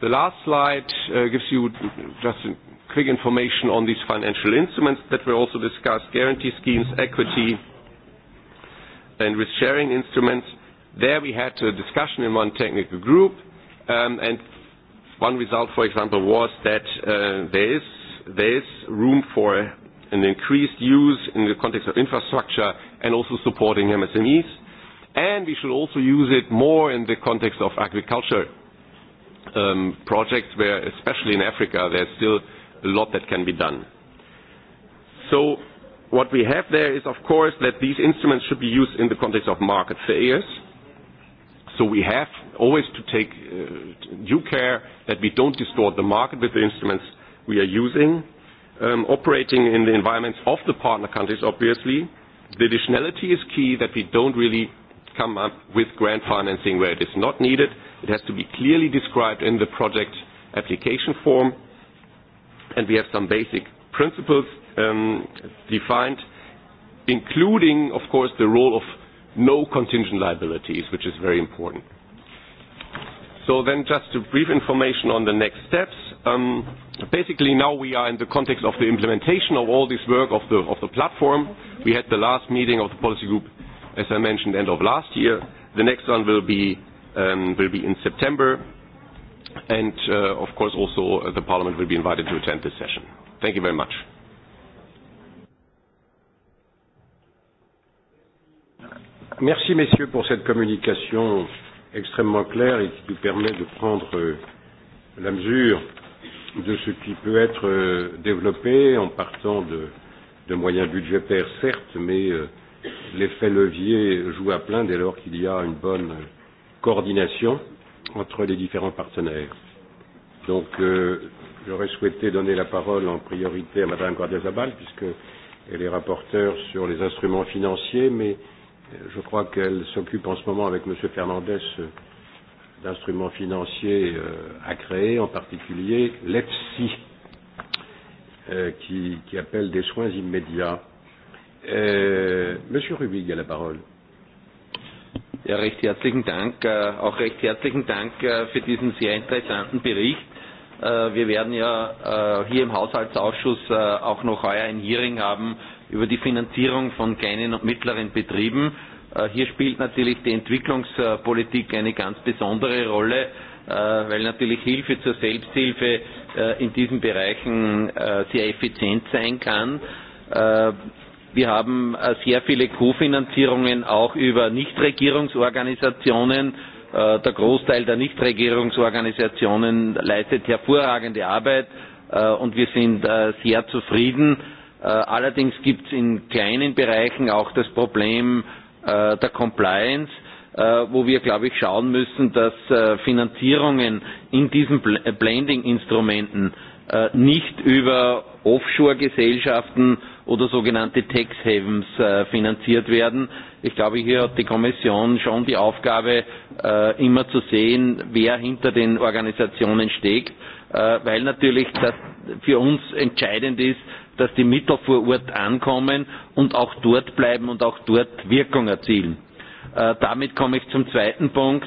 The last slide uh, gives you just quick information on these financial instruments that were also discussed, guarantee schemes, equity, and risk-sharing instruments. There we had a discussion in one technical group, um, and one result, for example, was that uh, there, is, there is room for an increased use in the context of infrastructure and also supporting MSMEs. And we should also use it more in the context of agriculture um, projects where, especially in Africa, there's still a lot that can be done. So what we have there is, of course, that these instruments should be used in the context of market failures So we have always to take uh, due care that we don't distort the market with the instruments we are using, um, operating in the environments of the partner countries, obviously. The additionality is key that we don't really come up with grant financing where it is not needed. It has to be clearly described in the project application form. And we have some basic principles um, defined, including, of course, the role of no contingent liabilities, which is very important. So then just a brief information on the next steps. Um, basically now we are in the context of the implementation of all this work of the, of the platform. We had the last meeting of the policy group, as I mentioned, end of last year. The next one will be, um, will be in September. And uh, of course also uh, the Parliament will be invited to attend this session. Thank you very much. Merci, messieurs, pour cette communication extrêmement claire et qui nous permet de prendre euh, la mesure de ce qui peut être euh, développé en partant de, de moyens budgétaires, certes, mais euh, l'effet levier joue à plein dès lors qu'il y a une bonne coordination entre les différents partenaires. Donc, euh, j'aurais souhaité donner la parole en priorité à Madame Guardia Guardiazabal, puisqu'elle est rapporteure sur les instruments financiers, mais je crois qu'elle s'occupe en ce moment avec M. Fernandez euh, d'instruments financiers euh, à créer, en particulier l'EFSI, euh, qui, qui appelle des soins immédiats. M. Rubig a la parole. Ja, recht herzlichen Dank. Äh, auch recht herzlichen Dank äh, für diesen sehr interessanten Bericht. Äh, wir werden ja äh, hier im Haushaltsausschuss äh, auch noch heuer ein Hearing haben über die Finanzierung von kleinen und mittleren Betrieben. Äh, hier spielt natürlich die Entwicklungspolitik eine ganz besondere Rolle, äh, weil natürlich Hilfe zur Selbsthilfe äh, in diesen Bereichen sehr effizient sein kann. Wir haben sehr viele Kofinanzierungen auch über Nichtregierungsorganisationen. Der Großteil der Nichtregierungsorganisationen leistet hervorragende Arbeit und wir sind sehr zufrieden Äh, allerdings gibt es in kleinen Bereichen auch das Problem äh, der Compliance, äh, wo wir, glaube ich, schauen müssen, dass Finanzierungen in diesen Blending-Instrumenten nicht über Offshore-Gesellschaften oder sogenannte Tax Havens finanziert werden. Ich glaube, hier hat die Kommission schon die Aufgabe, immer zu sehen, wer hinter den Organisationen steckt, weil natürlich das für uns entscheidend ist, dass die Mittel vor Ort ankommen und auch dort bleiben und auch dort Wirkung erzielen. Äh, damit komme ich zum zweiten Punkt.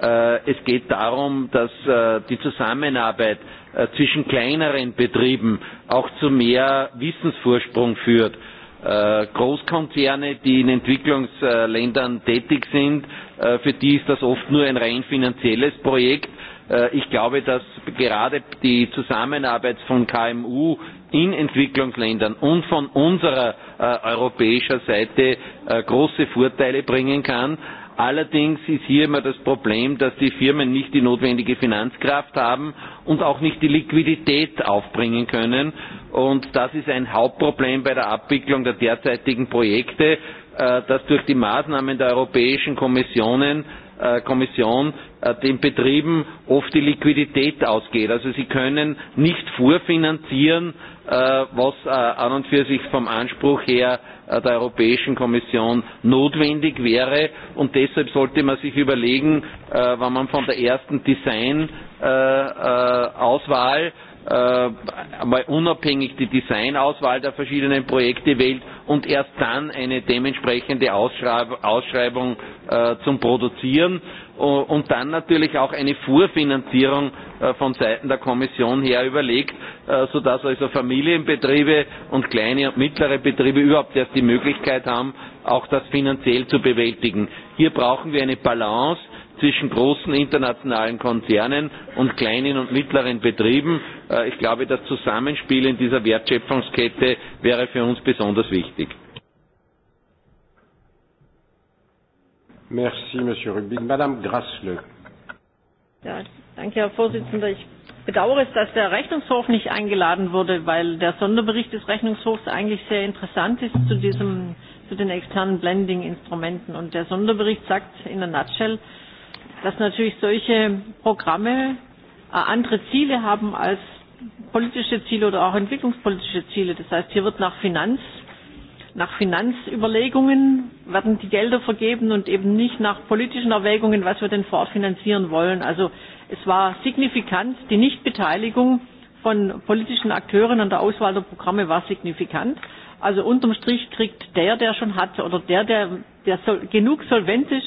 Äh, es geht darum, dass äh, die Zusammenarbeit äh, zwischen kleineren Betrieben auch zu mehr Wissensvorsprung führt. Äh, Großkonzerne, die in Entwicklungsländern äh, tätig sind, äh, für die ist das oft nur ein rein finanzielles Projekt. Äh, ich glaube, dass gerade die Zusammenarbeit von KMU in Entwicklungsländern und von unserer äh, europäischer Seite äh, große Vorteile bringen kann. Allerdings ist hier immer das Problem, dass die Firmen nicht die notwendige Finanzkraft haben und auch nicht die Liquidität aufbringen können. Und das ist ein Hauptproblem bei der Abwicklung der derzeitigen Projekte, äh, dass durch die Maßnahmen der Europäischen Kommissionen Äh, Kommission äh, den Betrieben oft die Liquidität ausgeht. Also sie können nicht vorfinanzieren, äh, was an und für sich vom Anspruch her der Europäischen Kommission notwendig wäre. Und deshalb sollte man sich überlegen, wenn man von der ersten designauswahl äh, mal unabhängig die Designauswahl der verschiedenen Projekte wählt und erst dann eine dementsprechende Ausschreib Ausschreibung äh, zum Produzieren uh, und dann natürlich auch eine Vorfinanzierung äh, von Seiten der Kommission her überlegt, äh, sodass also Familienbetriebe und kleine und mittlere Betriebe überhaupt erst die Möglichkeit haben, auch das finanziell zu bewältigen. Hier brauchen wir eine Balance zwischen großen internationalen Konzernen und kleinen und mittleren Betrieben. Äh, ich glaube, das Zusammenspiel in dieser Wertschöpfungskette wäre für uns besonders wichtig. Merci, Monsieur Rubin. Madame Grassle. Ja, danke, Herr Vorsitzender. Ich bedauere es, dass der Rechnungshof nicht eingeladen wurde, weil der Sonderbericht des Rechnungshofs eigentlich sehr interessant ist zu, diesem, zu den externen Blending-Instrumenten. Und der Sonderbericht sagt in der Nutshell, dass natürlich solche Programme äh, andere Ziele haben als politische Ziele oder auch entwicklungspolitische Ziele. Das heißt, hier wird nach Finanz, nach Finanzüberlegungen werden die Gelder vergeben und eben nicht nach politischen Erwägungen, was wir denn vor Ort finanzieren wollen. Also es war signifikant, die Nichtbeteiligung von politischen Akteuren an der Auswahl der Programme war signifikant. Also unterm Strich kriegt der, der schon hat oder der, der, der soll, genug solvent ist,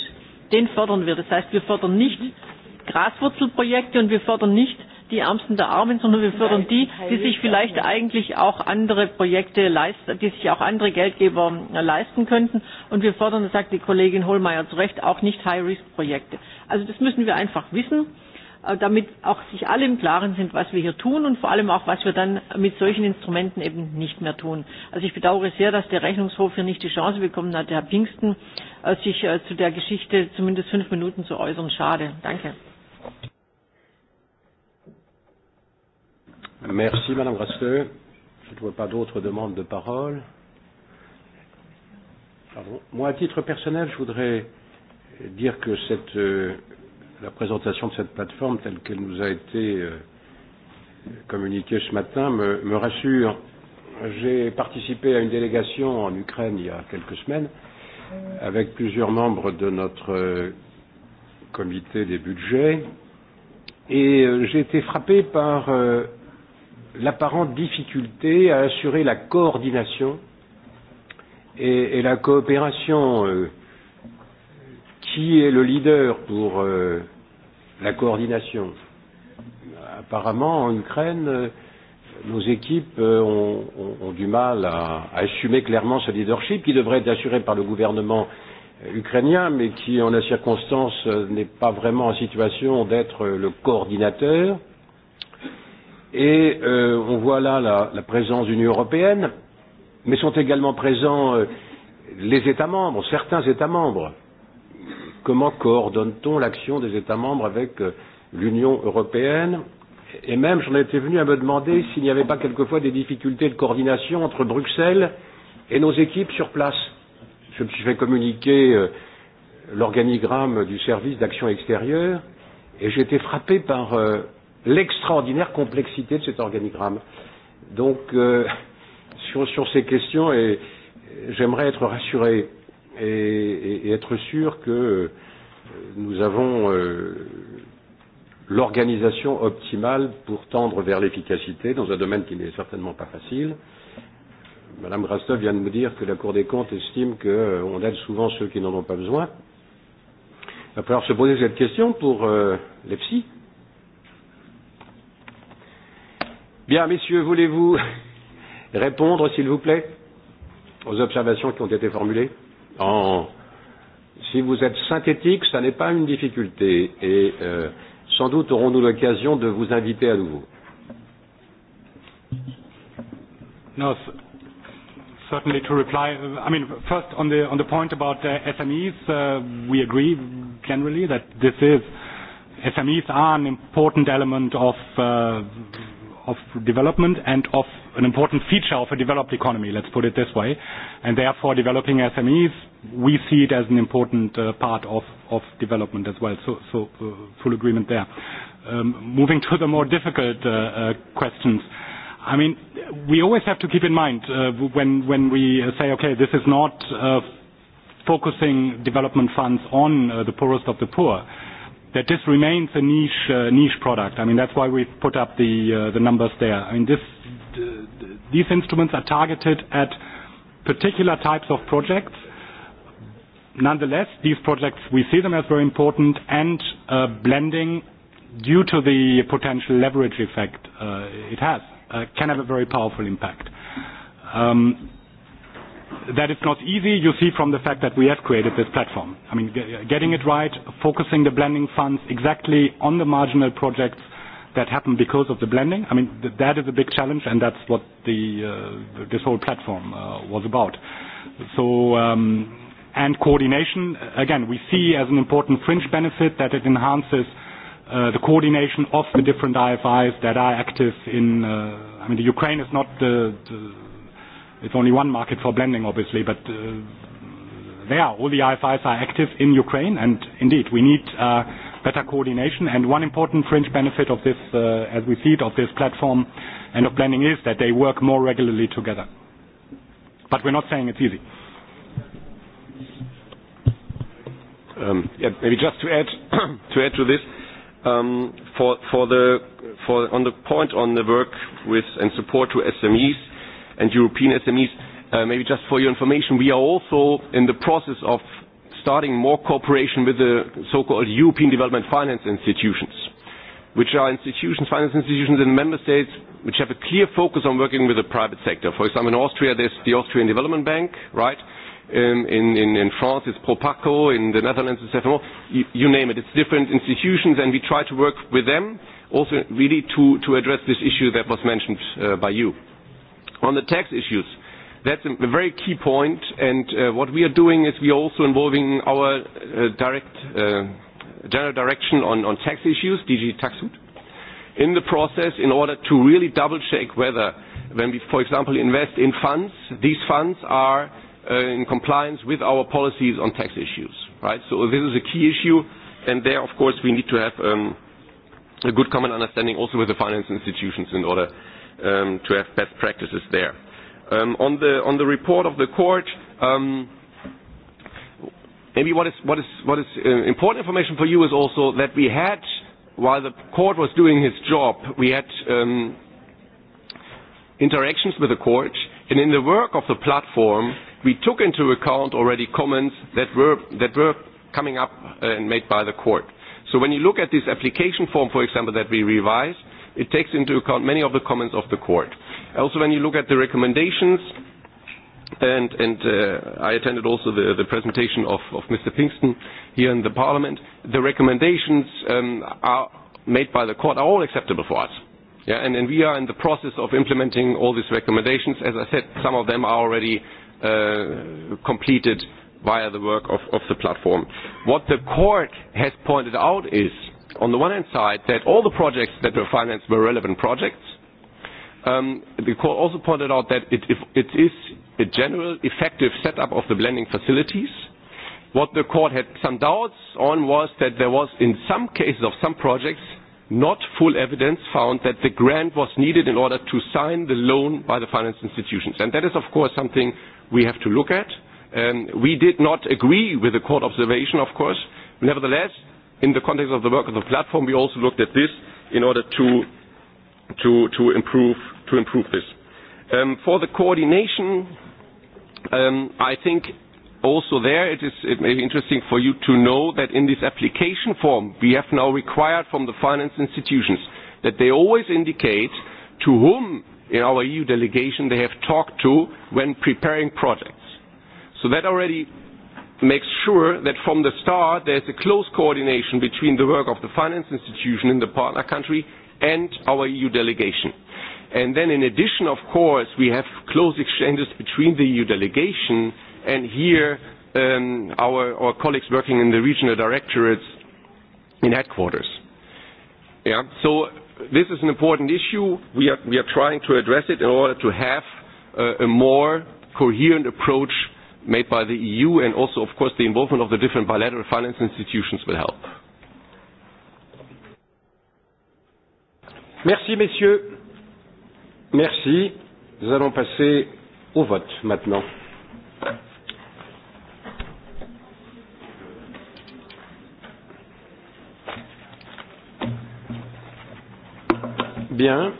den fördern wir. Das heißt, wir fördern nicht Graswurzelprojekte und wir fördern nicht die Ärmsten der Armen, sondern wir fördern die, die sich vielleicht eigentlich auch andere Projekte leisten, die sich auch andere Geldgeber leisten könnten. Und wir fördern, das sagt die Kollegin Hohlmeier zu Recht, auch nicht High-Risk-Projekte. Also das müssen wir einfach wissen. Äh, damit auch sich alle im Klaren sind, was wir hier tun und vor allem auch, was wir dann mit solchen Instrumenten eben nicht mehr tun. Also ich bedauere sehr, dass der Rechnungshof hier nicht die Chance bekommen hat, Herr Pingsten, äh, sich äh, zu der Geschichte zumindest fünf Minuten zu äußern. Schade. Danke. Merci, Madame Grassle. Je ne vois pas d'autres demandes de parole. Pardon. Moi, à titre personnel, je voudrais dire que cette euh, la présentation de cette plateforme telle qu'elle nous a été euh, communiquée ce matin me, me rassure. J'ai participé à une délégation en Ukraine il y a quelques semaines avec plusieurs membres de notre euh, comité des budgets et euh, j'ai été frappé par l'apparente difficulté à assurer la coordination et, et la coopération euh, qui est le leader pour euh, la coordination. Apparemment, en Ukraine, euh, nos équipes euh, ont, ont, ont du mal à, à assumer clairement ce leadership qui devrait être assuré par le gouvernement euh, ukrainien, mais qui, en la circonstance, n'est pas vraiment en situation d'être le coordinateur. Et euh, on voit là la, la présence de l'Union européenne, mais sont également présents euh, les États membres, certains États membres comment coordonne-t-on l'action des États membres avec euh, l'Union européenne Et même, j'en étais venu à me demander s'il n'y avait pas quelquefois des difficultés de coordination entre Bruxelles et nos équipes sur place. Je me suis fait communiquer euh, l'organigramme du service d'action extérieure et j'ai été frappé par euh, l'extraordinaire complexité de cet organigramme. Donc, sur, ces questions, j'aimerais être rassuré et, et, et être sûr que euh, nous avons euh, l'organisation optimale pour tendre vers l'efficacité dans un domaine qui n'est certainement pas facile. Madame Grastov vient de me dire que la Cour des comptes estime qu'on euh, aide souvent ceux qui n'en ont pas besoin. Il va falloir se poser cette question pour euh, l'EPSI. Bien, messieurs, voulez-vous répondre, s'il vous plaît, aux observations qui ont été formulées en, oh. si vous êtes synthétique, ça n'est pas une difficulté et euh, sans doute aurons-nous l'occasion de vous inviter à nouveau. No, certainly to reply. I mean, first on the on the point about uh, SMEs, uh, we agree generally that this is SMEs are an important element of uh, of development and of an important feature of a developed economy, let's put it this way. And therefore, developing SMEs, we see it as an important uh, part of, of development as well. So, so uh, full agreement there. Um, moving to the more difficult uh, uh, questions. I mean, we always have to keep in mind uh, when, when we say, okay, this is not uh, focusing development funds on uh, the poorest of the poor that this remains a niche uh, niche product. I mean, that's why we've put up the uh, the numbers there. I mean, this Uh, these instruments are targeted at particular types of projects. Nonetheless, these projects, we see them as very important, and uh, blending, due to the potential leverage effect uh, it has, uh, can have a very powerful impact. Um, that is not easy, you see from the fact that we have created this platform. I mean, getting it right, focusing the blending funds exactly on the marginal projects that happen because of the blending? I mean, th that is a big challenge, and that's what the uh, this whole platform uh, was about. So. Um, and coordination, uh, again, we see as an important fringe benefit that it enhances uh, the coordination of the different IFIs that are active in, uh, I mean, the Ukraine is not the, the, it's only one market for blending, obviously, but uh, there, all the IFIs are active in Ukraine, and indeed, we need uh, better coordination. And one important fringe benefit of this, uh, as we see it, of this platform and of planning is that they work more regularly together. But we're not saying it's easy. Um, yeah, maybe just to add to add to this, um, for for the for on the point on the work with and support to SMEs and European SMEs, uh, maybe just for your information, we are also in the process of starting more cooperation with the so-called European Development Finance Institutions, which are institutions, finance institutions in member states which have a clear focus on working with the private sector. For example, in Austria, there's the Austrian Development Bank, right? In, um, in, in, in France, it's Propaco. In the Netherlands, it's FMO. You, you name it. It's different institutions, and we try to work with them also really to, to address this issue that was mentioned uh, by you. On the tax issues, That's a very key point, uh, what we are doing is we are also involving our uh, uh, general direction on, tax issues, DG Taxud, in the process in order to really double-check whether when we, for example, invest in funds, these funds are in compliance with our policies on tax issues, right? this is a key issue, and there, of course, we need to have um, a good common understanding also with the finance institutions in order um, to have best practices there. Um, on the on the report of the court, um, maybe what is what is what is uh, important information for you is also that we had, while the court was doing his job, we had um, interactions with the court, and in the work of the platform, we took into account already comments that were that were coming up and made by the court. So when you look at this application form, for example, that we revised, it takes into account many of the comments of the court. Also, when you look at the recommendations, and, and uh, I attended also the, the presentation of, of Mr. Pinkston here in the Parliament, the recommendations um, are made by the court are all acceptable for us. Yeah, and, and we are in the process of implementing all these recommendations. As I said, some of them are already uh, completed via the work of, of the platform. What the court has pointed out is, on the one hand side, that all the projects that were financed were relevant projects, Um, the court also pointed out that it, is a general effective setup of the blending facilities. What the court had some doubts on was that there was, in some cases of some projects, not full evidence found that the grant was needed in order to sign the loan by the finance institutions. And that is, of course, something we have to look at. Um, we did not agree with the court observation, of course. Nevertheless, in the context of the work of the platform, we also looked at this in order to improve to improve this. Um, for the coordination, um, I think also there it, is, it may be interesting for you to know that in this application form we have now required from the finance institutions that they always indicate to whom in our EU delegation they have talked to when preparing projects. So that already makes sure that from the start there's a close coordination between the work of the finance institution in the partner country and our EU delegation. And then in addition, of course, we have close exchanges between the EU delegation and here um, our, our colleagues working in the regional directorates in headquarters. Yeah, so this is an important issue. We are, we are trying to address it in order to have uh, a more coherent approach made by the EU and also, of course, the involvement of the different bilateral finance institutions will help. Merci, messieurs. Merci. Nous allons passer au vote maintenant. Bien.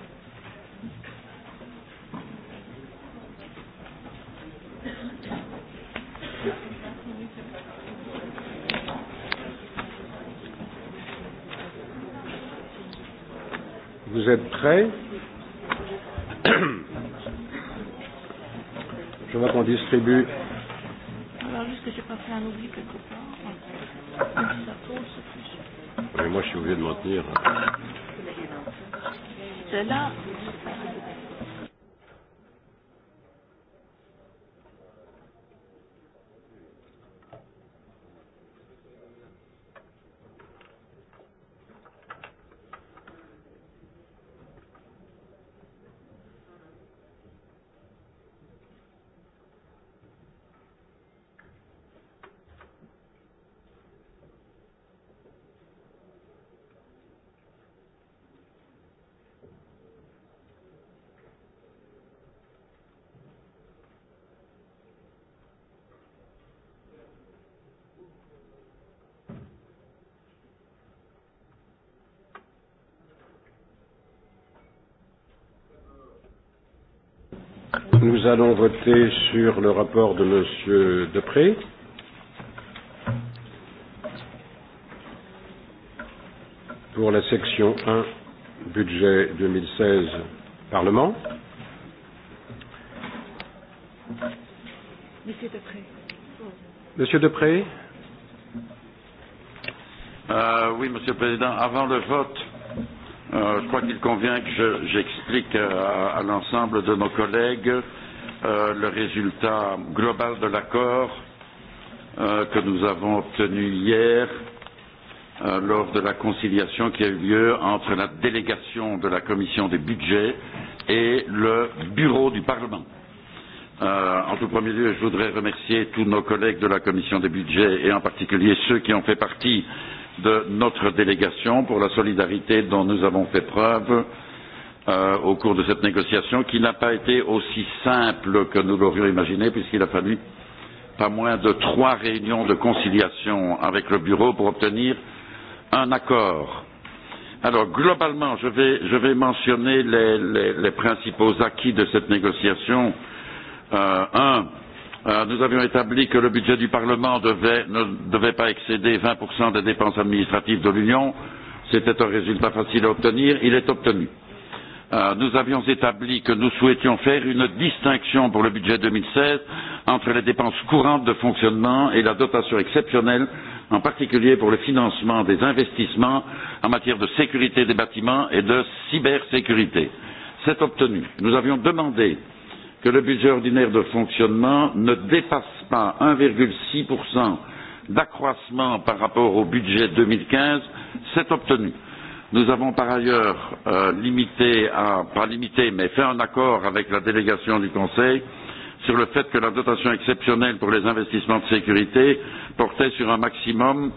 distribue allons voter sur le rapport de Monsieur Depré. Pour la section 1, budget 2016, Parlement. Monsieur Depré. Monsieur Depré. Euh, oui, Monsieur le Président, avant le vote, euh, je crois qu'il convient que j'explique je, euh, à, à l'ensemble de nos collègues euh, Euh, le résultat global de l'accord euh, que nous avons obtenu hier euh, lors de la conciliation qui a eu lieu entre la délégation de la commission des budgets et le bureau du Parlement. Euh, en tout premier lieu, je voudrais remercier tous nos collègues de la commission des budgets et en particulier ceux qui ont fait partie de notre délégation pour la solidarité dont nous avons fait preuve euh, Euh, au cours de cette négociation qui n'a pas été aussi simple que nous l'aurions imaginé puisqu'il a fallu pas moins de trois réunions de conciliation avec le bureau pour obtenir un accord. Alors globalement, je vais, je vais mentionner les, les, les principaux acquis de cette négociation. Euh, un, euh, nous avions établi que le budget du Parlement devait, ne devait pas excéder 20% des dépenses administratives de l'Union. C'était un résultat facile à obtenir. Il est obtenu. Euh, Euh, nous avions établi que nous souhaitions faire une distinction pour le budget deux mille seize entre les dépenses courantes de fonctionnement et la dotation exceptionnelle, en particulier pour le financement des investissements en matière de sécurité des bâtiments et de cybersécurité. C'est obtenu. Nous avions demandé que le budget ordinaire de fonctionnement ne dépasse pas 1,6% d'accroissement par rapport au budget 2015. C'est obtenu Nous avons par ailleurs euh, limité, à, pas limité, mais fait un accord avec la délégation du Conseil sur le fait que la dotation exceptionnelle pour les investissements de sécurité portait sur un maximum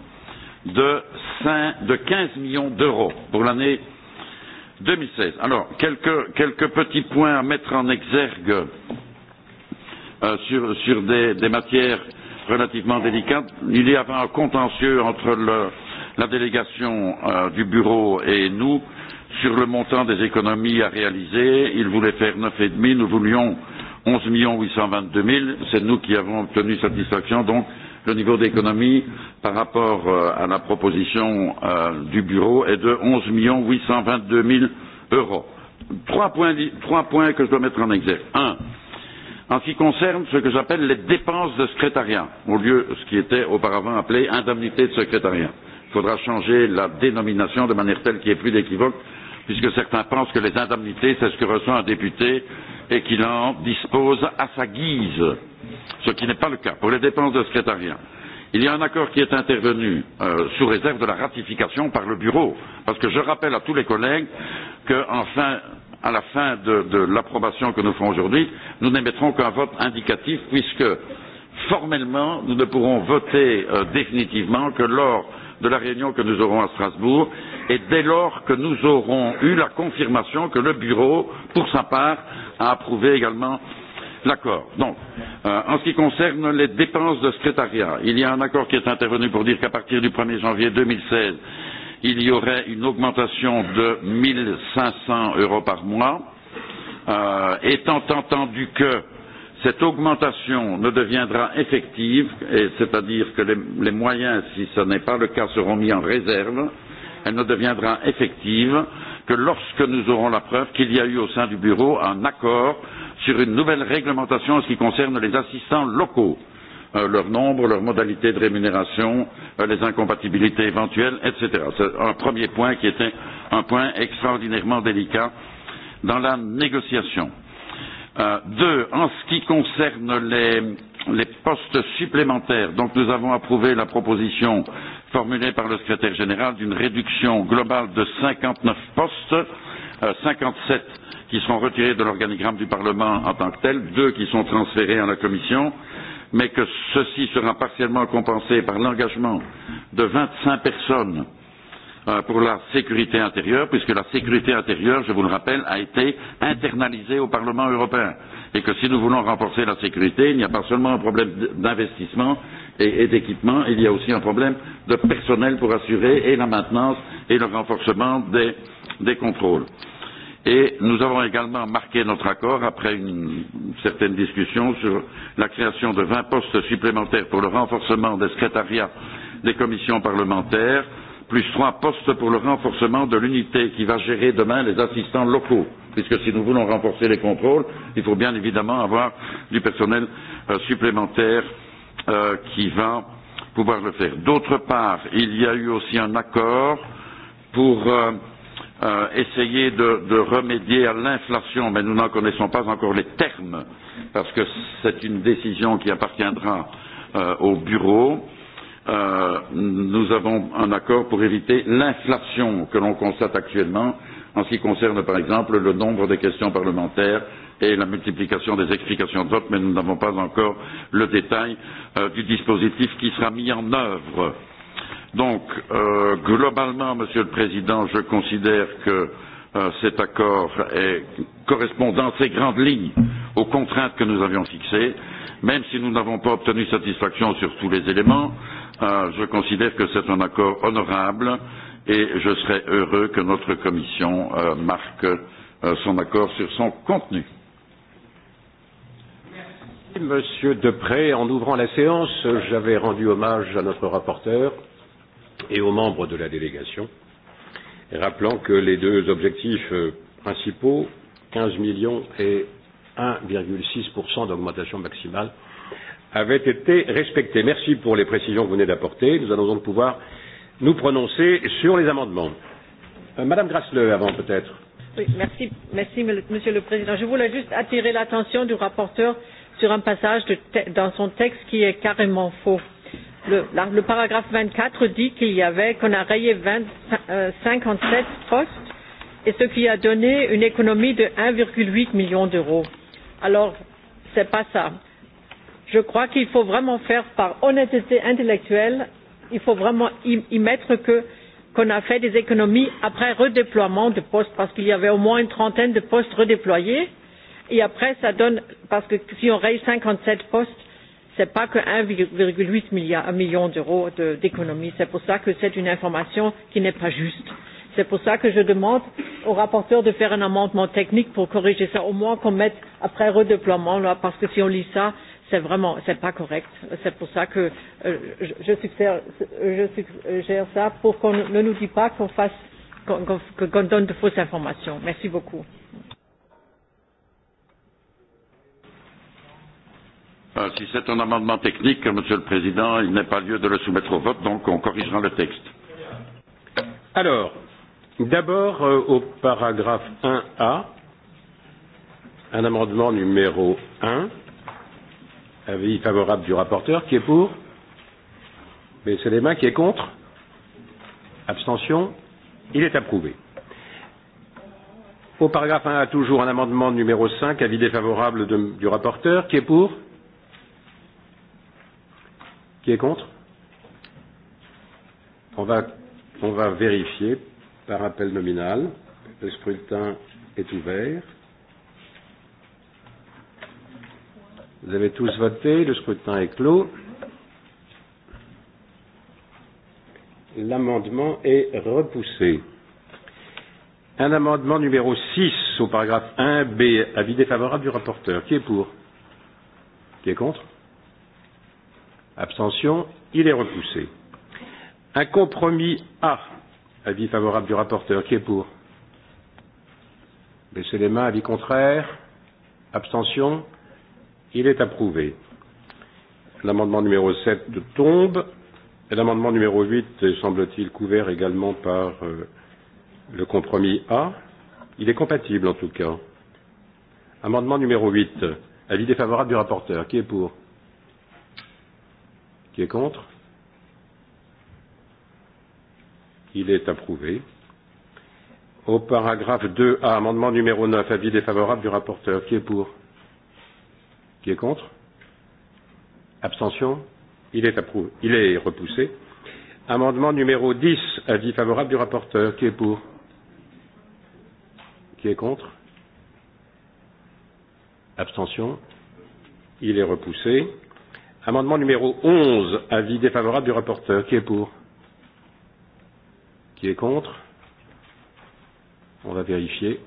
de, 5, de 15 millions d'euros pour l'année 2016. Alors, quelques, quelques petits points à mettre en exergue euh, sur, sur des, des matières relativement délicates. Il y avait un contentieux entre le, la délégation euh, du bureau et nous sur le montant des économies à réaliser. Il voulait faire 9,5, nous voulions 11 822 000. C'est nous qui avons obtenu satisfaction. Donc, le niveau d'économie par rapport euh, à la proposition euh, du bureau est de 11 822 000 euros. Trois points, trois points que je dois mettre en exergue. Un, en ce qui concerne ce que j'appelle les dépenses de secrétariat, au lieu de ce qui était auparavant appelé indemnité de secrétariat. Il faudra changer la dénomination de manière telle qu'il n'y ait plus d'équivoque, puisque certains pensent que les indemnités, c'est ce que reçoit un député et qu'il en dispose à sa guise, ce qui n'est pas le cas pour les dépenses de secrétariat. Il y a un accord qui est intervenu euh, sous réserve de la ratification par le Bureau, parce que je rappelle à tous les collègues que, enfin, à la fin de, de l'approbation que nous ferons aujourd'hui, nous n'émettrons qu'un vote indicatif puisque formellement nous ne pourrons voter euh, définitivement que lors de la réunion que nous aurons à Strasbourg et dès lors que nous aurons eu la confirmation que le bureau, pour sa part, a approuvé également l'accord. Donc, euh, en ce qui concerne les dépenses de secrétariat, il y a un accord qui est intervenu pour dire qu'à partir du 1er janvier 2016, il y aurait une augmentation de 500 euros par mois, euh, étant entendu que euh, Cette augmentation ne deviendra effective, c'est-à-dire que les, moyens, si ce n'est pas le cas, seront mis en réserve, elle ne deviendra effective que lorsque nous aurons la preuve qu'il y a eu au sein du bureau un accord sur une nouvelle réglementation en ce qui concerne les assistants locaux, euh, leur nombre, leurs modalités de rémunération, euh, les incompatibilités éventuelles, etc. C'est un premier point qui était un point extraordinairement délicat dans la négociation. Euh, Euh, deux, en ce qui concerne les, postes supplémentaires, nous avons approuvé la proposition formulée par le secrétaire général d'une réduction globale de cinquante neuf postes, euh, cinquante sept qui seront retirés de l'organigramme du Parlement en tant que tel, deux qui sont transférés à la Commission, mais que ceci sera partiellement compensé par l'engagement de vingt cinq personnes Euh, pour la sécurité intérieure, puisque la sécurité intérieure, je vous le rappelle, a été internalisée au Parlement européen. Et que si nous voulons renforcer la sécurité, il n'y a pas seulement un problème d'investissement et, d'équipement, il y a aussi un problème de personnel pour assurer et la maintenance et le renforcement des, des contrôles. Et nous avons également marqué notre accord après une, une certaine discussion sur la création de 20 postes supplémentaires pour le renforcement des secrétariats des commissions parlementaires, plus trois postes pour le renforcement de l'unité qui va gérer demain les assistants locaux, puisque si nous voulons renforcer les contrôles, il faut bien évidemment avoir du personnel euh, supplémentaire euh, qui va pouvoir le faire. D'autre part, il y a eu aussi un accord pour euh, euh, essayer de, de remédier à l'inflation, mais nous n'en connaissons pas encore les termes, parce que c'est une décision qui appartiendra euh, au bureau. Euh, Euh, nous avons un accord pour éviter l'inflation que l'on constate actuellement en ce qui concerne par exemple le nombre de questions parlementaires et la multiplication des explications de vote, mais nous n'avons pas encore le détail euh, du dispositif qui sera mis en œuvre. Donc, euh, globalement, Monsieur le Président, je considère que euh, cet accord est, correspondant dans ses grandes lignes aux contraintes que nous avions fixées, même si nous n'avons pas obtenu satisfaction sur tous les éléments. Euh, Euh, je considère que c'est un accord honorable et je serais heureux que notre commission euh, marque euh, son accord sur son contenu. Merci, Monsieur Depré, en ouvrant la séance, j'avais rendu hommage à notre rapporteur et aux membres de la délégation, rappelant que les deux objectifs euh, principaux, 15 millions et 1,6% d'augmentation maximale, avaient été respectées. Merci pour les précisions que vous venez d'apporter. Nous allons donc pouvoir nous prononcer sur les amendements. Euh, Madame Grasle, avant peut-être. Oui, merci, merci, Monsieur le Président. Je voulais juste attirer l'attention du rapporteur sur un passage de te, dans son texte qui est carrément faux. Le, la, le paragraphe 24 dit qu'il y avait, qu'on a rayé 20, euh, 57 postes, et ce qui a donné une économie de 1,8 million d'euros. Alors, ce n'est pas ça je crois qu'il faut vraiment faire par honnêteté intellectuelle il faut vraiment y, mettre que qu'on a fait des économies après redéploiement de postes parce qu'il y avait au moins une trentaine de postes redéployés et après ça donne parce que si on raye 57 postes ce n'est pas que 1,8 million d'euros d'économie. De, c'est pour ça que c'est une information qui n'est pas juste. C'est pour ça que je demande au rapporteur de faire un amendement technique pour corriger ça, au moins qu'on mette après redéploiement, là, parce que si on lit ça, c'est vraiment c'est pas correct. C'est pour ça que euh, je, suggère, je suggère ça pour qu'on ne nous dise pas qu'on fasse qu'on qu qu donne de fausses informations. Merci beaucoup. Euh, si c'est un amendement technique, Monsieur le Président, il n'est pas lieu de le soumettre au vote, donc on corrigera le texte. Alors, d'abord euh, au paragraphe 1A, un amendement numéro 1 Avis favorable du rapporteur. Qui est pour Baissez les mains. Qui est contre Abstention Il est approuvé. Au paragraphe 1 toujours un amendement numéro 5, avis défavorable de, du rapporteur. Qui est pour Qui est contre on va, on va vérifier par appel nominal. Le scrutin est ouvert. Vous avez tous voté, le scrutin est clos. L'amendement est repoussé. Un amendement numéro 6 au paragraphe 1B, avis défavorable du rapporteur. Qui est pour Qui est contre Abstention Il est repoussé. Un compromis A, avis favorable du rapporteur. Qui est pour Baissez les mains, avis contraire Abstention Il est approuvé. L'amendement numéro 7 tombe. Et L'amendement numéro 8 est, semble-t-il couvert également par euh, le compromis A. Il est compatible en tout cas. Amendement numéro 8. Avis défavorable du rapporteur. Qui est pour Qui est contre Il est approuvé. Au paragraphe 2A, amendement numéro 9, avis défavorable du rapporteur. Qui est pour Qui est contre Abstention il est, approuvé, il est repoussé. Amendement numéro 10, avis favorable du rapporteur. Qui est pour Qui est contre Abstention Il est repoussé. Amendement numéro 11, avis défavorable du rapporteur. Qui est pour Qui est contre On va vérifier.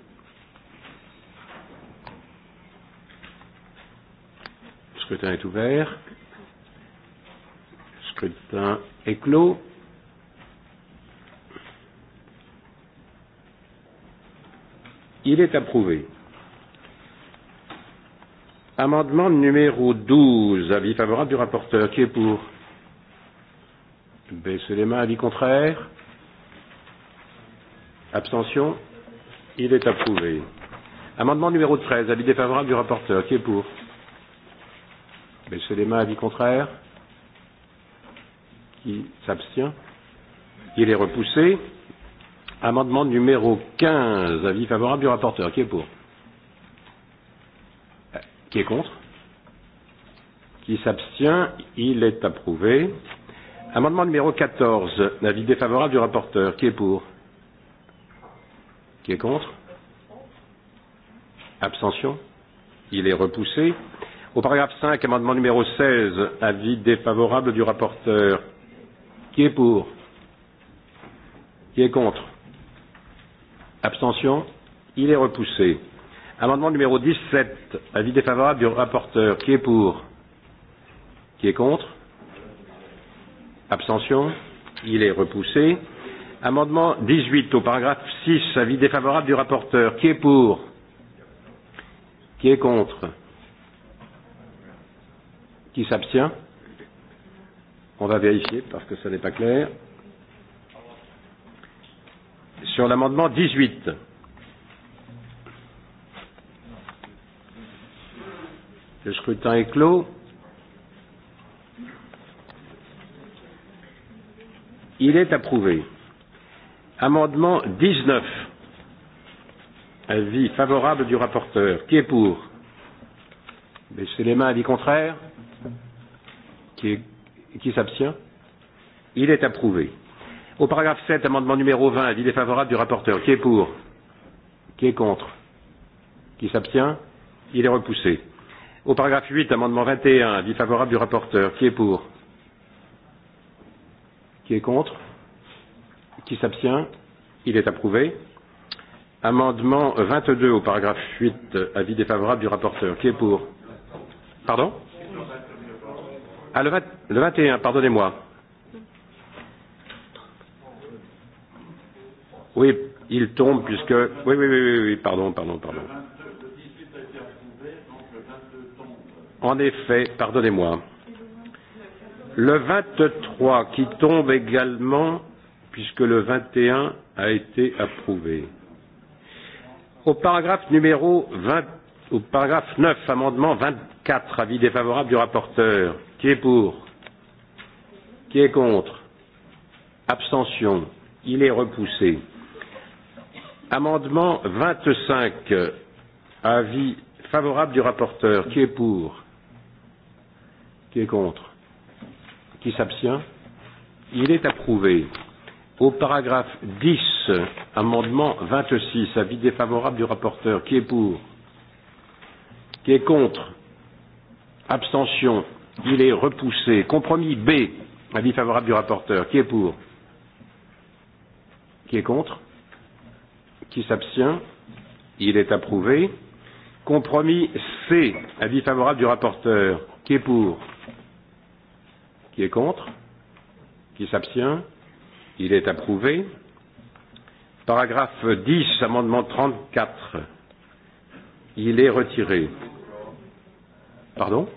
Scrutin est ouvert. Scrutin est clos. Il est approuvé. Amendement numéro 12, avis favorable du rapporteur. Qui est pour Baissez les mains, avis contraire. Abstention Il est approuvé. Amendement numéro 13, avis défavorable du rapporteur. Qui est pour Monsieur Lema, avis contraire Qui s'abstient Il est repoussé. Amendement numéro 15, avis favorable du rapporteur. Qui est pour euh, Qui est contre Qui s'abstient Il est approuvé. Amendement numéro 14, avis défavorable du rapporteur. Qui est pour Qui est contre Abstention Il est repoussé. Au paragraphe 5, amendement numéro 16, avis défavorable du rapporteur. Qui est pour Qui est contre Abstention Il est repoussé. Amendement numéro 17, avis défavorable du rapporteur. Qui est pour Qui est contre Abstention Il est repoussé. Amendement 18 au paragraphe 6, avis défavorable du rapporteur. Qui est pour Qui est contre Qui s'abstient On va vérifier parce que ça n'est pas clair. Sur l'amendement 18. Le scrutin est clos. Il est approuvé. Amendement 19. Avis favorable du rapporteur. Qui est pour Baissez les mains. Avis contraire Qui, qui s'abstient Il est approuvé. Au paragraphe 7, amendement numéro 20, avis défavorable du rapporteur. Qui est pour Qui est contre Qui s'abstient Il est repoussé. Au paragraphe 8, amendement 21, avis favorable du rapporteur. Qui est pour Qui est contre Qui s'abstient Il est approuvé. Amendement 22 au paragraphe 8, avis défavorable du rapporteur. Qui est pour Pardon Ah, le, 20, le 21, pardonnez-moi. Oui, il tombe puisque. Oui, oui, oui, oui, oui pardon, pardon, pardon. En effet, pardonnez-moi. Le 23 qui tombe également puisque le 21 a été approuvé. Au paragraphe numéro 20, au paragraphe 9, amendement 20, 4, avis défavorable du rapporteur. Qui est pour Qui est contre Abstention. Il est repoussé. Amendement 25, avis favorable du rapporteur. Qui est pour Qui est contre Qui s'abstient Il est approuvé. Au paragraphe 10, amendement 26, avis défavorable du rapporteur. Qui est pour Qui est contre Abstention. Il est repoussé. Compromis B. Avis favorable du rapporteur. Qui est pour Qui est contre Qui s'abstient Il est approuvé. Compromis C. Avis favorable du rapporteur. Qui est pour Qui est contre Qui s'abstient Il est approuvé. Paragraphe 10, amendement 34. Il est retiré. Pardon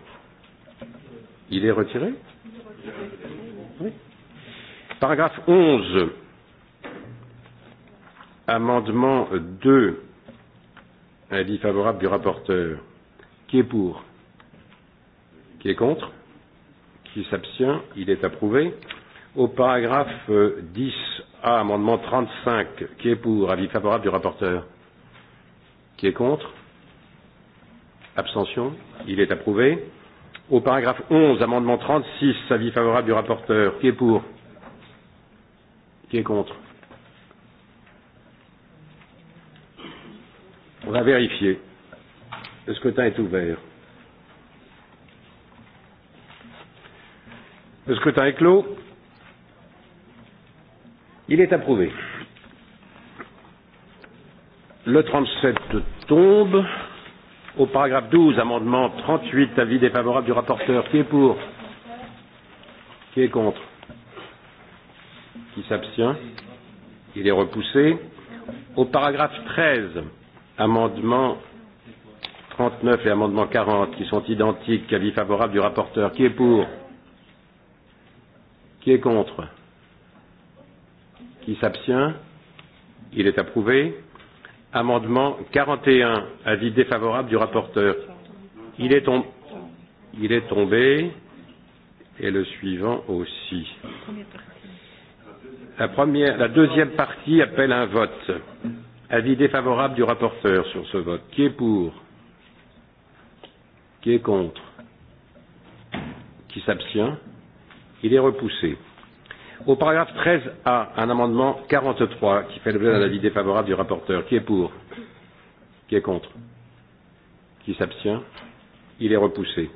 Il est retiré Oui. Paragraphe 11. Amendement 2. Avis favorable du rapporteur. Qui est pour Qui est contre Qui s'abstient Il est approuvé. Au paragraphe 10A, euh, amendement 35, qui est pour Avis favorable du rapporteur. Qui est contre Abstention Il est approuvé. Au paragraphe 11, amendement 36, avis favorable du rapporteur. Qui est pour Qui est contre On va vérifier. Le scrutin est ouvert. Le scrutin est clos. Il est approuvé. Le 37 tombe. Au paragraphe 12, amendement 38, avis défavorable du rapporteur. Qui est pour Qui est contre Qui s'abstient Il est repoussé. Au paragraphe 13, amendement 39 et amendement 40 qui sont identiques, avis favorable du rapporteur. Qui est pour Qui est contre Qui s'abstient Il est approuvé. Amendement 41, avis défavorable du rapporteur. Il est, tom... Il est tombé et le suivant aussi. La, première, la deuxième partie appelle un vote. Avis défavorable du rapporteur sur ce vote. Qui est pour Qui est contre Qui s'abstient Il est repoussé. Au paragraphe 13A, un amendement 43 qui fait l'objet d'un avis défavorable du rapporteur. Qui est pour Qui est contre Qui s'abstient Il est repoussé.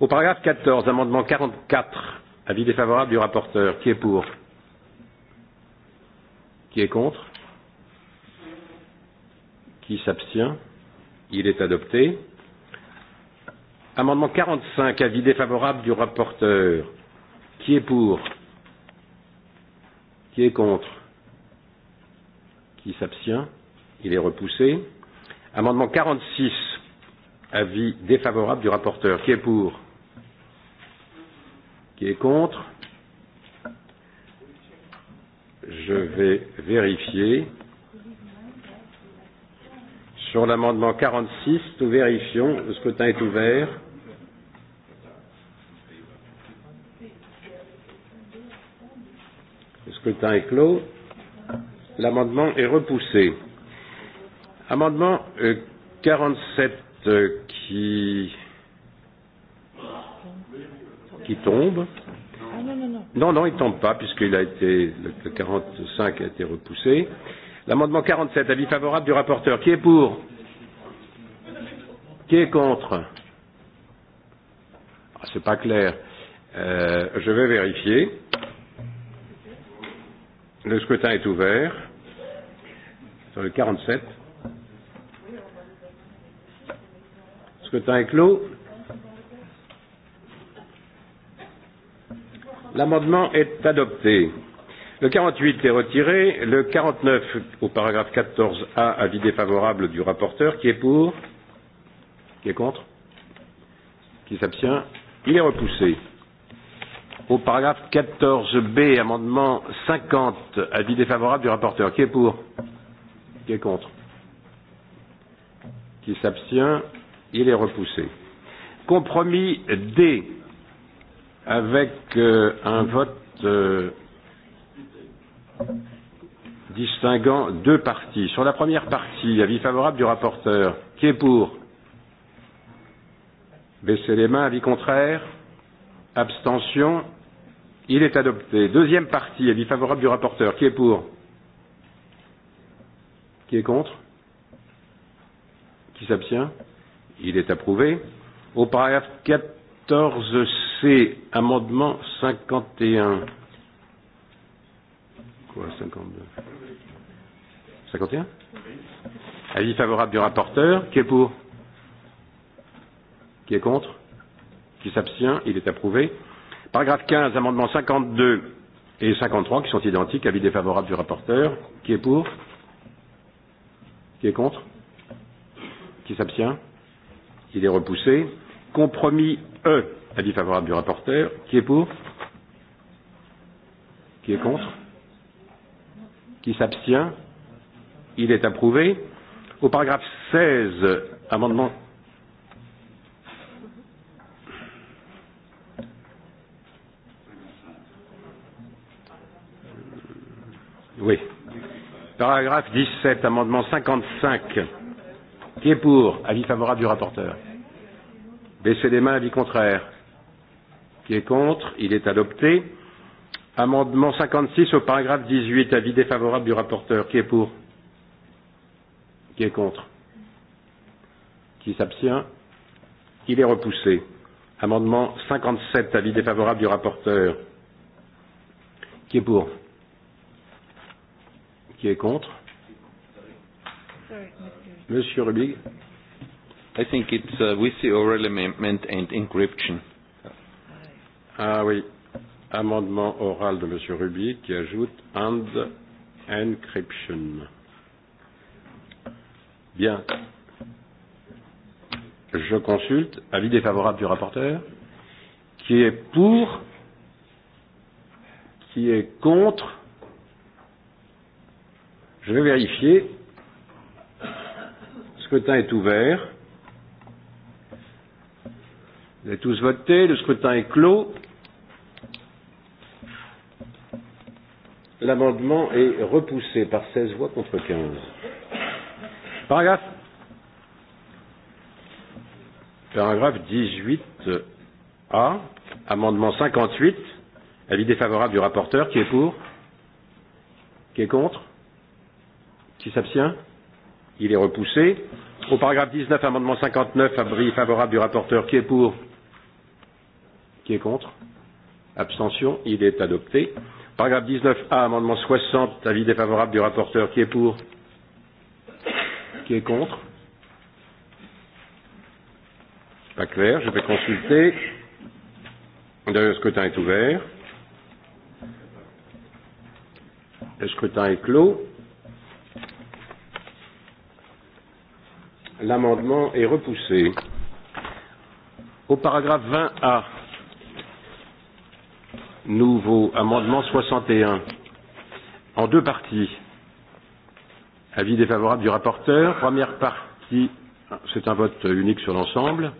Au paragraphe 14, amendement 44, avis défavorable du rapporteur. Qui est pour Qui est contre Qui s'abstient Il est adopté. Amendement 45, avis défavorable du rapporteur. Qui est pour Qui est contre Qui s'abstient Il est repoussé. Amendement 46, avis défavorable du rapporteur. Qui est pour Qui est contre Je vais vérifier. Sur l'amendement 46, nous vérifions. Le scrutin est ouvert. Scrutin est clos. L'amendement est repoussé. Amendement euh, 47 euh, qui qui tombe. Ah, non, non, il ne tombe pas puisqu'il a été le 45 a été repoussé. L'amendement 47, avis favorable du rapporteur. Qui est pour Qui est contre ah, Ce n'est pas clair. Euh, je vais vérifier. Le scrutin est ouvert sur le 47. Le Scrutin est clos. L'amendement est adopté. Le 48 est retiré. Le 49 au paragraphe 14A, avis défavorable du rapporteur. Qui est pour Qui est contre Qui s'abstient Il est repoussé au paragraphe 14B, amendement 50, avis défavorable du rapporteur. Qui est pour Qui est contre Qui s'abstient Il est repoussé. Compromis D, avec euh, un vote euh, distinguant deux parties. Sur la première partie, avis favorable du rapporteur. Qui est pour Baissez les mains, avis contraire Abstention. Il est adopté. Deuxième partie, avis favorable du rapporteur. Qui est pour Qui est contre Qui s'abstient Il est approuvé. Au paragraphe 14C, amendement 51. Quoi, 52 51 Avis favorable du rapporteur. Qui est pour Qui est contre Qui s'abstient Il est approuvé. Paragraphe 15, amendements 52 et 53 qui sont identiques. Avis défavorable du rapporteur. Qui est pour Qui est contre Qui s'abstient Il est repoussé. Compromis E. Avis favorable du rapporteur. Qui est pour Qui est contre Qui s'abstient Il est approuvé. Au paragraphe 16, amendement Oui. Paragraphe 17, amendement 55. Qui est pour Avis favorable du rapporteur. Baissez les mains, avis contraire. Qui est contre Il est adopté. Amendement 56 au paragraphe 18, avis défavorable du rapporteur. Qui est pour Qui est contre Qui s'abstient Il est repoussé. Amendement 57, avis défavorable du rapporteur. Qui est pour Qui est contre Monsieur Rubig. I think it's uh, with the oral amendment and encryption. Ah oui. Amendement oral de Monsieur Ruby qui ajoute and encryption. Bien. Je consulte. Avis défavorable du rapporteur. Qui est pour Qui est contre je vais vérifier. Le scrutin est ouvert. Vous avez tous voté. Le scrutin est clos. L'amendement est repoussé par 16 voix contre 15. Paragraphe. Paragraphe 18A, amendement 58, avis défavorable du rapporteur, qui est pour Qui est contre Qui s'abstient Il est repoussé. Au paragraphe 19, amendement 59, abri favorable du rapporteur. Qui est pour Qui est contre Abstention. Il est adopté. Paragraphe 19A, amendement 60, avis défavorable du rapporteur. Qui est pour Qui est contre Pas clair. Je vais consulter. Le scrutin est ouvert. Le scrutin est clos. L'amendement est repoussé. Au paragraphe 20A, nouveau amendement 61, en deux parties. Avis défavorable du rapporteur. Première partie, c'est un vote unique sur l'ensemble.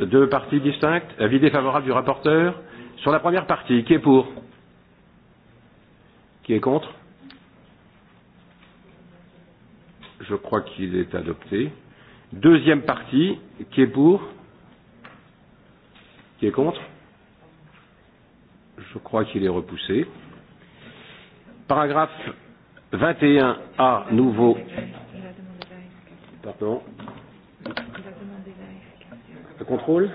Deux parties distinctes. Avis défavorable du rapporteur. Sur la première partie, qui est pour Qui est contre Je crois qu'il est adopté. Deuxième partie, qui est pour Qui est contre Je crois qu'il est repoussé. Paragraphe 21A, nouveau. Pardon. Le contrôle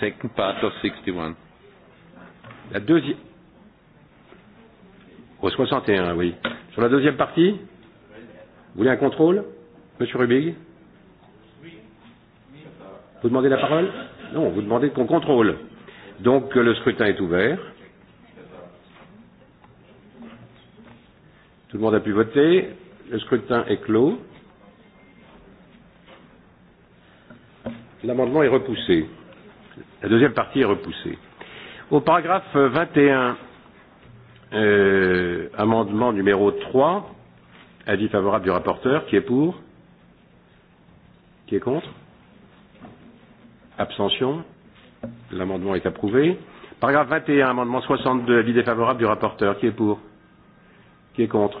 Second part of 61. La deuxième. Au 61, oui. Sur la deuxième partie Vous voulez un contrôle Monsieur Rubig Vous demandez la parole Non, vous demandez qu'on contrôle. Donc le scrutin est ouvert. Tout le monde a pu voter. Le scrutin est clos. L'amendement est repoussé. La deuxième partie est repoussée. Au paragraphe 21, Euh, amendement numéro 3, avis favorable du rapporteur, qui est pour Qui est contre Abstention L'amendement est approuvé. Paragraphe 21, amendement 62, avis défavorable du rapporteur, qui est pour Qui est contre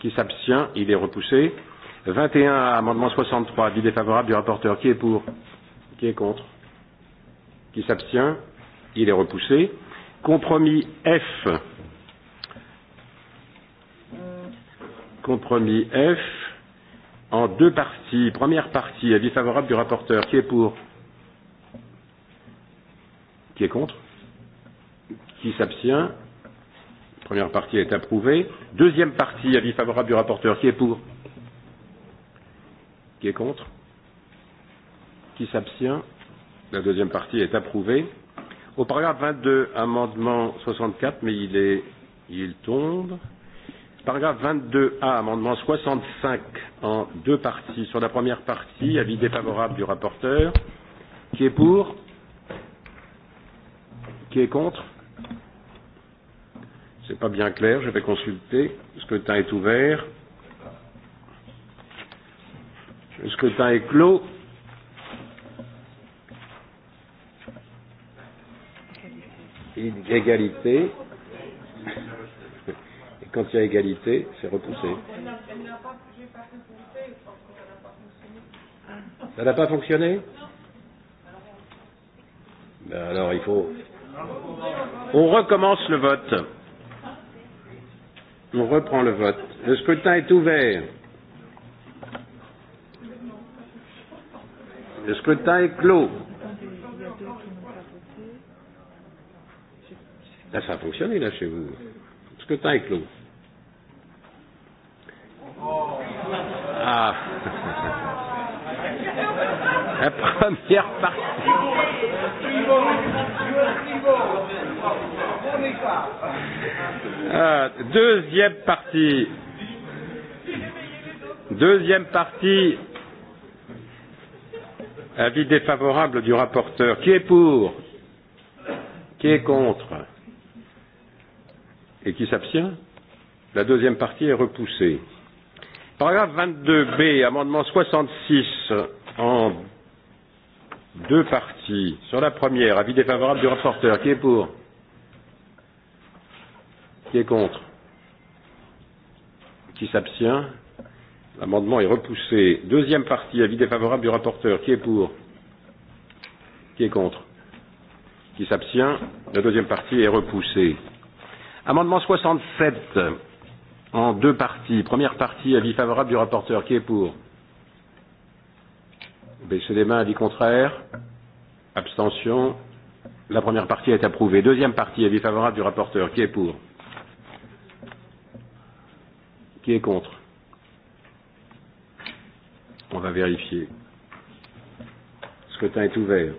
Qui s'abstient Il est repoussé. 21, amendement 63, avis défavorable du rapporteur, qui est pour Qui est contre Qui s'abstient Il est repoussé. Compromis F. Compromis F en deux parties. Première partie, avis favorable du rapporteur. Qui est pour Qui est contre Qui s'abstient Première partie est approuvée. Deuxième partie, avis favorable du rapporteur. Qui est pour Qui est contre Qui s'abstient La deuxième partie est approuvée. Au paragraphe 22, amendement 64, mais il, est, il tombe. Paragraphe 22A, amendement 65 en deux parties. Sur la première partie, avis défavorable du rapporteur. Qui est pour Qui est contre C'est pas bien clair, je vais consulter. Le scrutin est ouvert. Le scrutin est clos. a égalité. Et quand il y a égalité, c'est repoussé. Ça n'a pas fonctionné ben Alors il faut. On recommence le vote. On reprend le vote. Le scrutin est ouvert. Le scrutin est clos. Là, ça a fonctionné, là, chez vous. Est-ce que t'as éclos Ah. La première partie. Ah, deuxième partie. Deuxième partie. Avis défavorable du rapporteur. Qui est pour Qui est contre et qui s'abstient La deuxième partie est repoussée. Paragraphe 22B, amendement 66 en deux parties. Sur la première, avis défavorable du rapporteur. Qui est pour Qui est contre Qui s'abstient L'amendement est repoussé. Deuxième partie, avis défavorable du rapporteur. Qui est pour Qui est contre Qui s'abstient La deuxième partie est repoussée. Amendement 67 en deux parties. Première partie, avis favorable du rapporteur. Qui est pour Baissez les mains, avis contraire. Abstention. La première partie est approuvée. Deuxième partie, avis favorable du rapporteur. Qui est pour Qui est contre On va vérifier. Le scrutin est ouvert.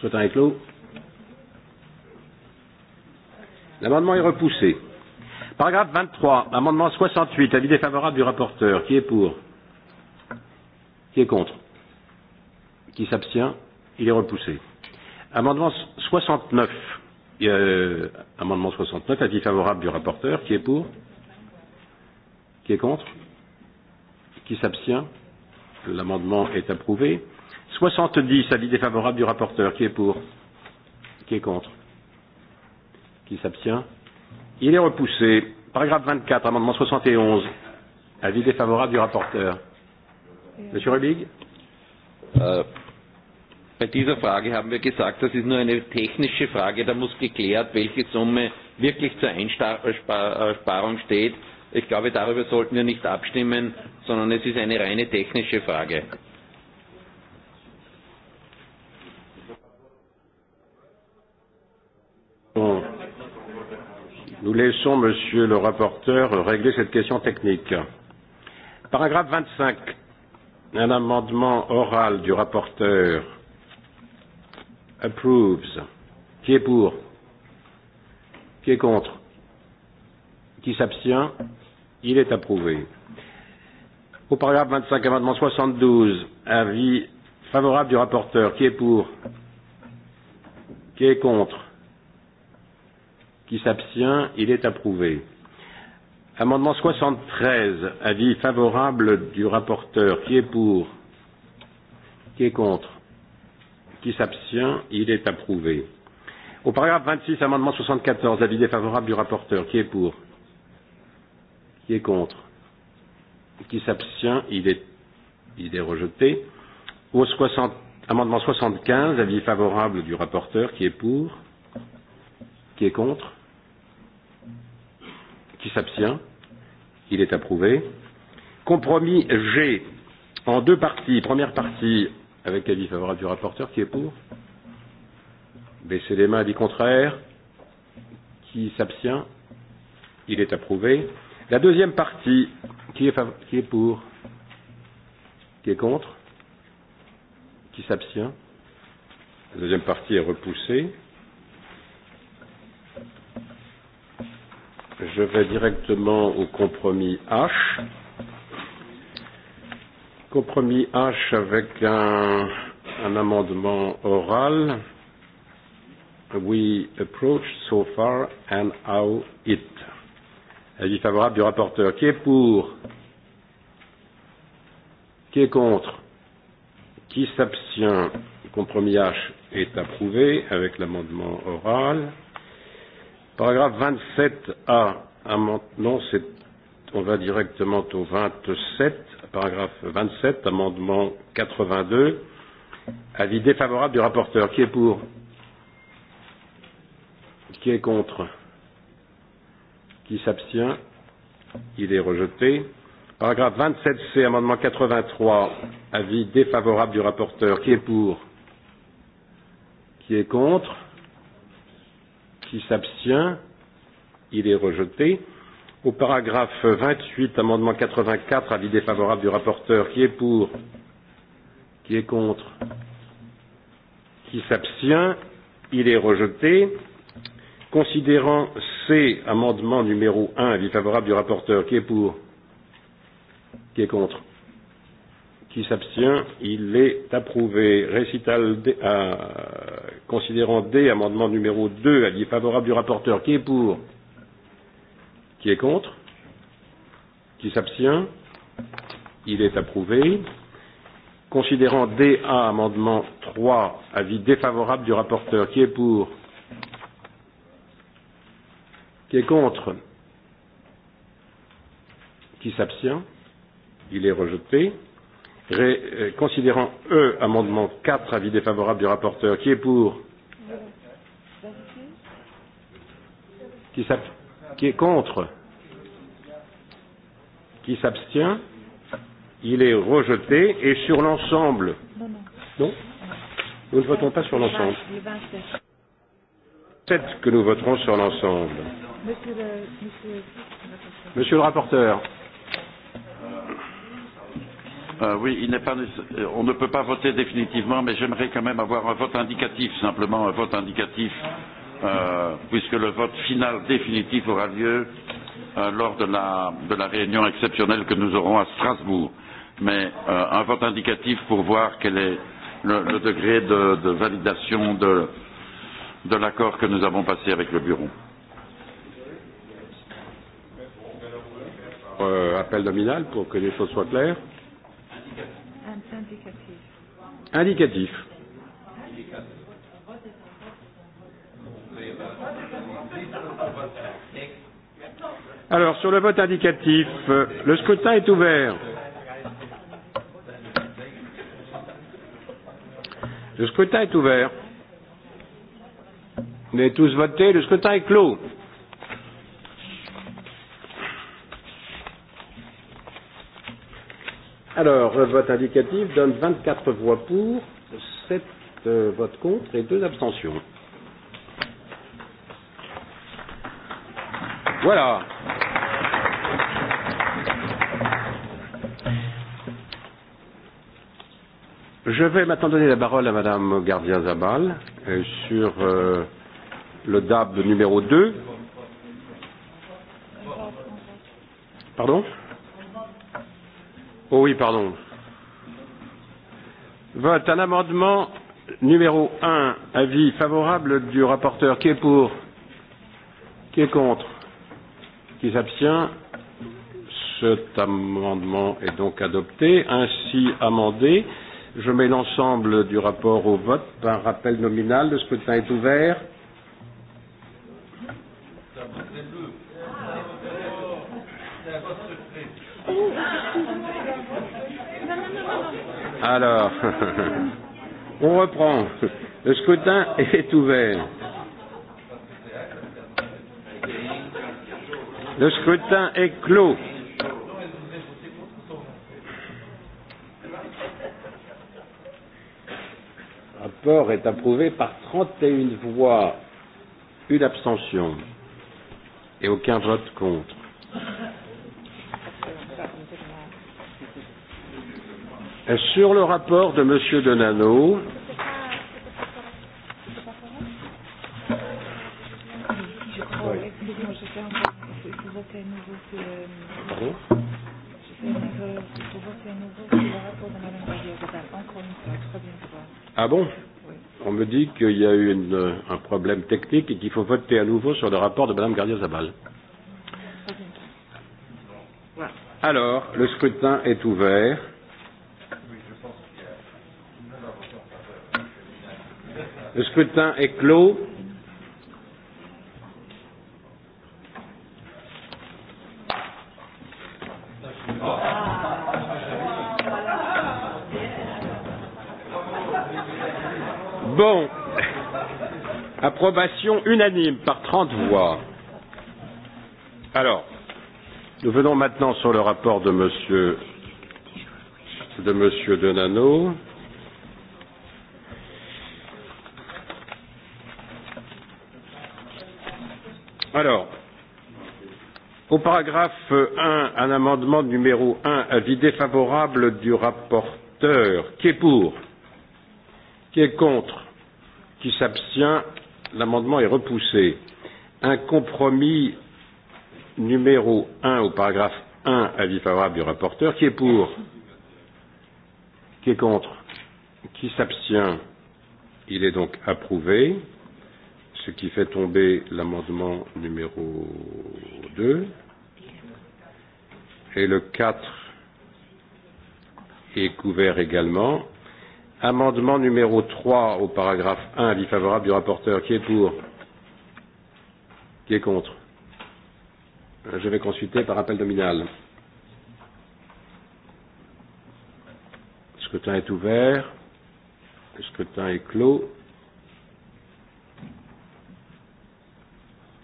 Scrutin est clos. L'amendement est repoussé. Paragraphe 23, amendement 68, avis défavorable du rapporteur. Qui est pour Qui est contre Qui s'abstient Il est repoussé. Amendement 69, euh, amendement 69, avis favorable du rapporteur. Qui est pour Qui est contre Qui s'abstient L'amendement est approuvé. 70, avis défavorable du rapporteur. Qui est pour Qui est contre Qui s'abstient Il est repoussé. Paragraphe 24, amendement 71. Avis défavorable du rapporteur. Monsieur Rubig äh, Bei dieser Frage haben wir gesagt, das ist nur eine technische Frage. Da muss geklärt, welche Summe wirklich zur Einsparung steht. Ich glaube, darüber sollten wir nicht abstimmen, sondern es ist eine reine technische Frage. Nous laissons Monsieur le rapporteur régler cette question technique. Paragraphe 25. Un amendement oral du rapporteur approves. Qui est pour Qui est contre Qui s'abstient Il est approuvé. Au paragraphe 25, amendement 72, avis favorable du rapporteur. Qui est pour Qui est contre qui s'abstient, il est approuvé. Amendement 73, avis favorable du rapporteur. Qui est pour Qui est contre Qui s'abstient Il est approuvé. Au paragraphe 26, amendement 74, avis défavorable du rapporteur. Qui est pour Qui est contre Qui s'abstient il est, il est rejeté. Au 60, amendement 75, avis favorable du rapporteur. Qui est pour Qui est contre Qui s'abstient Il est approuvé. Compromis G en deux parties. Première partie avec avis favorable du rapporteur qui est pour. Baissez les mains, dit contraire. Qui s'abstient Il est approuvé. La deuxième partie qui est, qui est pour Qui est contre Qui s'abstient La deuxième partie est repoussée. Je vais directement au compromis H. Compromis H avec un, un amendement oral. We approach so far and how it. Avis favorable du rapporteur. Qui est pour Qui est contre Qui s'abstient Compromis H est approuvé avec l'amendement oral. Paragraphe 27 A. Amendement, c'est, on va directement au 27. Paragraphe 27, amendement 82. Avis défavorable du rapporteur. Qui est pour Qui est contre Qui s'abstient Il est rejeté. Paragraphe 27C, amendement 83, avis défavorable du rapporteur. Qui est pour Qui est contre qui s'abstient il est rejeté au paragraphe 28 amendement 84 avis défavorable du rapporteur qui est pour qui est contre qui s'abstient il est rejeté considérant C amendement numéro 1 avis favorable du rapporteur qui est pour qui est contre qui s'abstient, il est approuvé. Récital D, euh, considérant D, amendement numéro 2, allié favorable du rapporteur, qui est pour Qui est contre Qui s'abstient Il est approuvé. Considérant DA, amendement 3, avis défavorable du rapporteur, qui est pour Qui est contre Qui s'abstient Il est rejeté. Ré, euh, considérant E, amendement 4, avis défavorable du rapporteur. Qui est pour qui, qui est contre Qui s'abstient Il est rejeté. Et sur l'ensemble Non, non. non nous ne votons pas sur l'ensemble. C'est que nous voterons sur l'ensemble. Monsieur, monsieur, monsieur le rapporteur. Euh, oui, il pas, euh, on ne peut pas voter définitivement, mais j'aimerais quand même avoir un vote indicatif, simplement un vote indicatif, euh, puisque le vote final définitif aura lieu euh, lors de la, de la réunion exceptionnelle que nous aurons à Strasbourg. Mais euh, un vote indicatif pour voir quel est le, le degré de, de validation de, de l'accord que nous avons passé avec le bureau. Euh, appel nominal pour que les choses soient claires. Indicatif. Indicatif. Alors, sur le vote indicatif, le scrutin est ouvert. Le scrutin est ouvert. Vous avez tous voté. Le scrutin est clos. Alors, le vote indicatif donne 24 voix pour, 7 euh, votes contre et 2 abstentions. Voilà. Je vais maintenant donner la parole à Madame Gardia Zabal euh, sur euh, le DAB numéro 2. Pardon Oh oui, pardon. Vote un amendement numéro 1, avis favorable du rapporteur. Qui est pour Qui est contre Qui s'abstient Cet amendement est donc adopté, ainsi amendé. Je mets l'ensemble du rapport au vote par rappel nominal. Le scrutin est ouvert. Alors, on reprend. Le scrutin est ouvert. Le scrutin est clos. Le rapport est approuvé par 31 voix, une abstention et aucun vote contre. Sur le rapport de M. Denano, Ah bon oui. On me dit qu'il y a eu une, un problème technique et qu'il faut voter à nouveau sur le rapport de Mme Gardia-Zabal. Alors, le scrutin est ouvert. Le scrutin est clos. Bon. Approbation unanime par 30 voix. Alors, nous venons maintenant sur le rapport de monsieur de monsieur Denano. Alors, au paragraphe 1, un amendement numéro 1, avis défavorable du rapporteur. Qui est pour Qui est contre Qui s'abstient L'amendement est repoussé. Un compromis numéro 1 au paragraphe 1, avis favorable du rapporteur. Qui est pour Qui est contre Qui s'abstient Il est donc approuvé ce qui fait tomber l'amendement numéro 2. Et le 4 est couvert également. Amendement numéro 3 au paragraphe 1, avis favorable du rapporteur. Qui est pour Qui est contre Je vais consulter par appel nominal. Le scrutin est ouvert. Le scrutin est clos.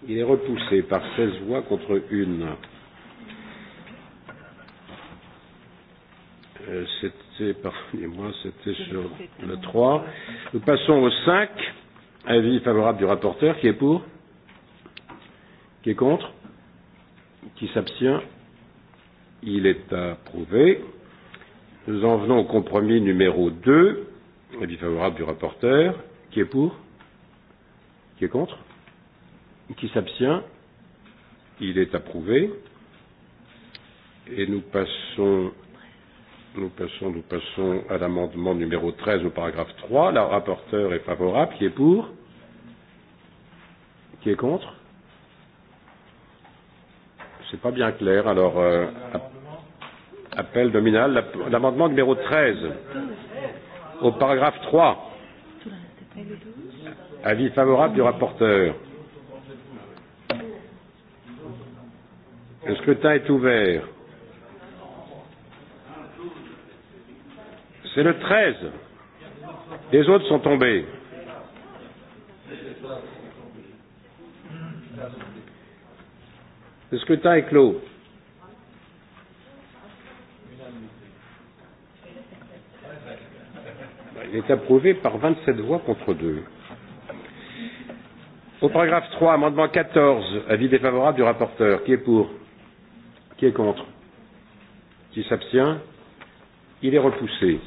Il est repoussé par 16 voix contre une. Euh, c'était, pardonnez-moi, c'était sur le 3. Nous passons au 5. Avis favorable du rapporteur. Qui est pour Qui est contre Qui s'abstient Il est approuvé. Nous en venons au compromis numéro 2. Avis favorable du rapporteur. Qui est pour Qui est contre Qui s'abstient Il est approuvé. Et nous passons, nous passons, nous passons à l'amendement numéro 13 au paragraphe 3. La rapporteure est favorable. Qui est pour Qui est contre C'est pas bien clair. Alors, euh, appel nominal. L'amendement numéro 13 au paragraphe 3. Avis favorable du rapporteur. Le scrutin est ouvert. C'est le 13. Les autres sont tombés. Le scrutin est clos. Il est approuvé par 27 voix contre 2. Au paragraphe 3, amendement 14, avis défavorable du rapporteur. Qui est pour Qui est contre Qui s'abstient Il est repoussé.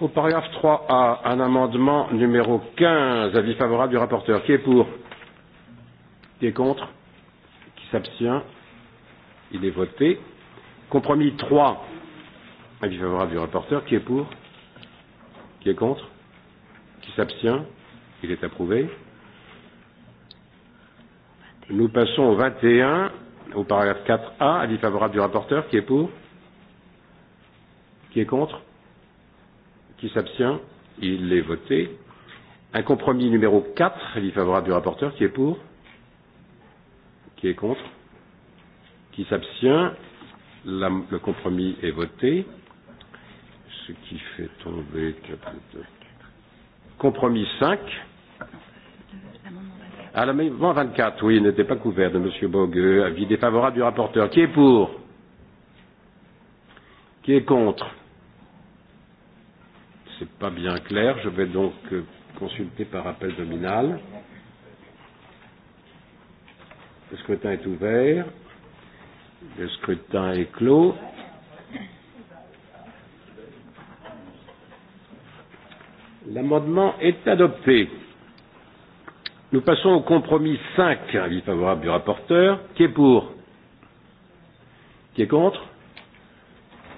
Au paragraphe 3A, un amendement numéro 15, avis favorable du rapporteur. Qui est pour Qui est contre Qui s'abstient Il est voté. Compromis 3, avis favorable du rapporteur. Qui est pour Qui est contre Qui s'abstient Il est approuvé. Nous passons au 21, au paragraphe 4A, avis favorable du rapporteur, qui est pour Qui est contre Qui s'abstient Il est voté. Un compromis numéro 4, avis favorable du rapporteur, qui est pour Qui est contre Qui s'abstient La, Le compromis est voté. Ce qui fait tomber... Compromis 5, À l'amendement 24, oui, il n'était pas couvert de M. Bogueux. Avis défavorable du rapporteur. Qui est pour Qui est contre Ce n'est pas bien clair. Je vais donc euh, consulter par appel nominal. Le scrutin est ouvert. Le scrutin est clos. L'amendement est adopté. Nous passons au compromis 5, avis favorable du rapporteur. Qui est pour Qui est contre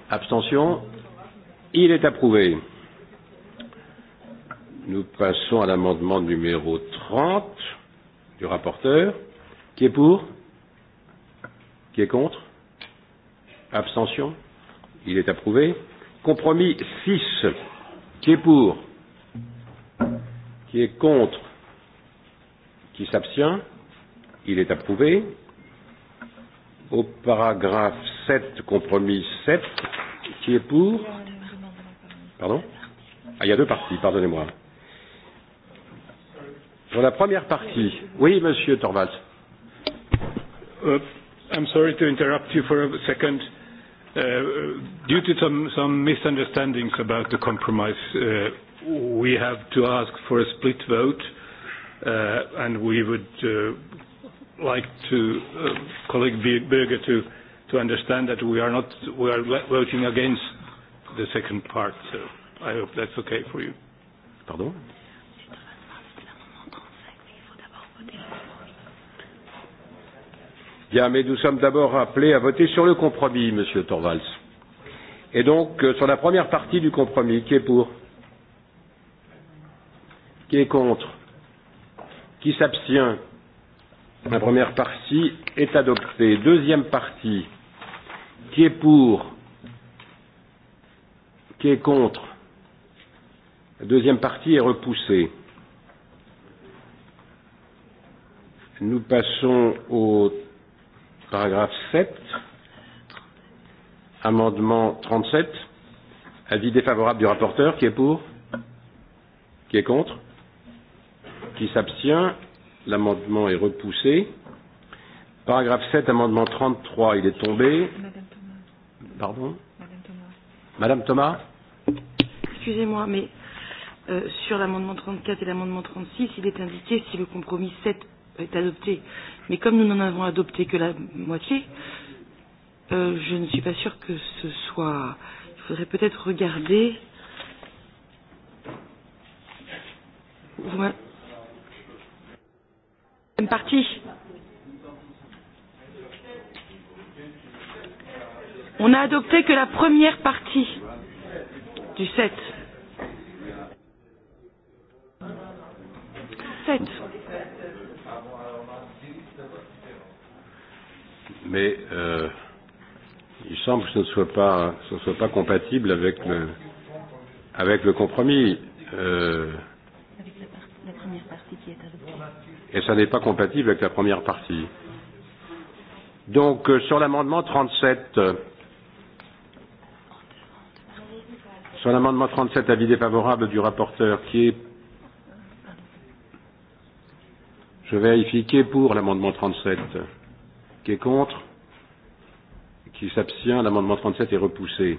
Abstention Il est approuvé. Nous passons à l'amendement numéro 30 du rapporteur. Qui est pour Qui est contre Abstention Il est approuvé. Compromis 6. Qui est pour Qui est contre Qui s'abstient Il est approuvé. Au paragraphe 7, compromis 7, qui est pour Pardon Ah, il y a deux parties, pardonnez-moi. Pour la première partie, oui, Monsieur Torvalds. Uh, I'm sorry to interrupt you for a second. Uh, uh due to some, some misunderstandings about the compromise, uh, we have to ask for a split vote. Uh, Uh, and we would uh, like to uh, colleague Birger to, to understand that we are not we are voting against the second part. So I hope that's okay for you. Pardon? Bien, mais nous sommes d'abord appelés à voter sur le compromis, Monsieur Torvalds. Et donc, euh, sur la première partie du compromis, qui est pour Qui est contre Qui s'abstient La première partie est adoptée. Deuxième partie. Qui est pour Qui est contre La deuxième partie est repoussée. Nous passons au paragraphe 7, amendement 37, avis défavorable du rapporteur, qui est pour Qui est contre Qui s'abstient L'amendement est repoussé. Paragraphe 7, amendement 33, il est tombé. Madame Thomas. Pardon Madame Thomas. Thomas Excusez-moi, mais euh, sur l'amendement 34 et l'amendement 36, il est indiqué si le compromis 7 est adopté. Mais comme nous n'en avons adopté que la moitié, euh, je ne suis pas sûre que ce soit. Il faudrait peut-être regarder. Vous Deuxième partie. On a adopté que la première partie du 7. 7. Mais euh, il semble que ce ne soit pas, ce ne soit pas compatible avec le, avec le compromis. Euh, et ça n'est pas compatible avec la première partie. Donc euh, sur l'amendement 37, euh, sur l'amendement 37, avis défavorable du rapporteur qui est Je vérifie qui est pour l'amendement 37, qui est contre, qui s'abstient. L'amendement 37 est repoussé.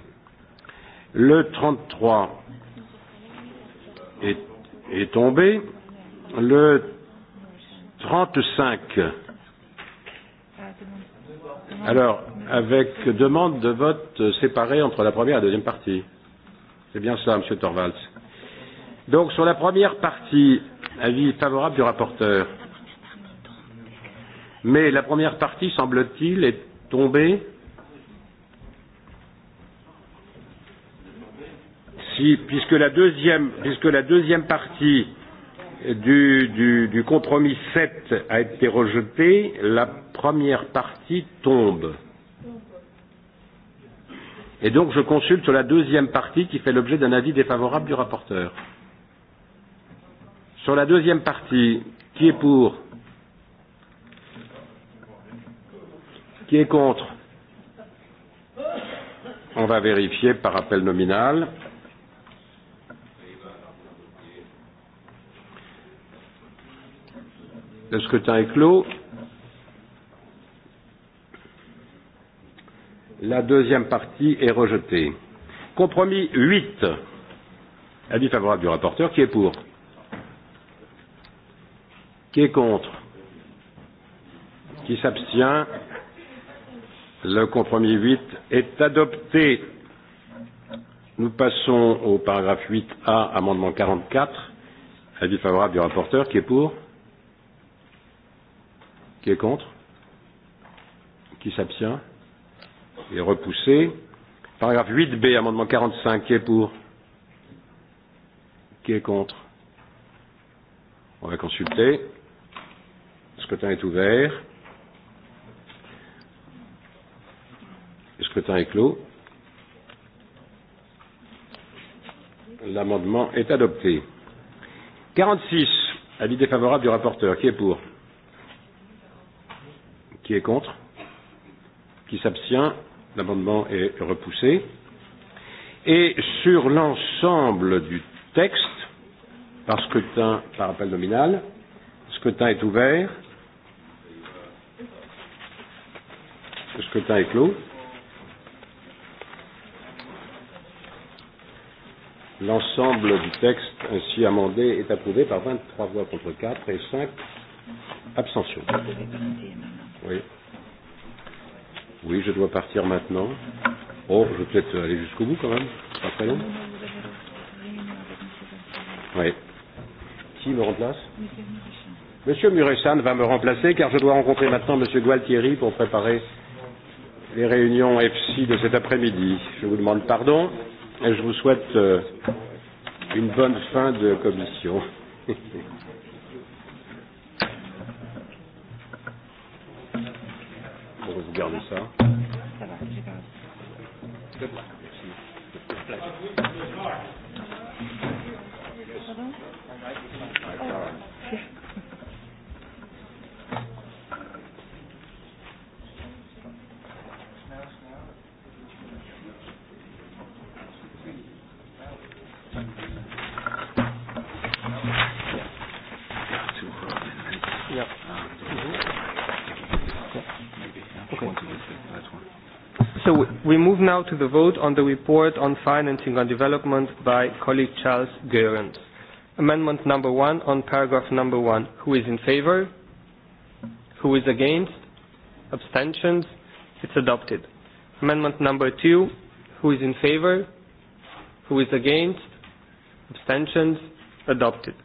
Le 33 est, est tombé. Le 35. Euh, Alors, avec demande de vote séparée entre la première et la deuxième partie. C'est bien cela, Monsieur Torvalds. Donc, sur la première partie, avis favorable du rapporteur. Mais la première partie, semble-t-il, est tombée. Si, puisque la deuxième, puisque la deuxième partie du, du, du compromis 7 a été rejeté, la première partie tombe. Et donc je consulte la deuxième partie qui fait l'objet d'un avis défavorable du rapporteur. Sur la deuxième partie, qui est pour Qui est contre On va vérifier par appel nominal. Le scrutin est clos. La deuxième partie est rejetée. Compromis 8. Avis favorable du rapporteur. Qui est pour Qui est contre Qui s'abstient Le compromis 8 est adopté. Nous passons au paragraphe 8A, amendement 44. Avis favorable du rapporteur. Qui est pour Qui est contre Qui s'abstient Il est repoussé. Paragraphe 8B, amendement 45, qui est pour Qui est contre On va consulter. Le scrutin est ouvert. Le scrutin est clos. L'amendement est adopté. 46, avis défavorable du rapporteur. Qui est pour Qui est contre Qui s'abstient L'amendement est repoussé. Et sur l'ensemble du texte, par scrutin, par appel nominal, le scrutin est ouvert. Le scrutin est clos. L'ensemble du texte ainsi amendé est approuvé par 23 voix contre 4 et 5 abstentions. Oui. Oui, je dois partir maintenant. Oh, je vais peut-être aller jusqu'au bout quand même. Pas très long. Oui. Qui me remplace Monsieur Muressan va me remplacer car je dois rencontrer maintenant Monsieur Gualtieri pour préparer les réunions EFSI de cet après-midi. Je vous demande pardon et je vous souhaite euh, une bonne fin de commission. regarder ça. ça va, Good luck. now to the vote on the report on financing and development by colleague Charles Goerens. Amendment number one on paragraph number one. Who is in favor? Who is against? Abstentions? It's adopted. Amendment number two. Who is in favor? Who is against? Abstentions? Adopted.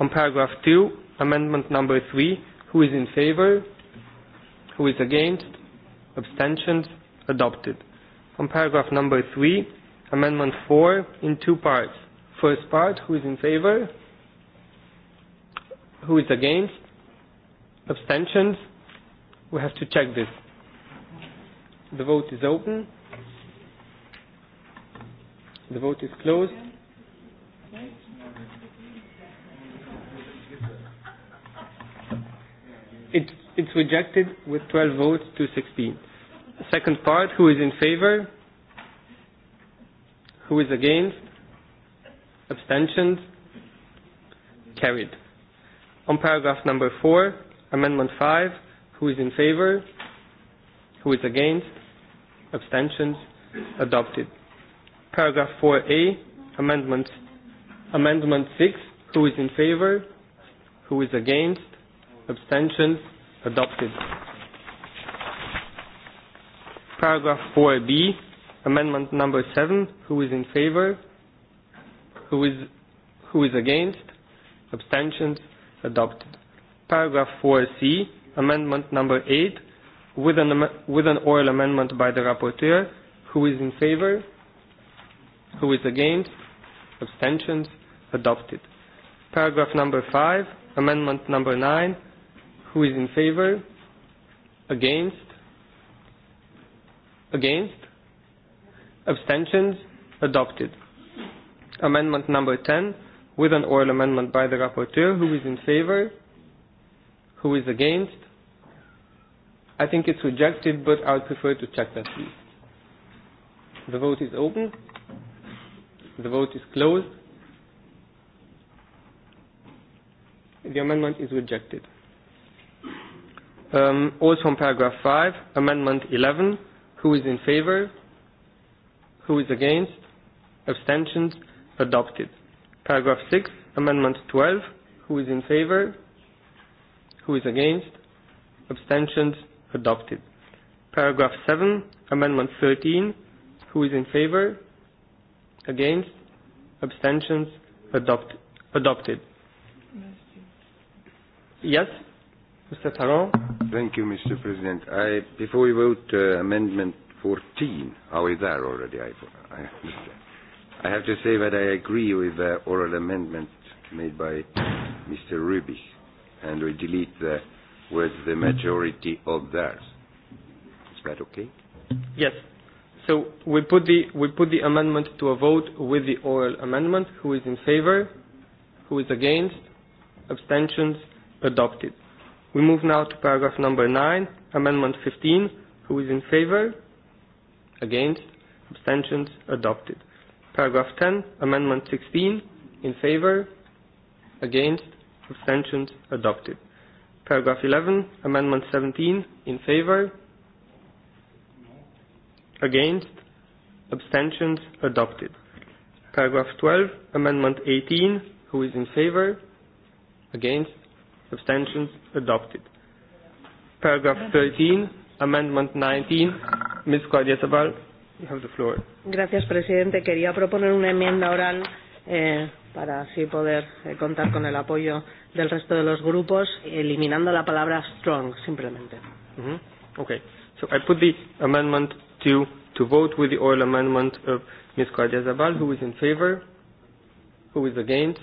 On paragraph two, amendment number three. Who is in favor? Who is against? Abstentions? Adopted on paragraph number 3, amendment 4, in two parts. First part, who is in favor? Who is against? Abstentions? We have to check this. The vote is open. The vote is closed. It, it's rejected with 12 votes to 16. Second part, who is in favor? Who is against? Abstentions? Carried. On paragraph number four, amendment five: who is in favor? Who is against? Abstentions? Adopted. Paragraph 4A, amendment, amendment 6, who is in favor? Who is against? Abstentions? Adopted. Paragraph 4b, amendment number 7. Who is in favor? Who is, who is against? Abstentions? Adopted. Paragraph 4c, amendment number 8, with an, with an oral amendment by the rapporteur. Who is in favor? Who is against? Abstentions? Adopted. Paragraph number 5, amendment number 9. Who is in favor? Against? Against? Abstentions? Adopted. Amendment number 10 with an oral amendment by the rapporteur. Who is in favor? Who is against? I think it's rejected, but I would prefer to check that, please. The vote is open. The vote is closed. The amendment is rejected. Um, also on paragraph 5, amendment 11 Who is in favor? Who is against? Abstentions? Adopted. Paragraph 6, Amendment 12. Who is in favor? Who is against? Abstentions? Adopted. Paragraph 7, Amendment 13. Who is in favor? Against? Abstentions? Adopt adopted. Yes? Mr. Tarrant. Thank you, Mr. President. I, before we vote uh, amendment 14, are we there already? I, I, I have to say that I agree with the oral amendment made by Mr. Rubich, and we delete the with the majority of theirs. Is that okay? Yes. So we put the we put the amendment to a vote with the oral amendment. Who is in favor? Who is against? Abstentions? Adopted. We move now to paragraph number 9, amendment 15. Who is in favor? Against? Abstentions? Adopted. Paragraph 10, amendment 16. In favor? Against? Abstentions? Adopted. Paragraph 11, amendment 17. In favor? Against? Abstentions? Adopted. Paragraph 12, amendment 18. Who is in favor? Against? abstentions adopted. Paragraph 13, amendment 19. Ms. Claudia Sabal, you have the floor. Gracias, presidente. Quería proponer una enmienda oral eh, para así poder eh, contar con el apoyo del resto de los grupos, eliminando la palabra strong, simplemente. Mm -hmm. Okay. So I put the amendment to, to vote with the oral amendment of Ms. Claudia Zabal. Who is in favor? Who is against?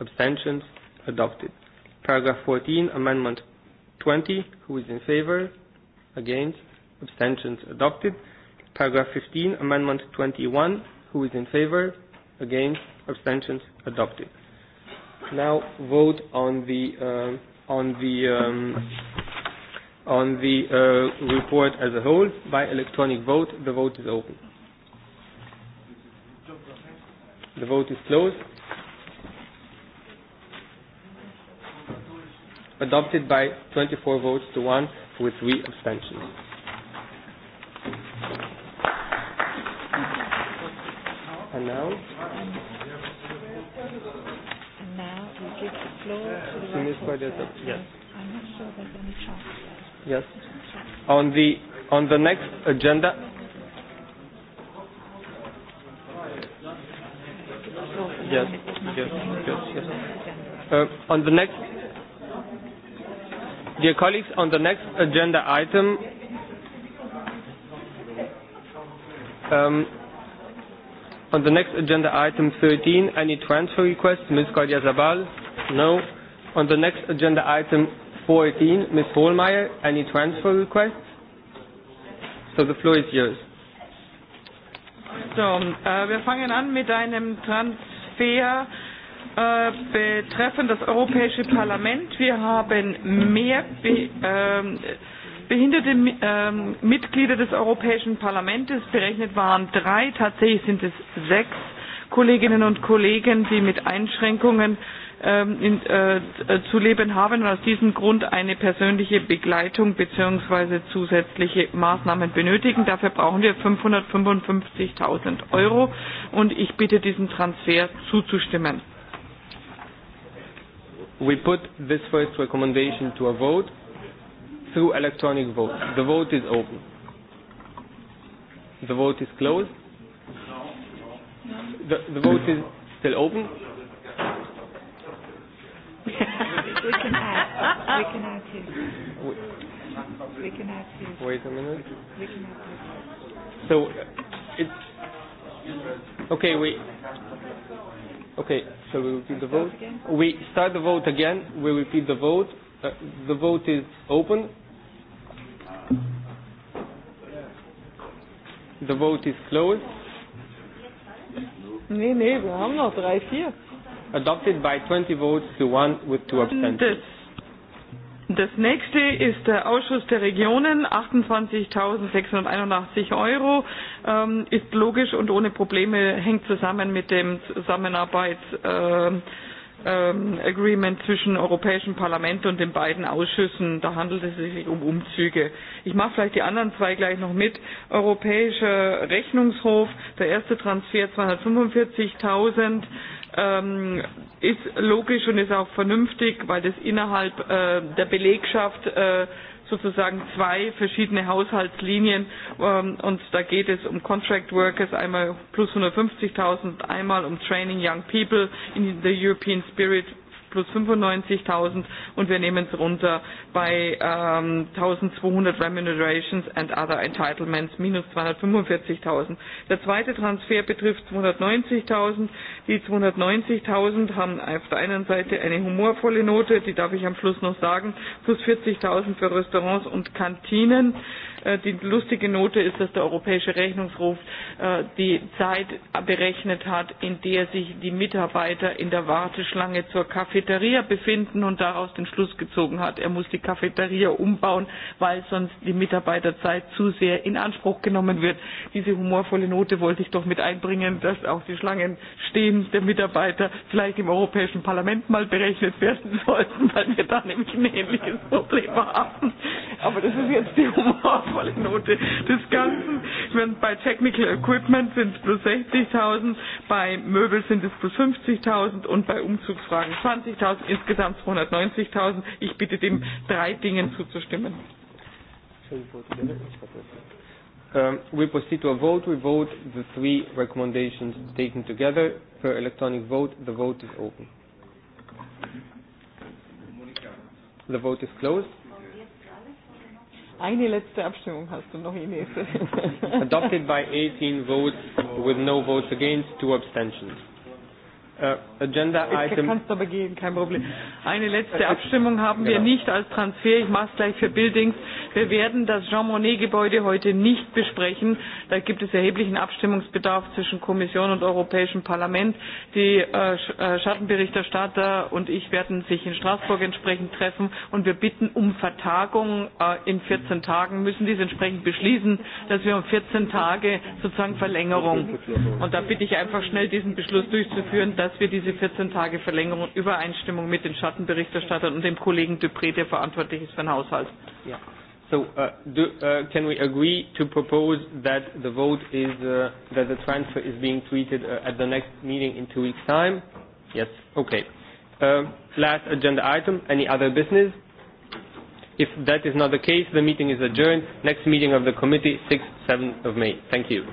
Abstentions? Adopted. Paragraph 14, Amendment 20. Who is in favor? Against? Abstentions adopted. Paragraph 15, Amendment 21. Who is in favor? Against? Abstentions adopted. Now vote on the uh, on the um, on the uh, report as a whole by electronic vote. The vote is open. The vote is closed. adopted by 24 votes to one with three abstentions. And now? And now we give the floor to the uh, Yes. I'm not sure there's any chance. Yes. On the, on the next agenda, yes, yes, yes. Uh, on the next Dear colleagues, on the next agenda item, um, on the next agenda item 13, any transfer requests? Ms. Claudia Zabal? No. On the next agenda item 14, Ms. Holmeyer, any transfer requests? So the floor is yours. So, uh, wir fangen an mit einem Transfer betreffen äh, das Europäische Parlament. Wir haben mehr Be äh, behinderte äh, Mitglieder des Europäischen Parlaments. Berechnet waren drei, tatsächlich sind es sechs Kolleginnen und Kollegen, die mit Einschränkungen ähm, äh, in, äh, zu leben haben und aus diesem Grund eine persönliche Begleitung bzw. zusätzliche Maßnahmen benötigen. Dafür brauchen wir 555.000 Euro und ich bitte, diesen Transfer zuzustimmen we put this first recommendation to a vote through electronic vote. The vote is open. The vote is closed. The, the vote is still open. we can add. We can add his. We can add his. Wait a minute. We can add his. So, it's. Okay, we Okay, so we repeat the vote? We start the vote again. We repeat the vote. Uh, the vote is open. The vote is closed. Nee, nee, we have not drei, vier. Adopted by 20 votes to one with two abstentions. Das nächste ist der Ausschuss der Regionen, 28.681 Euro, ähm, ist logisch und ohne Probleme hängt zusammen mit dem Zusammenarbeitsagreement ähm, ähm zwischen Europäischem Parlament und den beiden Ausschüssen. Da handelt es sich um Umzüge. Ich mache vielleicht die anderen zwei gleich noch mit. Europäischer Rechnungshof, der erste Transfer 245.000 ähm, ist logisch und ist auch vernünftig, weil es innerhalb äh, der Belegschaft äh, sozusagen zwei verschiedene Haushaltslinien ähm, und da geht es um Contract Workers, einmal plus 150.000, einmal um Training Young People in the European Spirit plus 95.000 und wir nehmen es runter bei ähm, 1.200 Remunerations and Other Entitlements minus 245.000. Der zweite Transfer betrifft 290.000. Die 290.000 haben auf der einen Seite eine humorvolle Note, die darf ich am Schluss noch sagen, plus 40.000 für Restaurants und Kantinen. Äh, die lustige Note ist, dass der Europäische Rechnungshof äh, die Zeit berechnet hat, in der sich die Mitarbeiter in der Warteschlange zur Cafeteria befinden und daraus den Schluss gezogen hat, er muss die Cafeteria umbauen, weil sonst die Mitarbeiterzeit zu sehr in Anspruch genommen wird. Diese humorvolle Note wollte ich doch mit einbringen, dass auch die Schlangenstehen der Mitarbeiter vielleicht im Europäischen Parlament mal berechnet werden sollten, weil wir da nämlich ein ähnliches Problem haben. Aber das ist jetzt die humorvolle volle Note des Ganzen. Ich meine, bei Technical Equipment sind es plus 60.000, bei Möbel sind es plus 50.000 und bei Umzugsfragen 20.000, insgesamt 290.000. Ich bitte dem drei Dingen zuzustimmen. Um, we proceed to a vote. We vote the three recommendations taken together per electronic vote. The vote is open. The vote is closed. Eine letzte Abstimmung hast du noch, Ines. Adopted by 18 votes with no votes against, two abstentions. Uh, agenda ich item. kannst du begehen, kein Problem. Eine letzte Abstimmung haben genau. wir nicht als Transfer. Ich mache es gleich für Buildings. Wir werden das Jean Monnet-Gebäude heute nicht besprechen. Da gibt es erheblichen Abstimmungsbedarf zwischen Kommission und Europäischem Parlament. Die äh, äh Schattenberichterstatter und ich werden sich in Straßburg entsprechend treffen und wir bitten um Vertagung äh, in 14 Tagen. Müssen dies entsprechend beschließen, dass wir um 14 Tage sozusagen Verlängerung. Und da bitte ich einfach schnell diesen Beschluss durchzuführen, dass dass wir diese 14 Tage Verlängerung in Übereinstimmung mit den Schattenberichterstattern und dem Kollegen Dupré, der verantwortlich ist für den Haushalt. Ja. So, uh, do, uh, can we agree to propose that the vote is, uh, that the transfer is being treated uh, at the next meeting in two weeks' time? Yes. Okay. Uh, last agenda item, any other business? If that is not the case, the meeting is adjourned. Next meeting of the committee, 6th, 7th of May. Thank you.